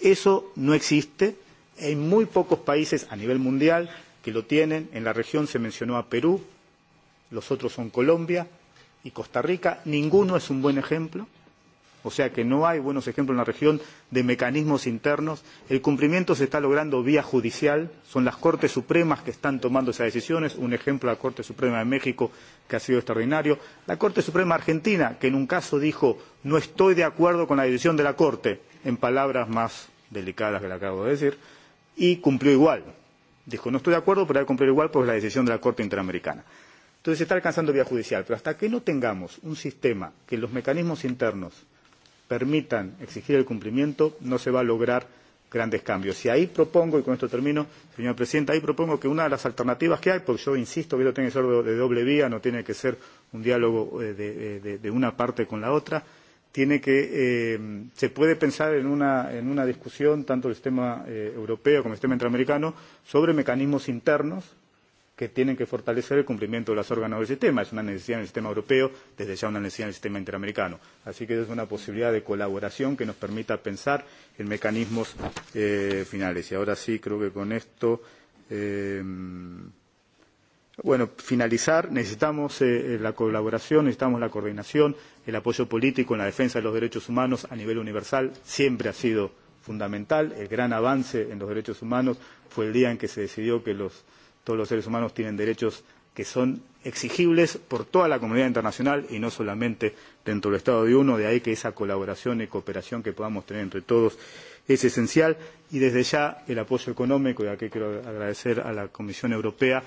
Eso no existe en muy pocos países a nivel mundial que lo tienen. En la región se mencionó a Perú, los otros son Colombia y Costa Rica. Ninguno es un buen ejemplo O sea que no hay buenos ejemplos en la región de mecanismos internos. El cumplimiento se está logrando vía judicial. Son las Cortes Supremas que están tomando esas decisiones. Un ejemplo, la Corte Suprema de México, que ha sido extraordinario. La Corte Suprema Argentina, que en un caso dijo no estoy de acuerdo con la decisión de la Corte, en palabras más delicadas que le acabo de decir, y cumplió igual. Dijo no estoy de acuerdo, pero hay que cumplir igual porque es la decisión de la Corte Interamericana. Entonces se está alcanzando vía judicial, pero hasta que no tengamos un sistema que los mecanismos internos permitan exigir el cumplimiento, no se va a lograr grandes cambios. Y ahí propongo, y con esto termino, señor presidente, ahí propongo que una de las alternativas que hay, porque yo insisto que esto tiene que ser de doble vía, no tiene que ser un diálogo eh, de, eh, de, de una parte con la otra, tiene que, eh, se puede pensar en una, en una discusión, tanto del sistema eh, europeo como del sistema interamericano, sobre mecanismos internos que tienen que fortalecer el cumplimiento de los órganos del sistema. Es una necesidad en el sistema europeo, desde ya una necesidad en el sistema interamericano. Así que es una posibilidad de colaboración que nos permita pensar en mecanismos eh, finales. Y ahora sí, creo que con esto. Eh, Bueno, finalizar, necesitamos eh, eh, la colaboración, necesitamos la coordinación, el apoyo político en la defensa de los derechos humanos a nivel universal siempre ha sido fundamental. El gran avance en los derechos humanos fue el día en que se decidió que los todos los seres humanos tienen derechos que son exigibles por toda la comunidad internacional y no solamente dentro del Estado de uno, de ahí que esa colaboración y cooperación que podamos tener entre todos es esencial y desde ya el apoyo económico, y aquí quiero agradecer a la Comisión Europea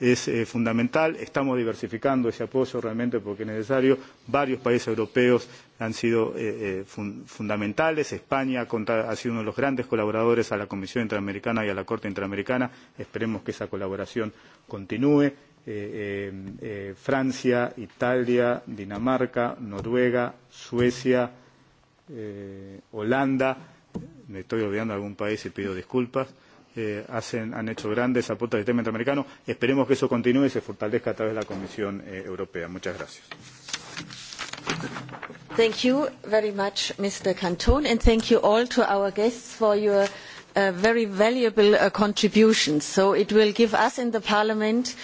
es eh, fundamental. Estamos diversificando ese apoyo realmente porque es necesario. Varios países europeos han sido eh, eh fun fundamentales. España contra, ha sido uno de los grandes colaboradores a la Comisión Interamericana y a la Corte Interamericana. Esperemos que esa colaboración continúe. Eh, eh, eh Francia, Italia, Dinamarca, Noruega, Suecia, eh, Holanda. Me estoy olvidando de algún país y pido disculpas eh, hacen, han hecho grandes aportes al tema interamericano. Esperemos que eso continúe y se fortalezca a través de la Comisión eh, Europea. Muchas gracias.
Thank you very much, Mr. Cantone, and thank you all to our guests for your uh, very valuable uh, contributions. So it will give us in the Parliament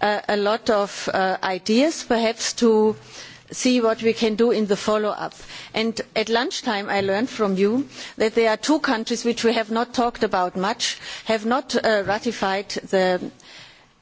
uh, a lot of uh, ideas, perhaps to uh, see what we can do in the follow-up. And at lunchtime, I learned from you that there are two countries which we have not talked about much, have not uh, ratified the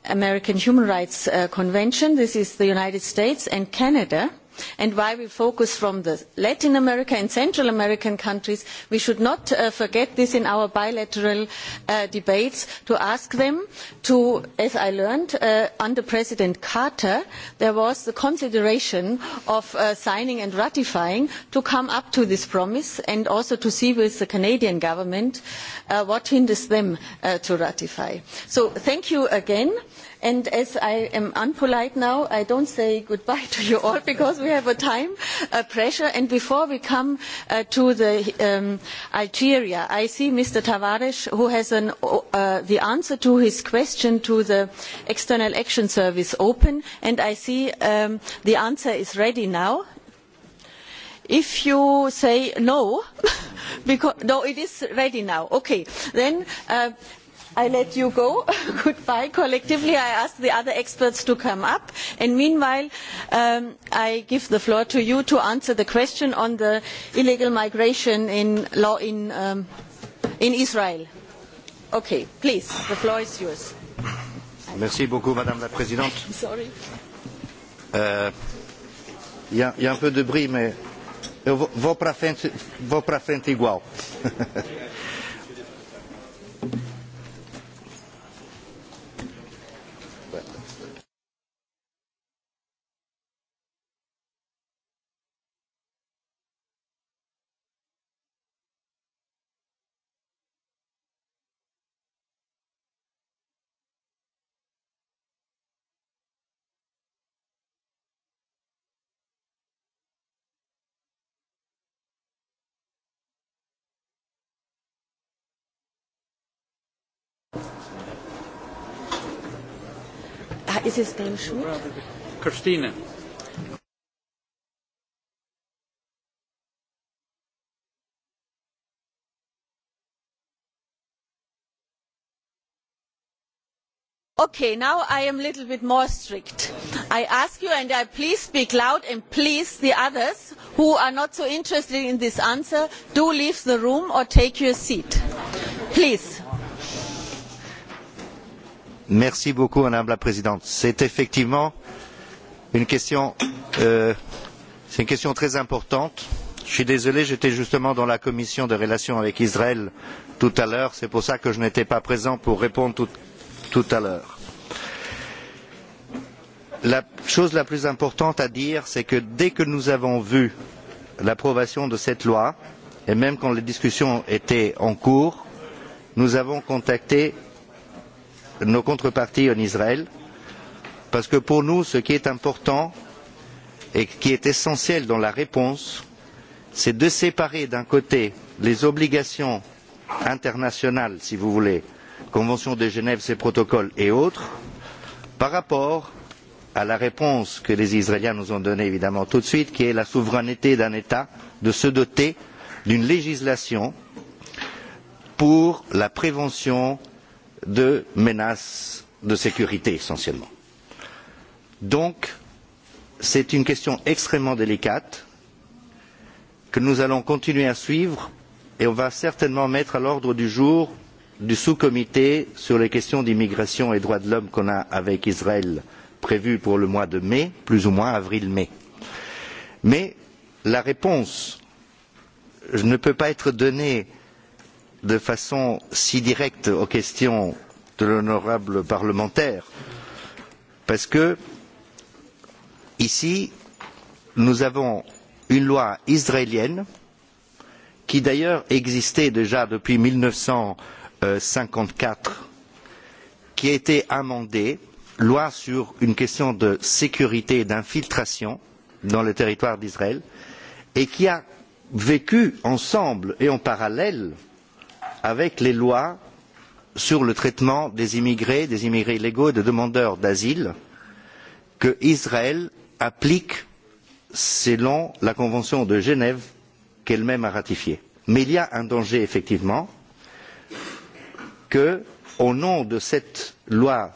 American Human Rights uh, Convention. This is the United States and Canada and why we focus from the Latin America and Central American countries. We should not uh, forget this in our bilateral uh, debates to ask them to, as I learned, uh, under President Carter, there was the consideration of signing and ratifying to come up to this promise and also to see with the Canadian government what hinders them to ratify. So thank you again. And as I am unpolite now, I don't say goodbye to you all because we have a time a pressure. And before we come uh, to the um, Algeria, I see Mr. Tavares, who has an, uh, the answer to his question to the External Action Service open, and I see um, the answer is ready now if you say no because no it is ready now okay then uh, i let you go. Goodbye. Collectively, I ask the other experts to come up. And meanwhile, um, I give the floor to you to answer the question on the illegal migration in law in, um, in Israel. Okay, please, the floor is yours.
Merci beaucoup, Madame la Présidente. Sorry. Euh, y, y a un peu de bruit, mais eu vou, vou para frente,
Christina.
okay now i am a little bit more strict i ask you and I please speak loud and please the others who are not so interested in this answer do leave the room or take your seat please.
Madame la Présidente. C'est effectivement euh, une question, très importante. Je suis désolé, j'étais justement dans la commission des relations avec Israël tout à l'heure. C'est pour cela que je n'étais pas présent pour répondre tout à l'heure. La chose la plus importante à dire, c'est que dès que nous avons vu l'approbation de cette loi, et même quand les discussions étaient en cours, nous avons contacté nos contreparties en Israël, parce que pour nous, ce qui est important et qui est essentiel dans la réponse, c'est de séparer d'un côté les obligations internationales, si vous voulez, Convention de Genève, ses protocoles et autres, par rapport à la réponse que les Israéliens nous ont donnée évidemment tout de suite, qui est la souveraineté d'un État de se doter d'une législation pour la prévention de menaces de sécurité essentiellement. Donc, c'est une question extrêmement délicate que nous allons continuer à suivre et on va certainement mettre à l'ordre du jour du sous-comité sur les questions d'immigration et droits de l'homme qu'on a avec Israël prévu pour le mois de mai, plus ou moins avril-mai. Mais la réponse je ne peut pas être donnée de façon si directe aux questions de l'honorable parlementaire parce que ici nous avons une loi israélienne qui d'ailleurs existait déjà depuis mille neuf cent cinquante quatre qui a été amendée loi sur une question de sécurité et d'infiltration dans le territoire d'israël et qui a vécu ensemble et en parallèle avec les lois sur le traitement des immigrés, des immigrés illégaux et des demandeurs d'asile que Israël applique selon la Convention de Genève qu'elle-même a ratifiée. Mais il y a un danger, effectivement, que, au nom de cette loi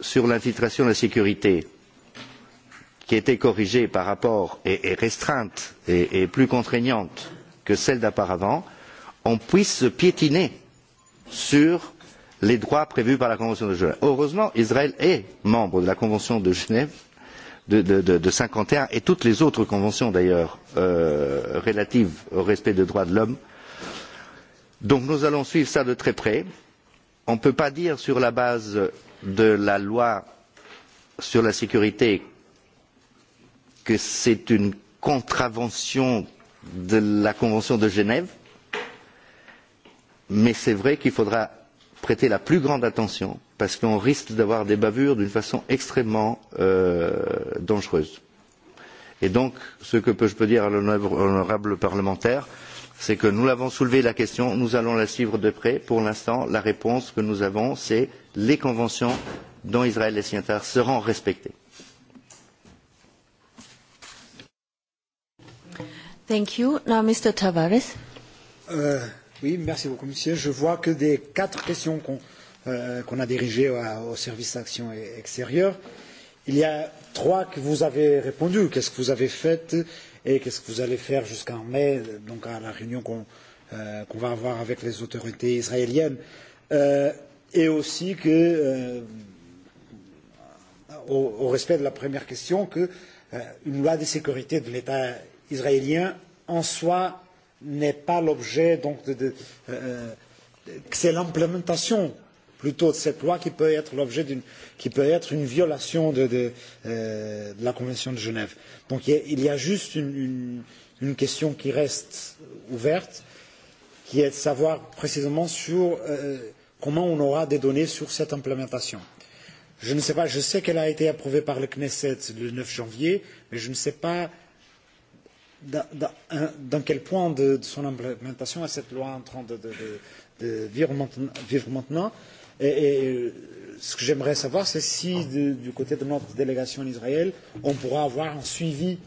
sur l'infiltration et la sécurité, qui a été corrigée par rapport et, restreinte et, et plus contraignante que celle d'auparavant, on puisse piétiner sur les droits prévus par la Convention de Genève. Heureusement, Israël est membre de la Convention de Genève de, de, de, de 51 et toutes les autres conventions d'ailleurs euh, relatives au respect des droits de l'homme. Donc nous allons suivre ça de très près. On ne peut pas dire sur la base de la loi sur la sécurité que c'est une contravention de la Convention de Genève mais c'est vrai qu'il faudra prêter la plus grande attention parce qu'on risque d'avoir des bavures d'une façon extrêmement euh, dangereuse. Et donc, ce que je peux dire à l'honorable parlementaire, c'est que nous l'avons soulevé la question, nous allons la suivre de près. Pour l'instant, la réponse que nous avons, c'est les conventions dont Israël est signataire seront respectées.
Thank you. Now, Mr. Tavares.
Uh... Oui, merci beaucoup, monsieur. Je vois que des quatre questions qu'on euh, qu a dirigées à, au service d'action e- extérieure, il y a trois que vous avez répondu. Qu'est-ce que vous avez fait et qu'est-ce que vous allez faire jusqu'en mai, donc à la réunion qu'on euh, qu va avoir avec les autorités israéliennes. Euh, et aussi que, euh, au, au respect de la première question, qu'une euh, loi de sécurité de l'État israélien en soi n'est pas l'objet donc de, de, euh, c'est l'implémentation plutôt de cette loi qui peut être l'objet d'une qui peut être une violation de, de, euh, de la Convention de Genève. Donc il y a, il y a juste une, une, une question qui reste ouverte, qui est de savoir précisément sur euh, comment on aura des données sur cette implémentation. Je ne sais pas, je sais qu'elle a été approuvée par le Knesset le 9 janvier, mais je ne sais pas euh, dans, euh, dans, quel point de, de son implémentation est cette loi en train de, de, de, de vivre maintenant, vivre maintenant et, et euh, ce que j'aimerais savoir, c'est si de, du côté de notre délégation en Israël, on pourra avoir un suivi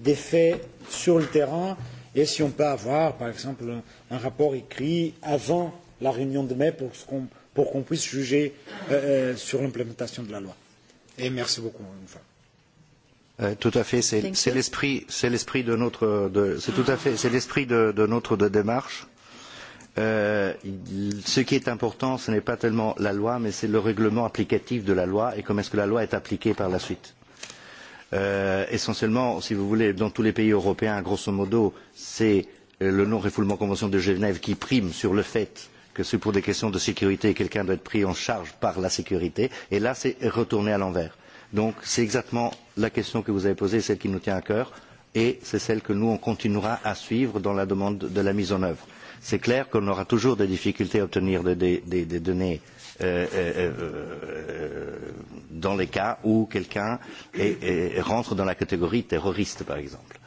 des faits sur le terrain et si on peut avoir, par exemple, un, un rapport écrit avant la réunion de mai pour qu'on qu puisse juger euh, euh, sur l'implémentation de la loi. Et merci beaucoup une fois.
Euh, tout à fait. C'est l'esprit, c'est l'esprit de notre, c'est tout à fait, c'est l'esprit de, de notre de démarche. Euh, ce qui est important, ce n'est pas tellement la loi, mais c'est le règlement applicatif de la loi et comment est-ce que la loi est appliquée par la suite. Euh, essentiellement, si vous voulez, dans tous les pays européens, grosso modo, c'est le non-refoulement convention de Genève qui prime sur le fait que c'est pour des questions de sécurité, quelqu'un doit être pris en charge par la sécurité. Et là, c'est retourné à l'envers Donc c'est exactement la question que vous avez posée, celle qui nous tient à cœur, et c'est celle que nous, on continuera à suivre dans la demande de la mise en œuvre. C'est clair qu'on aura toujours des difficultés à obtenir des, des, des, des données euh, euh, euh, dans les cas où quelqu'un rentre dans la catégorie terroriste, par exemple.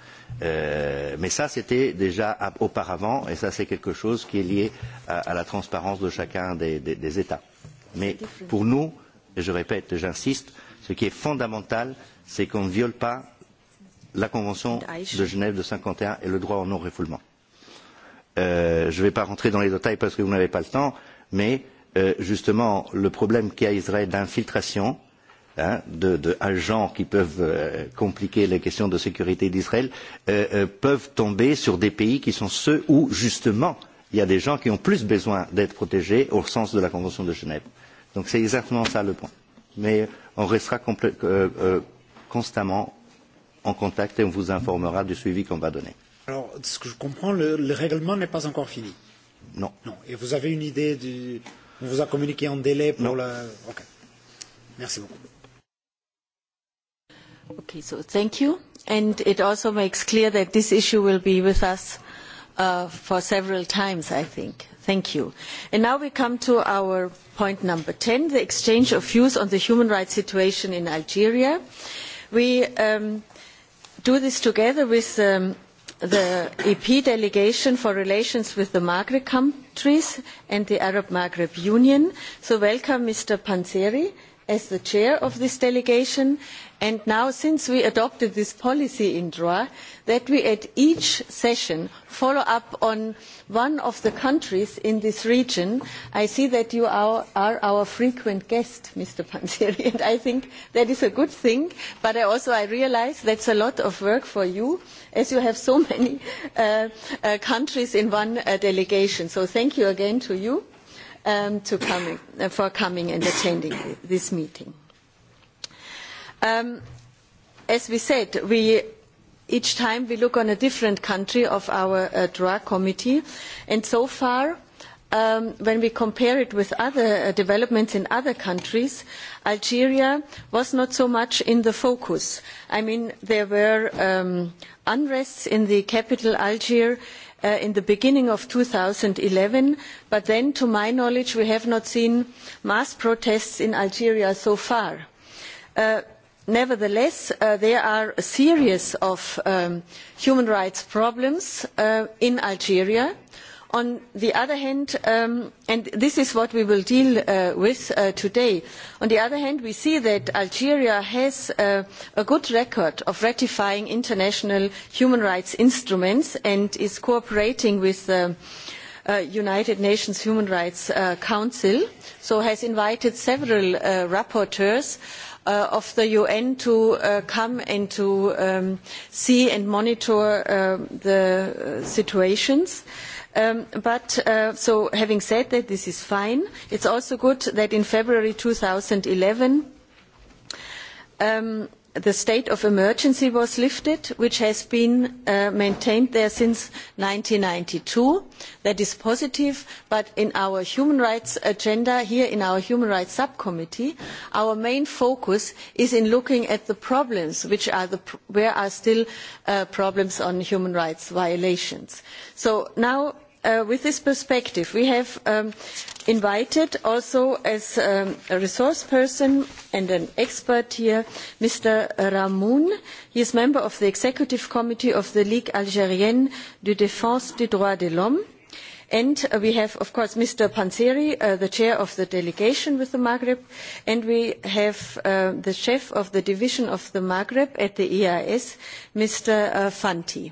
Euh, mais ça, c'était déjà auparavant, et ça, c'est quelque chose qui est lié à, à la transparence de chacun des, des, des États. Mais pour nous, et je répète, j'insiste, Ce qui est fondamental, c'est qu'on ne viole pas la Convention de Genève de 51 et le droit au non-refoulement. Euh, je ne vais pas rentrer dans les détails parce que vous n'avez pas le temps, mais euh, justement, le problème qu'il y a à Israël d'infiltration, hein, de, de agents qui peuvent euh, compliquer les questions de sécurité d'Israël, euh, euh, peuvent tomber sur des pays qui sont ceux où, justement, il y a des gens qui ont plus besoin d'être protégés au sens de la Convention de Genève. Donc c'est exactement ça le point mais on restera euh, euh, constamment en contact et on vous informera du suivi qu'on va donner.
Alors, de ce que je comprends, le, le règlement n'est pas encore fini. Non. Non. Et vous avez une idée du. On vous a communiqué en délai pour non. la. OK. Merci beaucoup.
Okay, so thank you. And it also makes clear that this issue will be with us Uh, for several times, I think. Thank you. And now we come to our point number 10, the exchange of views on the human rights situation in Algeria. We um, do this together with um, the EP delegation for relations with the Maghreb countries and the Arab Maghreb Union. So welcome Mr. Panzeri as the chair of this delegation and now since we adopted this policy in doha that we at each session follow up on one of the countries in this region i see that you are, are our frequent guest mr panzeri and i think that is a good thing but i also i realize that's a lot of work for you as you have so many uh, uh, countries in one uh, delegation so thank you again to you um, to coming, uh, for coming and attending this meeting Um, as we said, each time we look on a different country of our uh, drug committee, and so far, um, when we compare it with other uh, developments in other countries, Algeria was not so much in the focus. I mean, there were unrest um, unrests in the capital, Algiers, uh, in the beginning of 2011, but then, to my knowledge, we have not seen mass protests in Algeria so far nevertheless uh, there are a series of um, human rights problems uh, in algeria. on the other hand um, and this is what we will deal uh, with uh, today on the other hand we see that algeria has uh, a good record of ratifying international human rights instruments and is cooperating with the Uh, united nations human rights uh, council so has invited several uh, rapporteurs Uh, of the UN to uh, come and to um, see and monitor uh, the uh, situations. Um, but uh, so having said that, this is fine. It's also good that in February 2011, um, the state of emergency was lifted, which has been uh, maintained there since 1992. That is positive, but in our human rights agenda, here in our human rights subcommittee, our main focus is in looking at the problems, which are the, where are still uh, problems on human rights violations. So now Uh, with this perspective, we have um, invited also as um, a resource person and an expert here, Mr. Ramoun. He is member of the Executive Committee of the Ligue Algérienne de Défense des Droits de l'Homme. And uh, we have, of course, Mr. Panzeri, uh, the chair of the delegation with the Maghreb, and we have uh, the chef of the division of the Maghreb at the EIS, Mr. Uh, Fanti.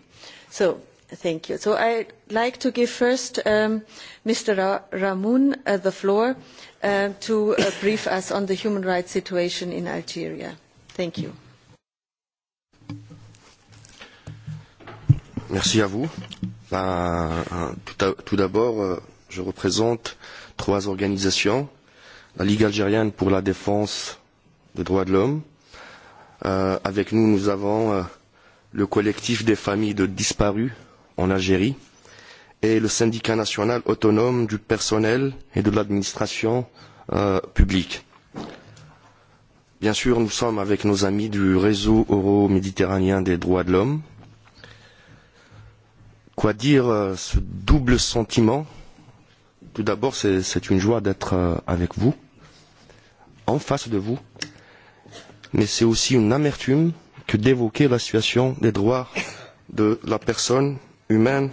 So Thank you. So I'd like to give first um, Mr. Ra Ramoun uh, the floor uh, to uh, brief us on the human rights situation in Algeria. Thank you.
Merci à vous. Euh, tout, tout d'abord, euh, je représente trois organisations. La Ligue algérienne pour la défense des droits de l'homme. Euh, avec nous, nous avons euh, le collectif des familles de disparus en Algérie et le syndicat national autonome du personnel et de l'administration euh, publique. Bien sûr, nous sommes avec nos amis du réseau euro-méditerranéen des droits de l'homme. Quoi dire euh, ce double sentiment Tout d'abord, c'est une joie d'être euh, avec vous, en face de vous, mais c'est aussi une amertume que d'évoquer la situation des droits de la personne humaine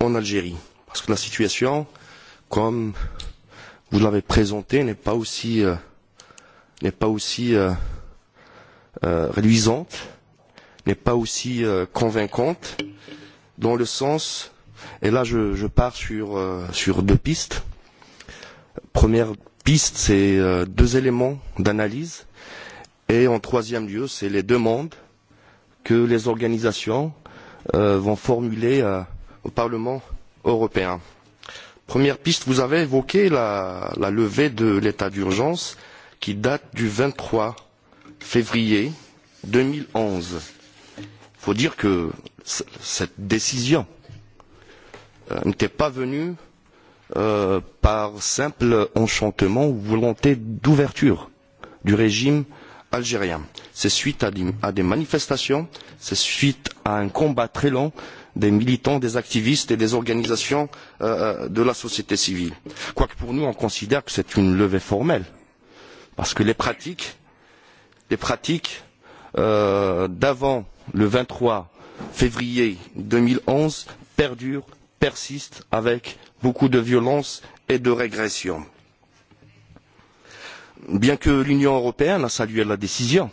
en Algérie. Parce que la situation, comme vous l'avez présenté, n'est pas aussi, euh, n'est pas aussi euh, euh, réduisante, n'est pas aussi euh, convaincante, dans le sens, et là je, je pars sur, euh, sur deux pistes. Première piste, c'est euh, deux éléments d'analyse. Et en troisième lieu, c'est les demandes que les organisations Euh, vont formuler euh, au Parlement européen. Première piste, vous avez évoqué la, la levée de l'état d'urgence qui date du 23 février 2011. Il faut dire que cette décision euh, n'était pas venue euh, par simple enchantement ou volonté d'ouverture du régime algérien. C'est suite à des, à des manifestations, c'est suite à un combat très long des militants, des activistes et des organisations euh, euh, de la société civile. Quoique pour nous, on considère que c'est une levée formelle, parce que les pratiques, les pratiques euh, d'avant le 23 février 2011 perdurent, persistent avec beaucoup de violence et de régression. Bien que l'Union européenne a salué la décision,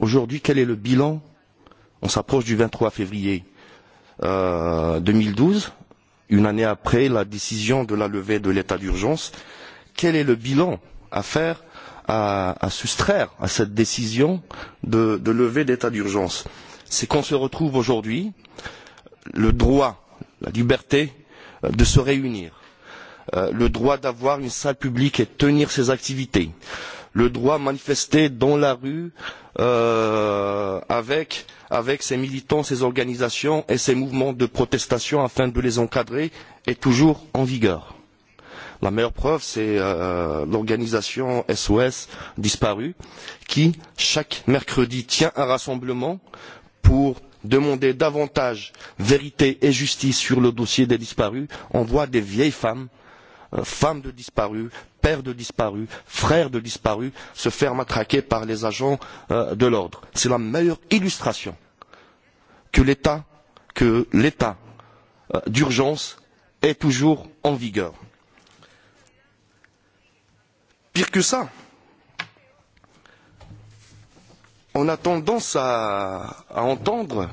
aujourd'hui, quel est le bilan on s'approche du 23 février euh, 2012, une année après la décision de la levée de l'état d'urgence, quel est le bilan à faire, à, à soustraire à cette décision de, de l'état d'urgence C'est qu'on se retrouve aujourd'hui le droit, la liberté euh, de se réunir, euh, le droit d'avoir une salle publique et de tenir ses activités, le droit à manifester dans la rue euh, avec, avec ces militants, ces organisations et ces mouvements de protestation afin de les encadrer est toujours en vigueur. La meilleure preuve, c'est euh, l'organisation SOS disparue qui, chaque mercredi, tient un rassemblement pour demander davantage vérité et justice sur le dossier des disparus. On voit des vieilles femmes, euh, femmes de disparus, père de disparu, frère de disparu, se faire matraquer par les agents euh, de l'ordre. C'est la meilleure illustration que l'État, euh, d'urgence est toujours en vigueur. Pire que ça, on a tendance à, à entendre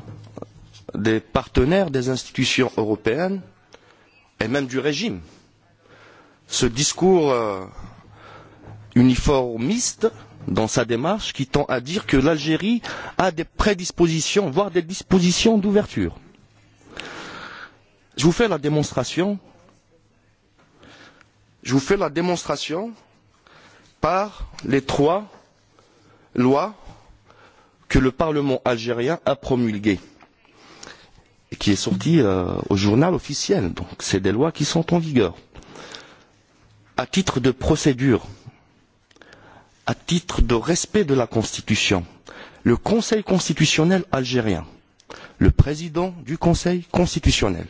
des partenaires des institutions européennes et même du régime ce discours euh, uniformiste dans sa démarche qui tend à dire que l'Algérie a des prédispositions, voire des dispositions d'ouverture. Je vous fais la démonstration. Je vous fais la démonstration par les trois lois que le Parlement algérien a promulguées et qui est sorti euh, au journal officiel. Donc, c'est des lois qui sont en vigueur à titre de procédure, à titre de respect de la Constitution, le Conseil constitutionnel algérien, le président du Conseil constitutionnel,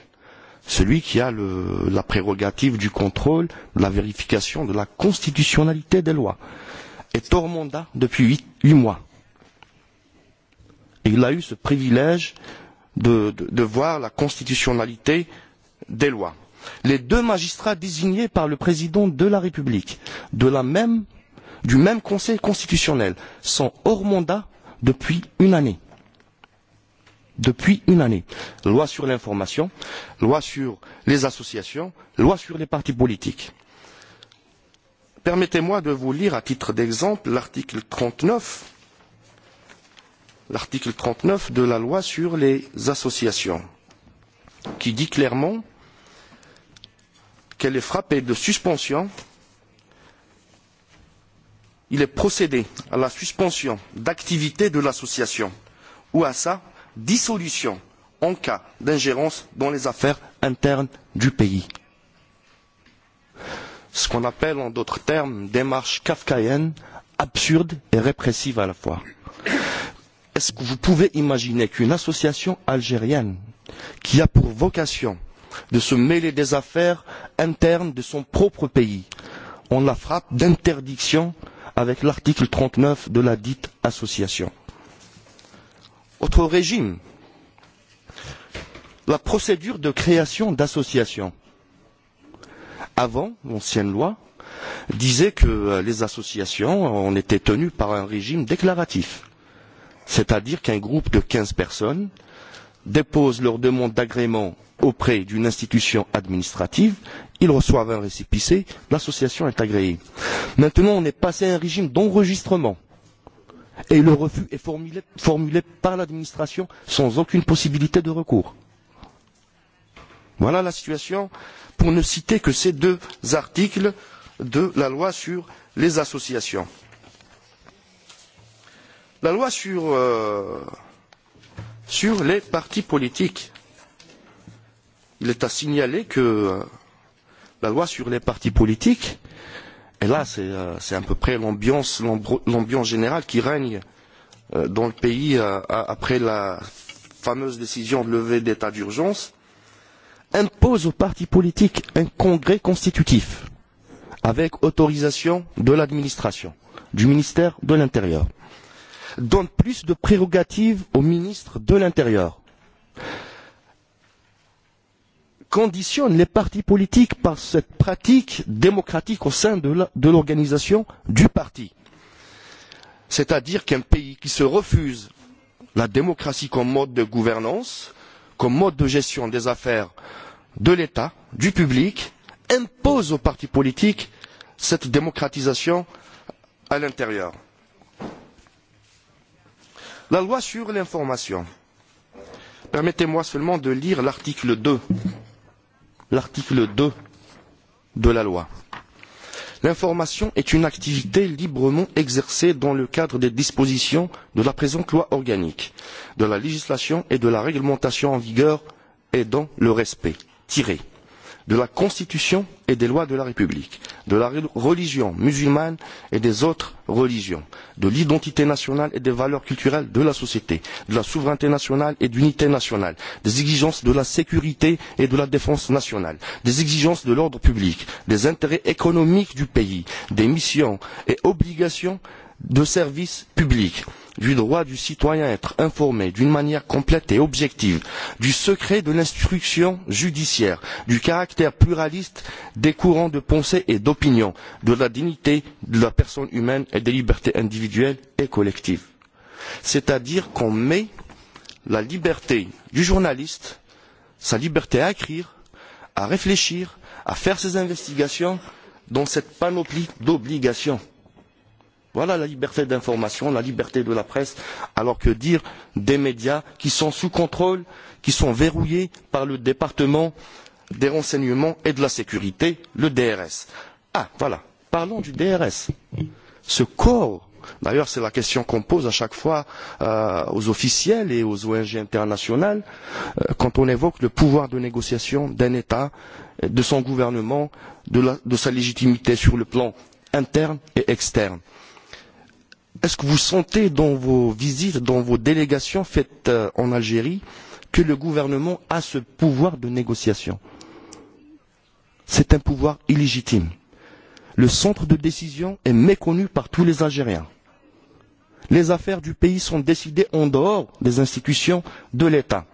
celui qui a le, la prérogative du contrôle, de la vérification de la constitutionnalité des lois, est hors mandat depuis huit mois. Il a eu ce privilège de, de, de voir la constitutionnalité des lois les deux magistrats désignés par le président de la République de la même, du même Conseil constitutionnel sont hors mandat depuis une année. Depuis une année. Loi sur l'information, loi sur les associations, loi sur les partis politiques. Permettez-moi de vous lire à titre d'exemple l'article 39 l'article 39 de la loi sur les associations qui dit clairement qu'elle est frappée de suspension, il est procédé à la suspension d'activité de l'association ou à sa dissolution en cas d'ingérence dans les affaires internes du pays. Ce qu'on appelle en d'autres termes démarche kafkaïenne, absurde et répressive à la fois. Est-ce que vous pouvez imaginer qu'une association algérienne qui a pour vocation de se mêler des affaires internes de son propre pays. On la frappe d'interdiction avec l'article 39 de la dite association. Autre régime, la procédure de création d'associations. Avant, l'ancienne loi disait que euh, les associations, on euh, était tenues par un régime déclaratif, c'est-à-dire qu'un groupe de 15 personnes déposent leur demande d'agrément auprès d'une institution administrative, ils reçoivent un récépissé, l'association est agréée. Maintenant, on est passé à un régime d'enregistrement et le refus est formulé, formulé par l'administration sans aucune possibilité de recours. Voilà la situation pour ne citer que ces deux articles de la loi sur les associations. La loi sur euh, sur les partis politiques. Il est à signaler que euh, la loi sur les partis politiques, et là c'est, euh, c'est à peu près l'ambiance, l'ambiance générale qui règne euh, dans le pays après la fameuse décision de levée d'état d'urgence, impose aux partis politiques un congrès constitutif avec autorisation de l'administration, du ministère de l'Intérieur donne plus de prérogatives au ministre de l'Intérieur conditionne les partis politiques par cette pratique démocratique au sein de l'organisation du parti. C'est-à-dire qu'un pays qui se refuse la démocratie comme mode de gouvernance, comme mode de gestion des affaires de l'État, du public, impose aux partis politiques cette démocratisation à l'intérieur. La loi sur l'information. Permettez-moi seulement de lire l'article 2. L'article 2 de la loi. L'information est une activité librement exercée dans le cadre des dispositions de la présente loi organique, de la législation et de la réglementation en vigueur et dans le respect. Tiré de la Constitution et des lois de la République, de la religion musulmane et des autres religions, de l'identité nationale et des valeurs culturelles de la société, de la souveraineté nationale et d'unité nationale, des exigences de la sécurité et de la défense nationale, des exigences de l'ordre public, des intérêts économiques du pays, des missions et obligations de service public du droit du citoyen à être informé d'une manière complète et objective du secret de l'instruction judiciaire du caractère pluraliste des courants de pensée et d'opinion de la dignité de la personne humaine et des libertés individuelles et collectives. c'est à dire qu'on met la liberté du journaliste sa liberté à écrire à réfléchir à faire ses investigations dans cette panoplie d'obligations Voilà la liberté d'information, la liberté de la presse, alors que dire des médias qui sont sous contrôle, qui sont verrouillés par le département des renseignements et de la sécurité, le DRS. Ah, voilà, parlons du DRS. Ce corps D'ailleurs, c'est la question qu'on pose à chaque fois euh, aux officiels et aux ONG internationales euh, quand on évoque le pouvoir de négociation d'un État, de son gouvernement, de, la, de sa légitimité sur le plan interne et externe est-ce que vous sentez dans vos visites, dans vos délégations faites euh, en Algérie, que le gouvernement a ce pouvoir de négociation C'est un pouvoir illégitime. Le centre de décision est méconnu par tous les Algériens. Les affaires du pays sont décidées en dehors des institutions de l'État.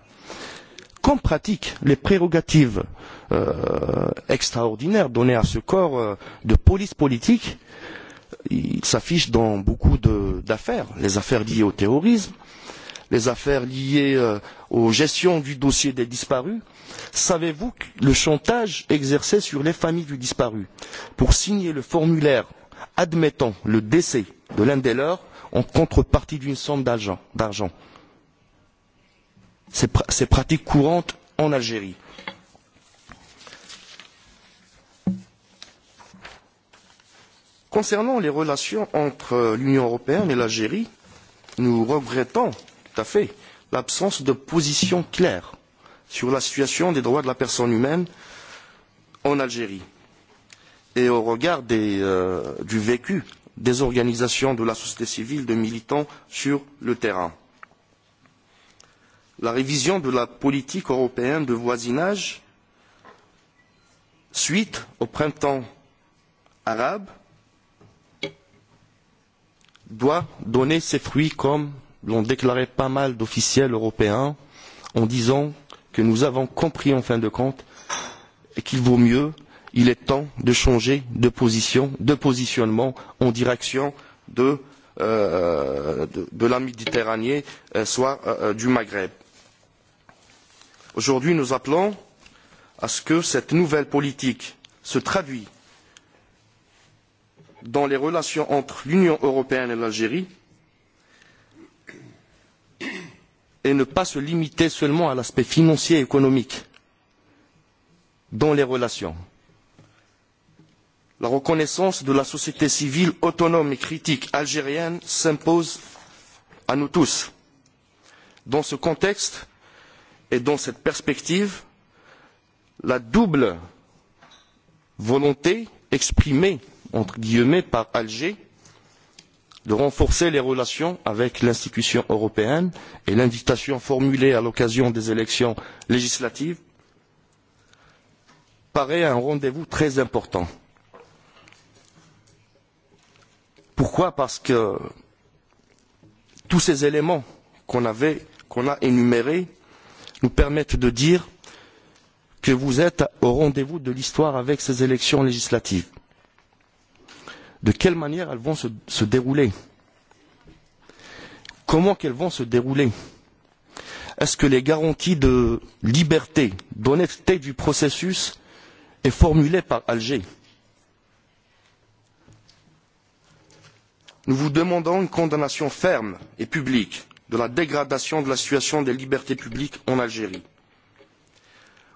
Qu'en pratique, les prérogatives euh, extraordinaires données à ce corps euh, de police politique euh, il s'affiche dans beaucoup d'affaires, les affaires liées au terrorisme, les affaires liées euh, aux gestions du dossier des disparus. Savez-vous le chantage exercé sur les familles du disparu pour signer le formulaire admettant le décès de l'un des leurs en contrepartie d'une somme d'argent C'est pr pratique courante en Algérie Concernant les relations entre l'Union européenne et l'Algérie, nous regrettons tout à fait l'absence de position claire sur la situation des droits de la personne humaine en Algérie. Et au regard des, euh, du vécu des organisations de la société civile, de militants sur le terrain. La révision de la politique européenne de voisinage suite au printemps arabe doit donner ses fruits comme l'ont déclaré pas mal d'officiels européens en disant que nous avons compris en fin de compte qu'il vaut mieux il est temps de changer de position de positionnement en direction de, euh, de, de la Méditerranée euh, soit euh, euh, du Maghreb. Aujourd'hui nous appelons à ce que cette nouvelle politique se traduise dans les relations entre l'Union européenne et l'Algérie et ne pas se limiter seulement à l'aspect financier et économique dans les relations. La reconnaissance de la société civile autonome et critique algérienne s'impose à nous tous. Dans ce contexte et dans cette perspective, la double volonté exprimée entre guillemets par Alger de renforcer les relations avec l'institution européenne et l'invitation formulée à l'occasion des élections législatives paraît un rendez-vous très important. Pourquoi Parce que tous ces éléments qu'on avait, qu'on a énumérés, nous permettent de dire que vous êtes au rendez-vous de l'histoire avec ces élections législatives de quelle manière elles vont se, se dérouler Comment qu'elles vont se dérouler Est-ce que les garanties de liberté, d'honnêteté du processus est formulée par Alger Nous vous demandons une condamnation ferme et publique de la dégradation de la situation des libertés publiques en Algérie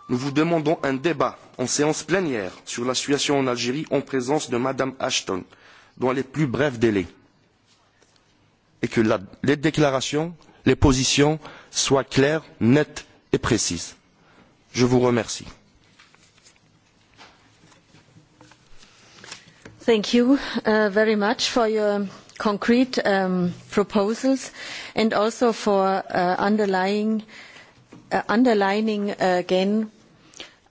nous vous demandons un débat en séance plénière sur la situation en Algérie en présence de Mme Ashton dans les plus brefs délais et que la, les déclarations, les positions soient claires, nettes et précises. Je vous remercie.
Thank you uh, very much for your concrete um, proposals and also for uh, underlying, uh, underlining uh, again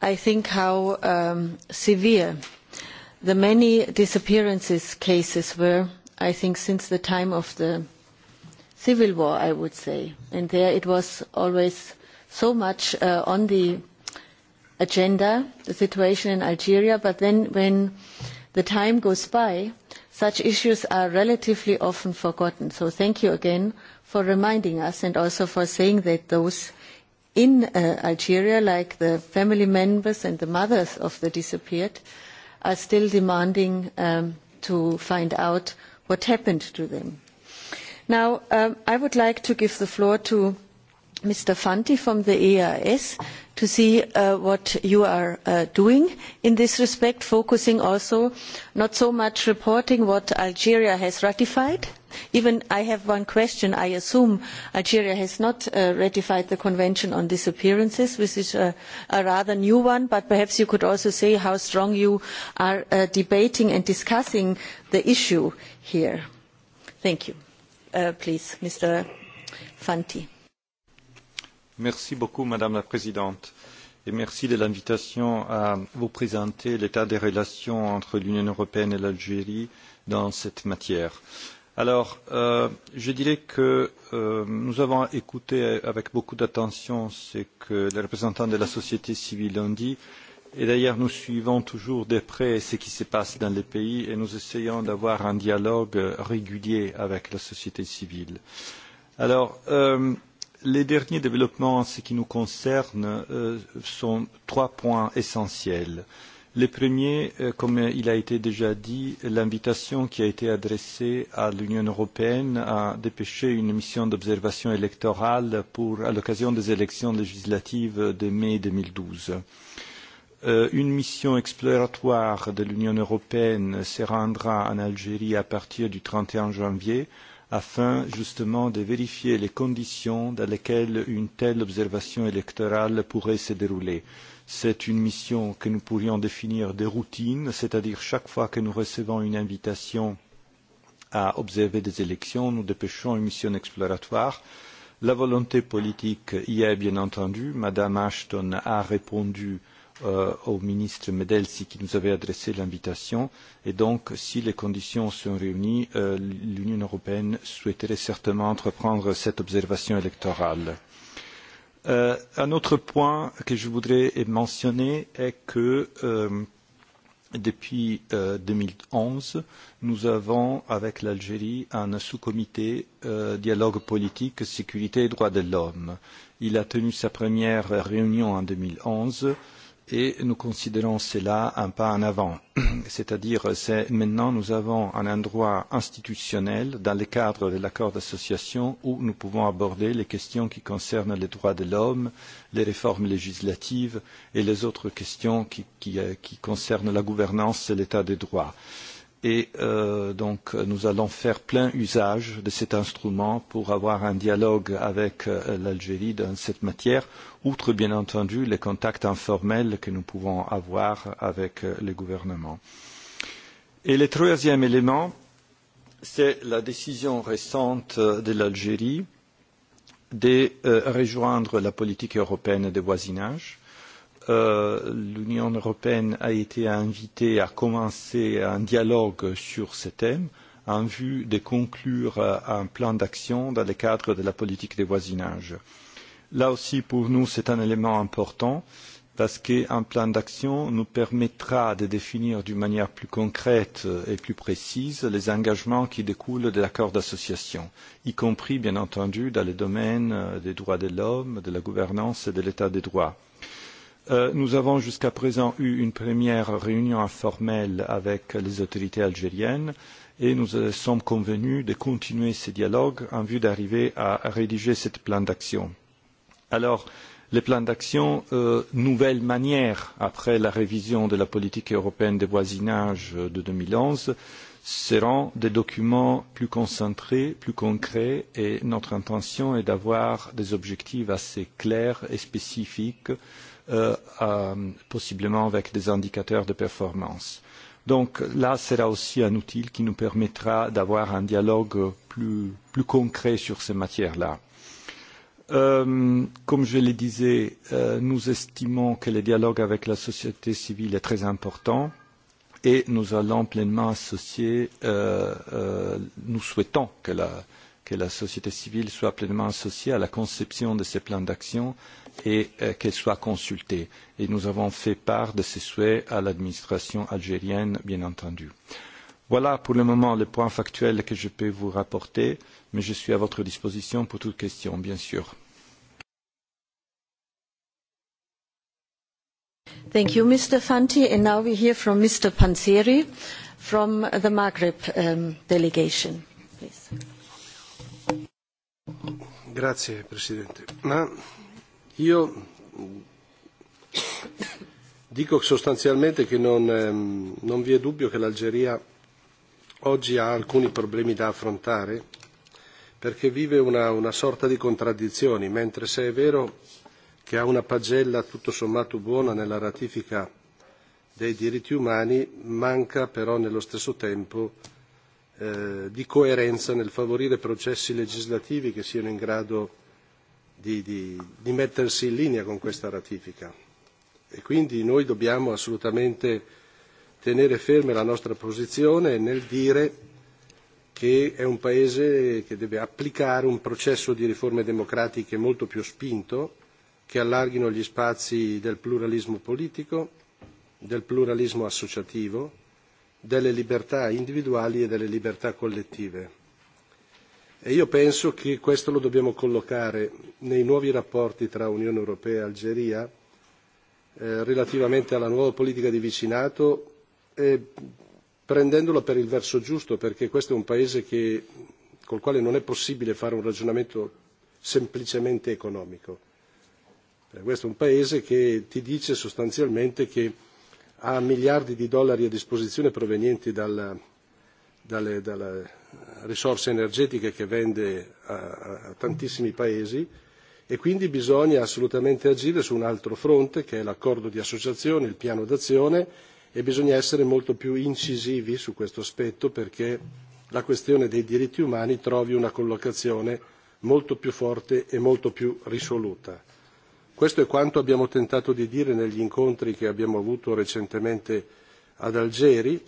i think how um, severe the many disappearances cases were, I think, since the time of the civil war, I would say. And there it was always so much uh, on the agenda, the situation in Algeria, but then when the time goes by, such issues are relatively often forgotten. So thank you again for reminding us and also for saying that those in uh, Algeria, like the family members and the mothers of the disappeared, are still demanding um, to find out what happened to them. Now, um, I would like to give the floor to Mr. Fanti from the EIS to see uh, what you are uh, doing in this respect, focusing also not so much reporting what Algeria has ratified, Even I have one question. I assume Algeria has not uh, ratified the Convention on Disappearances, which is a, a rather new one, but perhaps you could also say how strong you are uh, debating and discussing the issue here. Thank you. Uh, please, Mr. Fanti.
Merci beaucoup, Madame la Présidente et merci de l'invitation à vous présenter l'état des relations entre l'Union européenne et l'Algérie dans cette matière. Euh, Alors, euh, je dirais que euh, nous avons écouté avec beaucoup d'attention ce que les représentants de la société civile ont dit. Et d'ailleurs, nous suivons toujours de près ce qui se passe dans les pays et nous essayons d'avoir un dialogue régulier avec la société civile. Alors, euh, les derniers développements en ce qui nous concerne euh, sont trois points essentiels. Euh, Le premier, euh, comme il a été déjà dit, l'invitation qui a été adressée à l'Union européenne à dépêcher une mission d'observation électorale pour, à l'occasion des élections législatives de mai 2012. Euh, une mission exploratoire de l'Union européenne se rendra en Algérie à partir du 31 janvier afin justement de vérifier les conditions dans lesquelles une telle observation électorale pourrait se dérouler. C'est une mission que nous pourrions définir de routine, c'est-à-dire chaque fois que nous recevons une invitation à observer des élections, nous dépêchons une mission exploratoire. La volonté politique y est bien entendu. Madame Ashton a répondu euh, au ministre Medelsi qui nous avait adressé l'invitation. Et donc, si les conditions sont réunies, euh, l'Union européenne souhaiterait certainement entreprendre cette observation électorale. Euh, un autre point que je voudrais mentionner est que euh, depuis euh, 2011, nous avons avec l'Algérie un sous-comité euh, dialogue politique, sécurité et droits de l'homme. Il a tenu sa première réunion en 2011 et nous considérons cela un pas en avant. C'est-à-dire, que maintenant nous avons un endroit institutionnel dans le cadre de l'accord d'association où nous pouvons aborder les questions qui concernent les droits de l'homme, les réformes législatives et les autres questions qui, qui, euh, qui concernent la gouvernance et l'état des droits. Euh, Et euh, donc, nous allons faire plein usage de cet instrument pour avoir un dialogue avec euh, l'Algérie dans cette matière, outre bien entendu les contacts informels que nous pouvons avoir avec euh, les gouvernements. Et le troisième élément, c'est la décision récente euh, de l'Algérie de euh, rejoindre la politique européenne de voisinage Euh, l'Union européenne a été invitée à commencer un dialogue sur ce thème en vue de conclure euh, un plan d'action dans le cadre de la politique de voisinage. Là aussi, pour nous, c'est un élément important parce qu'un plan d'action nous permettra de définir d'une manière plus concrète et plus précise les engagements qui découlent de l'accord d'association, y compris, bien entendu, dans les domaines euh, des droits de l'homme, de la gouvernance et de l'état des droits. Euh, nous avons jusqu'à présent eu une première réunion informelle avec les autorités algériennes et nous euh, sommes convenus de continuer ce dialogue en vue d'arriver à rédiger ce plan d'action. Alors, le plan d'action, euh, nouvelle manière après la révision de la politique européenne de voisinage de 2011, seront des documents plus concentrés, plus concrets et notre intention est d'avoir des objectifs assez clairs et spécifiques euh, à, possiblement avec des indicateurs de performance. Donc là, c'est là aussi un outil qui nous permettra d'avoir un dialogue plus, plus concret sur ces matières-là. Euh, comme je le disais, euh, nous estimons que le dialogue avec la société civile est très important et nous allons pleinement associer, euh, euh, nous souhaitons que la, euh, que la société civile soit pleinement associée à la conception de ces plans d'action et euh, qu'elle soit consultée. Et nous avons fait part de ces souhaits à l'administration algérienne, bien entendu. Voilà pour le moment le point factuel que je peux vous rapporter, mais je suis à votre disposition pour toute question, bien sûr.
Thank you, Mr. Fanti. And now we hear from Mr. Panzeri from the Maghreb um, delegation.
Grazie, Presidente. Ma io dico sostanzialmente che non, ehm, non vi è dubbio che l'Algeria oggi ha alcuni problemi da affrontare perché vive una, una sorta di contraddizioni, mentre se è vero che ha una pagella tutto sommato buona nella ratifica dei diritti umani, manca però nello stesso tempo Eh, di coerenza nel favorire processi legislativi che siano in grado di, di, di mettersi in linea con questa ratifica. E quindi noi dobbiamo assolutamente tenere ferme la nostra posizione nel dire che è un paese che deve applicare un processo di riforme democratiche molto più spinto, che allarghino gli spazi del pluralismo politico, del pluralismo associativo, delle libertà individuali e delle libertà collettive. E io penso che questo lo dobbiamo collocare nei nuovi rapporti tra Unione Europea e Algeria eh, relativamente alla nuova politica di vicinato e prendendola per il verso giusto perché questo è un paese che, col quale non è possibile fare un ragionamento semplicemente economico. Eh, questo è un paese che ti dice sostanzialmente che ha miliardi di dollari a disposizione provenienti dal, dalle, dalle risorse energetiche che vende a, a tantissimi paesi e quindi bisogna assolutamente agire su un altro fronte che è l'accordo di associazione, il piano d'azione e bisogna essere molto più incisivi su questo aspetto perché la questione dei diritti umani trovi una collocazione molto più forte e molto più risoluta. Questo è quanto abbiamo tentato di dire negli incontri che abbiamo avuto recentemente ad Algeri,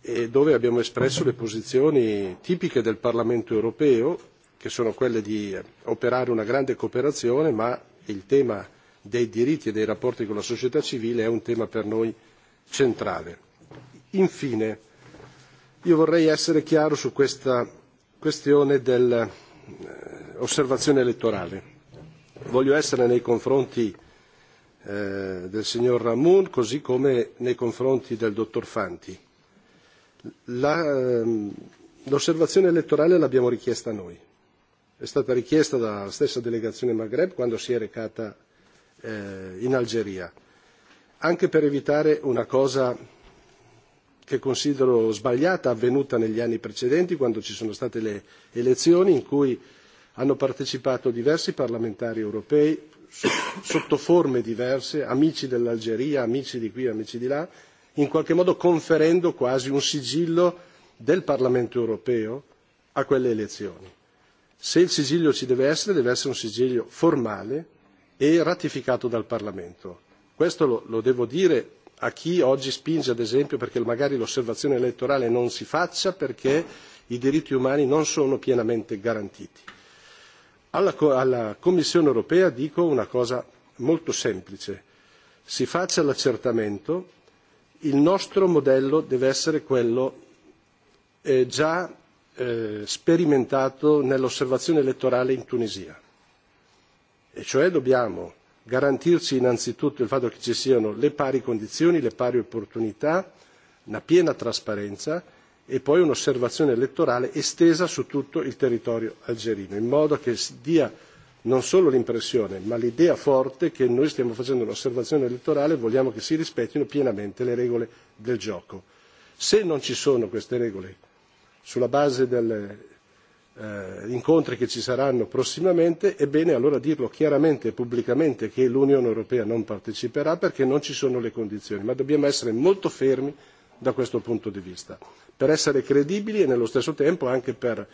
e dove abbiamo espresso le posizioni tipiche del Parlamento europeo, che sono quelle di operare una grande cooperazione, ma il tema dei diritti e dei rapporti con la società civile è un tema per noi centrale. Infine, io vorrei essere chiaro su questa questione dell'osservazione elettorale voglio essere nei confronti eh, del signor Ramoun così come nei confronti del dottor Fanti. La, ehm, l'osservazione elettorale l'abbiamo richiesta noi. È stata richiesta dalla stessa delegazione Maghreb quando si è recata eh, in Algeria, anche per evitare una cosa che considero sbagliata avvenuta negli anni precedenti quando ci sono state le elezioni in cui hanno partecipato diversi parlamentari europei sotto forme diverse amici dell'Algeria, amici di qui, amici di là, in qualche modo conferendo quasi un sigillo del Parlamento europeo a quelle elezioni. Se il sigillo ci deve essere, deve essere un sigillo formale e ratificato dal Parlamento. Questo lo, lo devo dire a chi oggi spinge, ad esempio, perché magari l'osservazione elettorale non si faccia perché i diritti umani non sono pienamente garantiti Alla, Commissione europea dico una cosa molto semplice. Si faccia l'accertamento, il nostro modello deve essere quello eh, già eh, sperimentato nell'osservazione elettorale in Tunisia. E cioè dobbiamo garantirci innanzitutto il fatto che ci siano le pari condizioni, le pari opportunità, una piena trasparenza e poi un'osservazione elettorale estesa su tutto il territorio algerino, in modo che si dia non solo l'impressione, ma l'idea forte che noi stiamo facendo un'osservazione elettorale e vogliamo che si rispettino pienamente le regole del gioco. Se non ci sono queste regole, sulla base degli eh, incontri che ci saranno prossimamente, è bene allora dirlo chiaramente e pubblicamente che l'Unione Europea non parteciperà perché non ci sono le condizioni, ma dobbiamo essere molto fermi da questo punto di vista, per essere credibili e nello stesso tempo anche per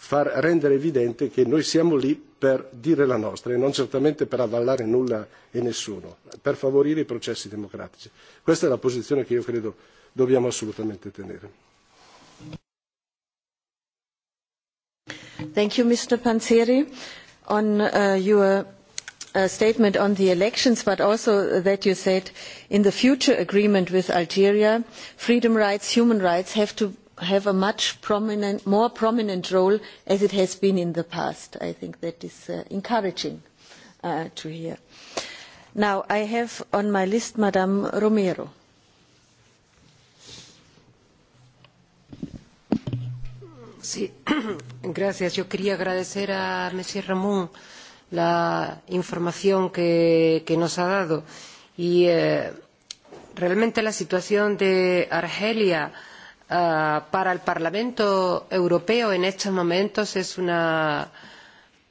far rendere evidente che noi siamo lì per dire la nostra e non certamente per avallare nulla e nessuno, per favorire i processi democratici. Questa è la posizione che io credo dobbiamo assolutamente tenere.
Thank you, Mr. Panzeri. On uh, your Uh, statement on the elections, but also that you said in the future agreement with Algeria, freedom rights, human rights have to have a much prominent, more prominent role as it has been in the past. I think that is uh, encouraging uh, to hear. Now, I have on my list Madame Romero.
Sí. Gracias. Yo quería agradecer a Monsieur Ramón la información que, que nos ha dado. Y eh, realmente la situación de Argelia eh, para el Parlamento Europeo en estos momentos es una,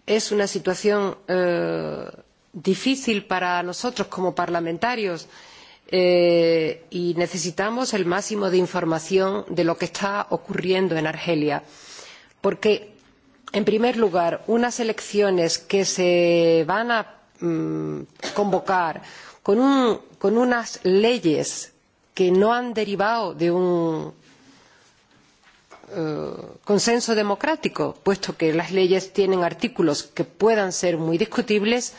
es una situación eh, difícil para nosotros como parlamentarios eh, y necesitamos el máximo de información de lo que está ocurriendo en Argelia. Porque en primer lugar unas elecciones que se van a mm, convocar con, un, con unas leyes que no han derivado de un eh, consenso democrático, puesto que las leyes tienen artículos que puedan ser muy discutibles,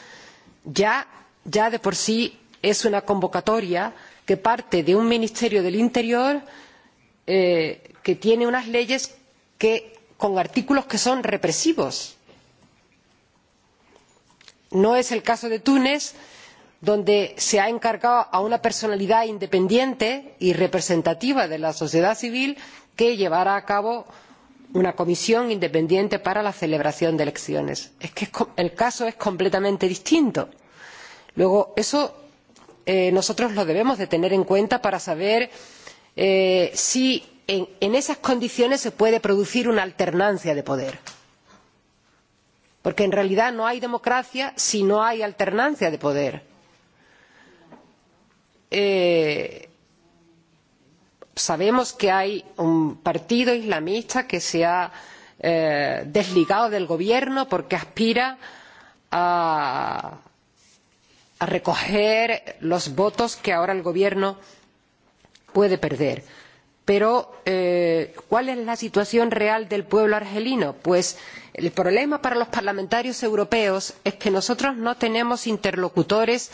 ya, ya de por sí es una convocatoria que parte de un Ministerio del Interior eh, que tiene unas leyes que con artículos que son represivos. No es el caso de Túnez, donde se ha encargado a una personalidad independiente y representativa de la sociedad civil que llevara a cabo una comisión independiente para la celebración de elecciones. Es que el caso es completamente distinto. Luego, eso eh, nosotros lo debemos de tener en cuenta para saber eh, si en, esas condiciones se puede producir una alternancia de poder porque en realidad no hay democracia si no hay alternancia de poder. Eh, sabemos que hay un partido islamista que se ha eh, desligado del gobierno porque aspira a, a recoger los votos que ahora el gobierno puede perder pero eh, cuál es la situación real del pueblo argelino? pues el problema para los parlamentarios europeos es que nosotros no tenemos interlocutores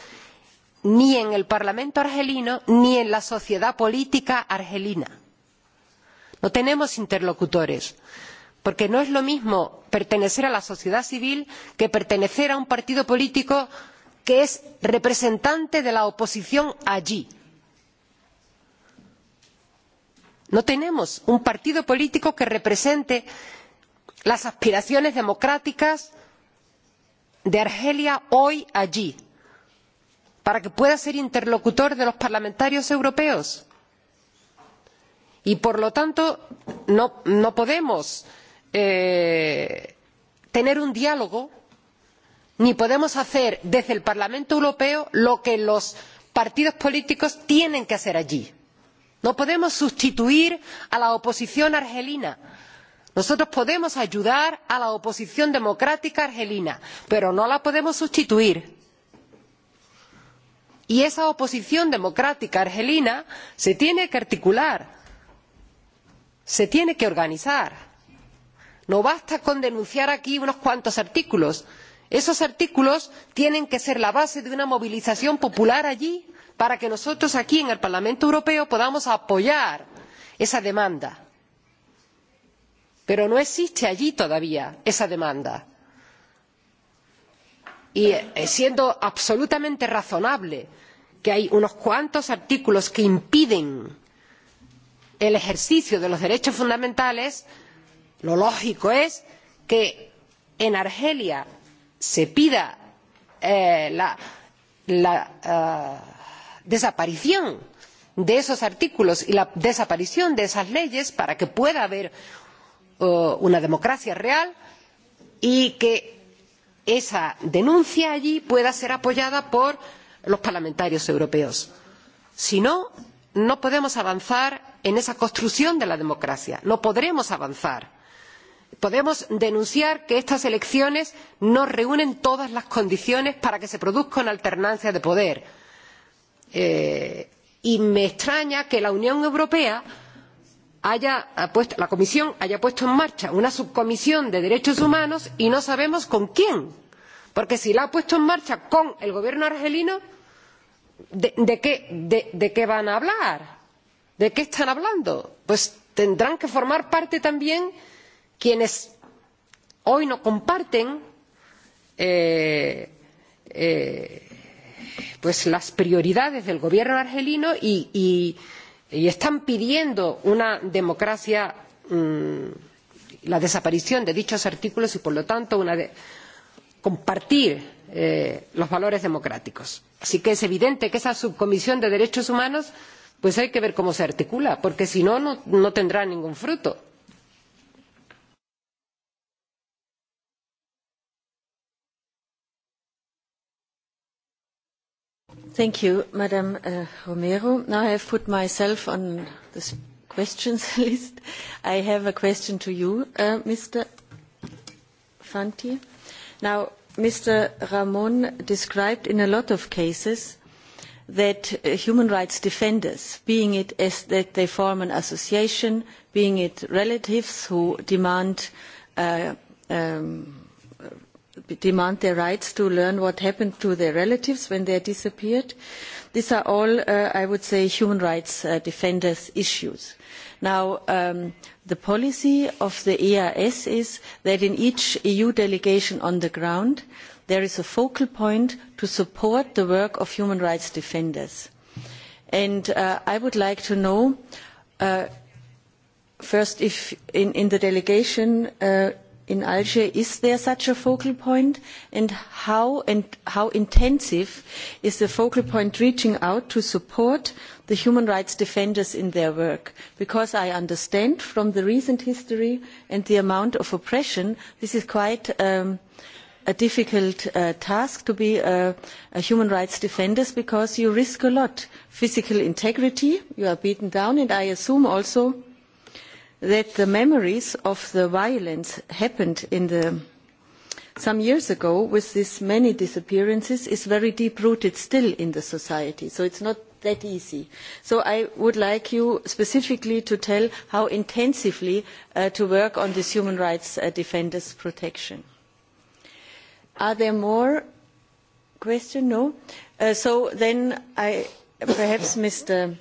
ni en el parlamento argelino ni en la sociedad política argelina. no tenemos interlocutores porque no es lo mismo pertenecer a la sociedad civil que pertenecer a un partido político que es representante de la oposición allí no tenemos un partido político que represente las aspiraciones democráticas de argelia hoy allí para que pueda ser interlocutor de los parlamentarios europeos y por lo tanto no, no podemos eh, tener un diálogo ni podemos hacer desde el parlamento europeo lo que los partidos políticos tienen que hacer allí no podemos sustituir a la oposición argelina nosotros podemos ayudar a la oposición democrática argelina pero no la podemos sustituir y esa oposición democrática argelina se tiene que articular se tiene que organizar no basta con denunciar aquí unos cuantos artículos esos artículos tienen que ser la base de una movilización popular allí para que nosotros aquí en el Parlamento Europeo podamos apoyar esa demanda. Pero no existe allí todavía esa demanda. Y eh, siendo absolutamente razonable que hay unos cuantos artículos que impiden el ejercicio de los derechos fundamentales, lo lógico es que en Argelia se pida eh, la, la uh, desaparición de esos artículos y la desaparición de esas leyes para que pueda haber uh, una democracia real y que esa denuncia allí pueda ser apoyada por los parlamentarios europeos. Si no, no podemos avanzar en esa construcción de la democracia. No podremos avanzar. Podemos denunciar que estas elecciones no reúnen todas las condiciones para que se produzca una alternancia de poder Eh, y me extraña que la Unión Europea haya puesto, la Comisión haya puesto en marcha una subcomisión de derechos humanos y no sabemos con quién. Porque si la ha puesto en marcha con el gobierno argelino, ¿de, de, qué, de, de qué van a hablar? ¿De qué están hablando? Pues tendrán que formar parte también quienes hoy no comparten eh, eh, pues las prioridades del gobierno argelino y, y, y están pidiendo una democracia mmm, la desaparición de dichos artículos y por lo tanto una de, compartir eh, los valores democráticos. Así que es evidente que esa subcomisión de derechos humanos pues hay que ver cómo se articula, porque si no, no, no tendrá ningún fruto
Thank you, Madam uh, Romero. Now I have put myself on this questions list. I have a question to you, uh, Mr. Fanti. Now, Mr. Ramon described in a lot of cases that uh, human rights defenders, being it as that they form an association, being it relatives who demand uh, um, demand their rights to learn what happened to their relatives when they disappeared. These are all, uh, I would say, human rights uh, defenders' issues. Now, um, the policy of the ERS is that in each EU delegation on the ground, there is a focal point to support the work of human rights defenders. And uh, I would like to know, first, if in, the delegation, in Algiers, is there such a focal point? And how, and how intensive is the focal point reaching out to support the human rights defenders in their work? Because I understand from the recent history and the amount of oppression, this is quite um, a difficult uh, task to be a, uh, a human rights defender because you risk a lot. Physical integrity, you are beaten down, and I assume also that the memories of the violence happened some years ago with these many disappearances is very deep rooted still in the society so it's not that easy. So I would like you specifically to tell how intensively uh, to work on this human rights uh, defenders protection. Are there more questions? No? Uh, so then I, perhaps Mr.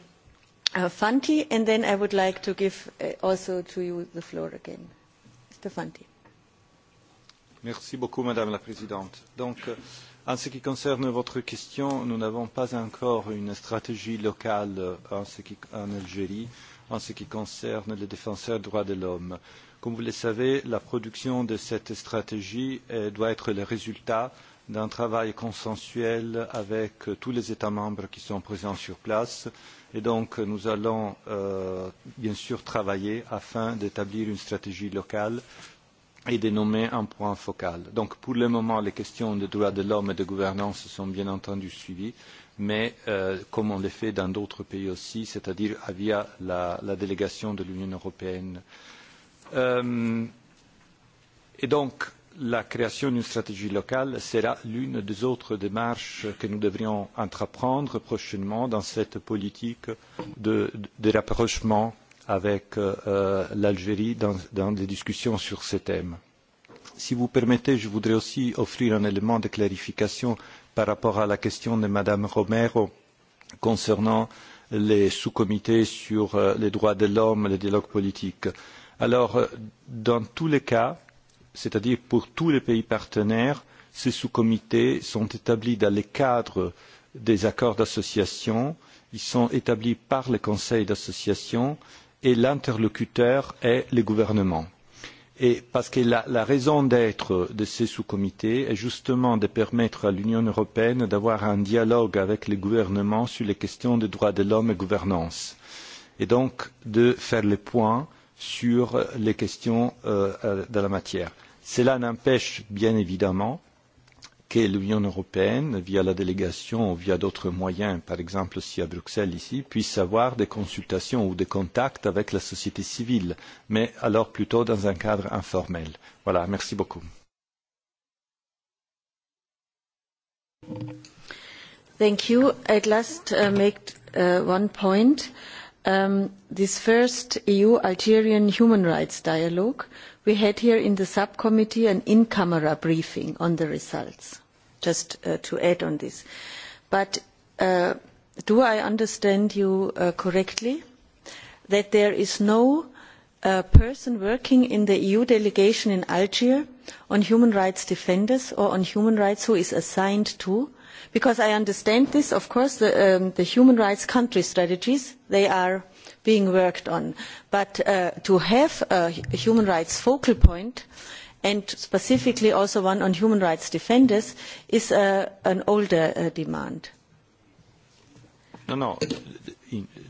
Uh, Fanti, and then I would like to give uh, also to you the floor again. Mr. Fanti.
Merci beaucoup, Madame la Présidente. Donc, euh, en ce qui concerne votre question, nous n'avons pas encore une stratégie locale en, ce qui, en Algérie en ce qui concerne les défenseurs des droits de l'homme. Comme vous le savez, la production de cette stratégie doit être le résultat d'un travail consensuel avec tous les États membres qui sont présents sur place. Et donc, nous allons euh, bien sûr travailler afin d'établir une stratégie locale et de nommer un point focal. Donc, pour le moment, les questions de droits de l'homme et de gouvernance sont bien entendu suivies, mais euh, comme on le fait dans d'autres pays aussi, c'est-à-dire via la, la délégation de l'Union européenne. Euh, et donc, euh, la création d'une stratégie locale sera l'une des autres démarches que nous devrions entreprendre prochainement dans cette politique de, de rapprochement avec euh, l'Algérie dans, dans les discussions sur ce thème. Si vous permettez, je voudrais aussi offrir un élément de clarification par rapport à la question de Madame Romero concernant les sous-comités sur euh, les droits de l'homme, le dialogue politique. Alors, euh, dans tous les cas, euh, c'est-à-dire pour tous les pays partenaires, ces sous-comités sont établis dans le cadre des accords d'association, ils sont établis par le conseil d'association et l'interlocuteur est le gouvernement. Et parce que la, la raison d'être de ces sous-comités est justement de permettre à l'Union européenne d'avoir un dialogue avec les gouvernements sur les questions des droits de l'homme et gouvernance. Et donc de faire le point sur les questions euh, euh, de la matière. Cela n'empêche bien évidemment que l'Union européenne, via la délégation ou via d'autres moyens, par exemple si à Bruxelles ici, puisse avoir des consultations ou des contacts avec la société civile, mais alors plutôt dans un cadre informel. Voilà, merci beaucoup.
Thank you. I'd last uh, make uh, one point um, this first EU-Algerian human rights dialogue, we had here in the subcommittee an in-camera briefing on the results, just uh, to add on this. But uh, do I understand you uh, correctly that there is no uh, person working in the EU delegation in Algiers on human rights defenders or on human rights who is assigned to because i understand this of course um, the, human rights country strategies they are being worked on but uh, to have a human rights focal point and specifically also one on human rights defenders is uh, an older uh, demand
no no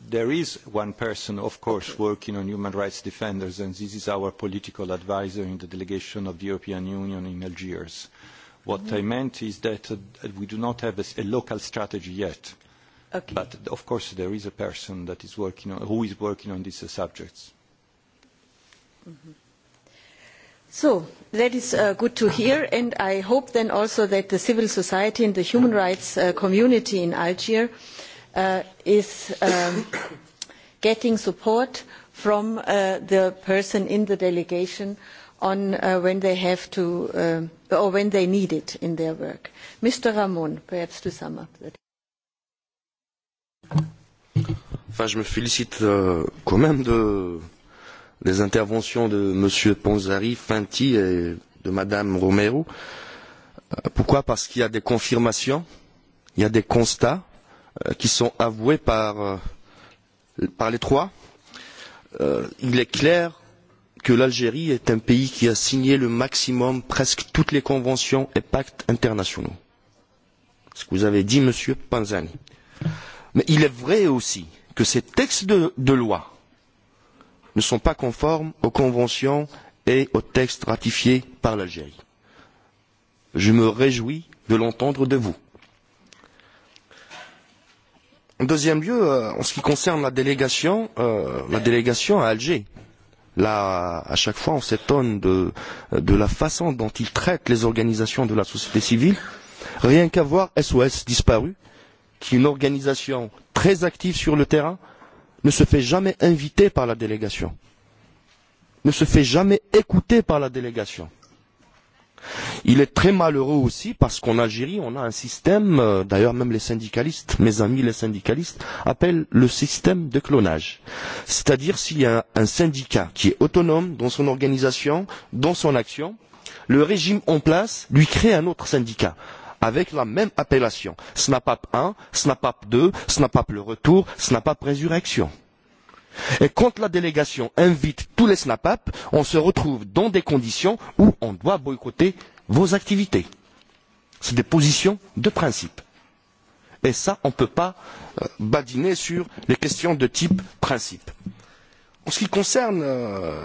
there is one person of course working on human rights defenders and this is our political advisor in the delegation of the european union in algiers uh, What I meant is that uh, we do not have a, local strategy yet. Okay. But of course, there is a person that is working on, who is working on these uh, subjects. Mm
-hmm. So that is uh, good to hear, and I hope then also that the civil society and the human rights community in Algeria is um, getting support from the person in the delegation on uh, when they have to uh, or when they need it in their work. Mr. Ramon, perhaps to sum up that.
Enfin, je me félicite euh, quand même de, les interventions de M. Ponzari, Finti et de Mme Romero. Euh, Pourquoi Parce qu'il y a des confirmations, il y a des constats euh, qui sont avoués par, euh, par les trois. Euh, il est clair que l'Algérie est un pays qui a signé le maximum presque toutes les conventions et pactes internationaux. Ce que vous avez dit, Monsieur Panzani. Mais il est vrai aussi que ces textes de, de loi ne sont pas conformes aux conventions et aux textes ratifiés par l'Algérie. Je me réjouis de l'entendre de vous. En deuxième lieu, euh, en ce qui concerne la délégation, euh, la délégation à Alger, Là, à chaque fois, on s'étonne de, de la façon dont ils traitent les organisations de la société civile. Rien qu'à voir SOS disparu, qui est une organisation très active sur le terrain, ne se fait jamais inviter par la délégation, ne se fait jamais écouter par la délégation. Il est très malheureux aussi parce qu'en Algérie, on a un système, euh, d'ailleurs même les syndicalistes, mes amis les syndicalistes, appellent le système de clonage. C'est-à-dire s'il y a un syndicat qui est autonome dans son organisation, dans son action, le régime en place lui crée un autre syndicat avec la même appellation. SNAPAP 1, SNAPAP 2, SNAPAP le retour, SNAPAP résurrection Et quand la délégation invite tous les SNAPAP, on se retrouve dans des conditions où on doit boycotter vos activités. C'est des positions de principe. Et ça, on ne peut pas euh, badiner sur les questions de type principe. En ce qui concerne, euh,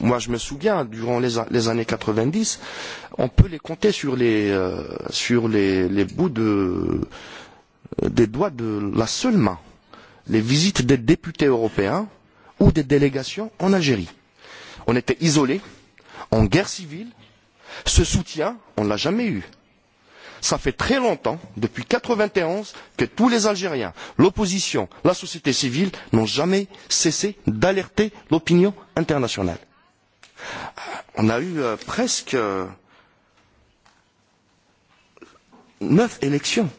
moi je me souviens, durant les, les années 90, on peut les compter sur les, euh, sur les, les bouts de, des doigts de la seule main les visites des députés européens ou des délégations en Algérie. On était isolés, en guerre civile, ce soutien, on ne l'a jamais eu. Ça fait très longtemps, depuis 91, que tous les Algériens, l'opposition, la société civile n'ont jamais cessé d'alerter l'opinion internationale. On a eu euh, presque euh, neuf élections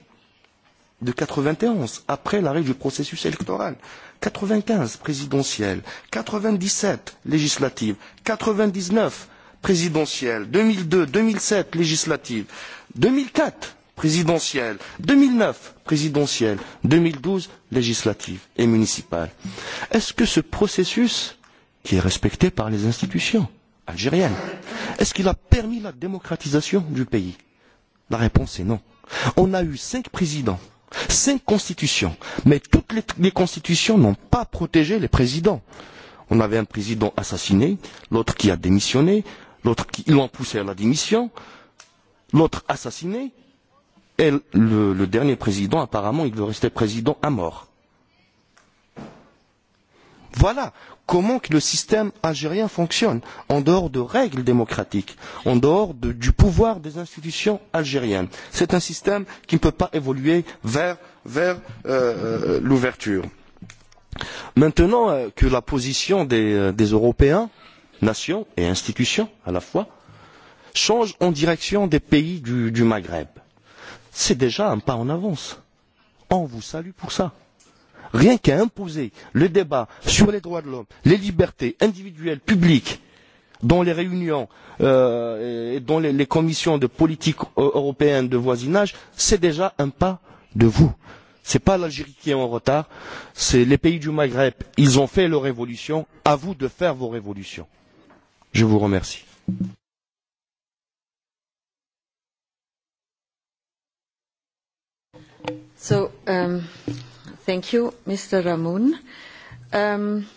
de 91, après l'arrêt du processus électoral, 95 présidentielles, 97 législatives, 99 présidentielles, 2002, 2007 législatives, 2004 présidentielle. 2009 présidentielle. 2012 législative et municipale. Est-ce que ce processus, qui est respecté par les institutions algériennes, est-ce qu'il a permis la démocratisation du pays La réponse est non. On a eu cinq présidents Cinq constitutions. Mais toutes les, les constitutions n'ont pas protégé les présidents. On avait un président assassiné, l'autre qui a démissionné, l'autre qui l'ont poussé à la démission, l'autre assassiné, et le, le dernier président, apparemment, il veut rester président à mort. Voilà comment le système algérien fonctionne en dehors de règles démocratiques, en dehors de, du pouvoir des institutions algériennes. C'est un système qui ne peut pas évoluer vers, vers euh, euh l'ouverture. Maintenant euh, que la position des, euh, des Européens, nations et institutions à la fois, change en direction des pays du, du Maghreb, c'est déjà un pas en avance. On vous salue pour ça rien qu'à imposer le débat sur les droits de l'homme, les libertés individuelles, publiques, dans les réunions euh, et dans les, les commissions de politique euh, européenne de voisinage, c'est déjà un pas de vous. Ce n'est pas l'Algérie qui est en retard, c'est les pays du Maghreb. Ils ont fait leur révolution, à vous de faire vos révolutions. Je vous remercie.
So, um, Thank you, Mr. Ramun. Um,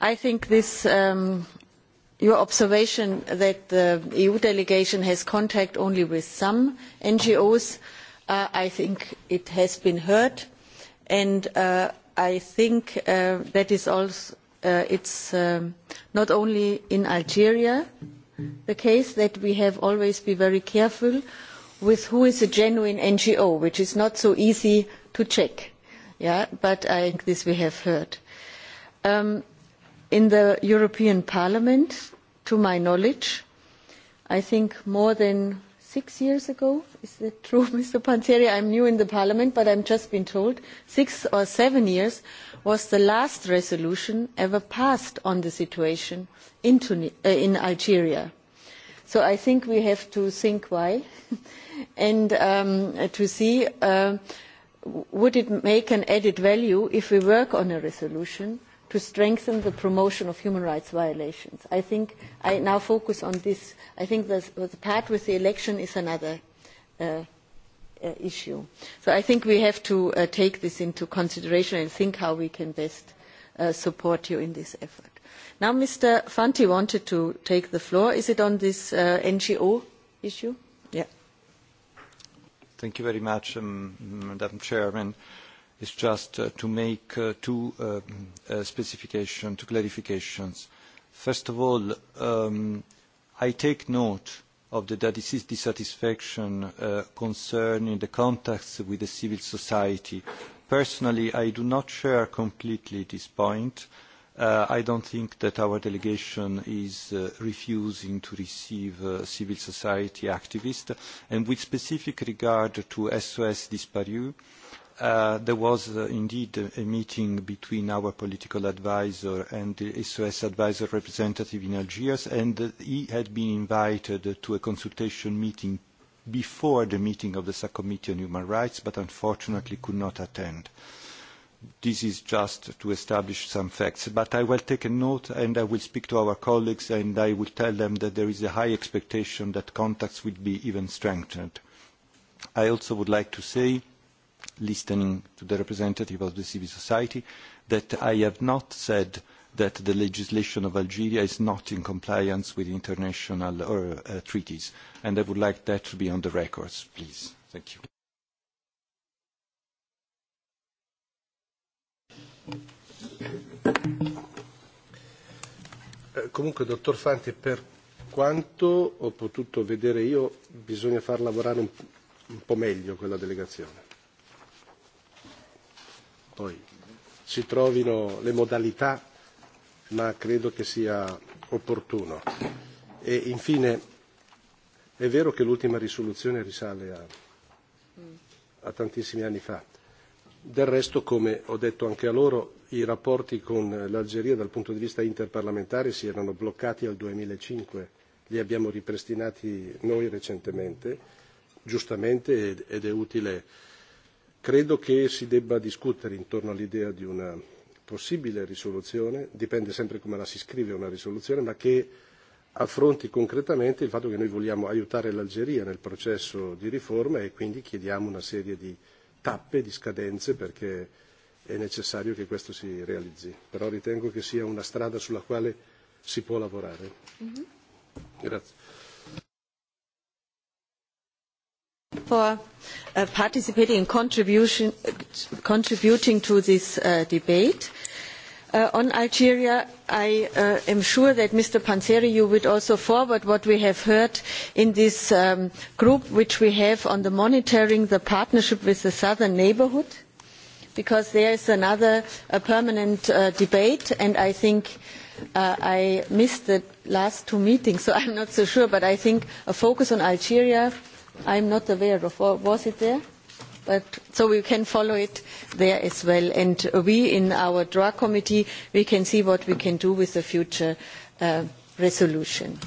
I think this, um, your observation that the EU delegation has contact only with some NGOs, uh, I think it has been heard, and uh, I think uh, that is also uh, it's um, not only in Algeria the case that we have always be very careful with who is a genuine NGO, which is not so easy to check Yeah, but I think this we have heard. Um, in the European Parliament, to my knowledge, I think more than six years ago, is that true, Mr. Panzeri? i am new in the Parliament, but i have just been told, six or seven years was the last resolution ever passed on the situation in, Tun- uh, in Algeria. So I think we have to think why and um, to see. Uh, would it make an added value if we work on a resolution to strengthen the promotion of human rights violations? I think I now focus on this. I think the part with the election is another uh, uh, issue. So I think we have to uh, take this into consideration and think how we can best uh, support you in this effort. Now, Mr. Fanti wanted to take the floor. Is it on this uh, NGO issue?
Thank you very much, um, mm, Madam Chairman. It's just uh, to make uh, two uh, uh specifications, two clarifications. First of all, um, I take note of the dissatisfaction concerning the contacts with the civil society. Personally, I do not share completely this point. Uh, I don't think that our delegation is uh, refusing to receive uh, civil society activists. And with specific regard to SOS Disparu, uh, there was uh, indeed a meeting between our political advisor and the SOS advisor representative in Algiers, and he had been invited to a consultation meeting before the meeting of the subcommittee on human rights, but unfortunately could not attend. Uh, this is just to establish some facts. But I will take a note and I will speak to our colleagues and I will tell them that there is a high expectation that contacts will be even strengthened. I also would like to say, listening to the representative of the civil society, that I have not said that the legislation of Algeria is not in compliance with international uh, uh, treaties. And I would like that to be on the records, please. Thank you.
Eh, comunque, dottor Fanti, per quanto ho potuto vedere io, bisogna far lavorare un, un po' meglio quella delegazione. Poi si trovino le modalità, ma credo che sia opportuno. E infine, è vero che l'ultima risoluzione risale a, mm. a tantissimi anni fa Del resto, come ho detto anche a loro, i rapporti con l'Algeria dal punto di vista interparlamentare si erano bloccati al 2005, e li abbiamo ripristinati noi recentemente, giustamente ed è utile. Credo che si debba discutere intorno all'idea di una possibile risoluzione, dipende sempre come la si scrive una risoluzione, ma che affronti concretamente il fatto che noi vogliamo aiutare l'Algeria nel processo di riforma e quindi chiediamo una serie di tappe di scadenze perché è necessario che questo si realizzi. Però ritengo che sia una strada sulla quale si può lavorare. Mm-hmm. Grazie.
for uh, participating and contribution, uh, contributing to this uh, debate. Uh, on Algeria, I uh, am sure that Mr. Panzeri, you would also forward what we have heard in this um, group which we have on the monitoring the partnership with the southern neighbourhood, because there is another permanent uh, debate, and I think uh, I missed the last two meetings, so I'm not so sure, but I think a focus on Algeria, I'm not aware of. Was it there? but so we can follow it there as well. And we in our draft committee, we can see what we can do with the future uh, resolution.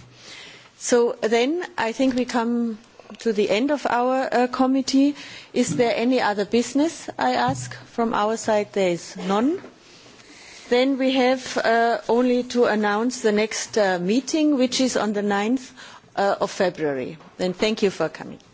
So then I think we come to the end of our uh, committee. Is there any other business, I ask? From our side, there is none. Then we have uh, only to announce the next uh, meeting, which is on the 9th uh, of February. Then thank you for coming.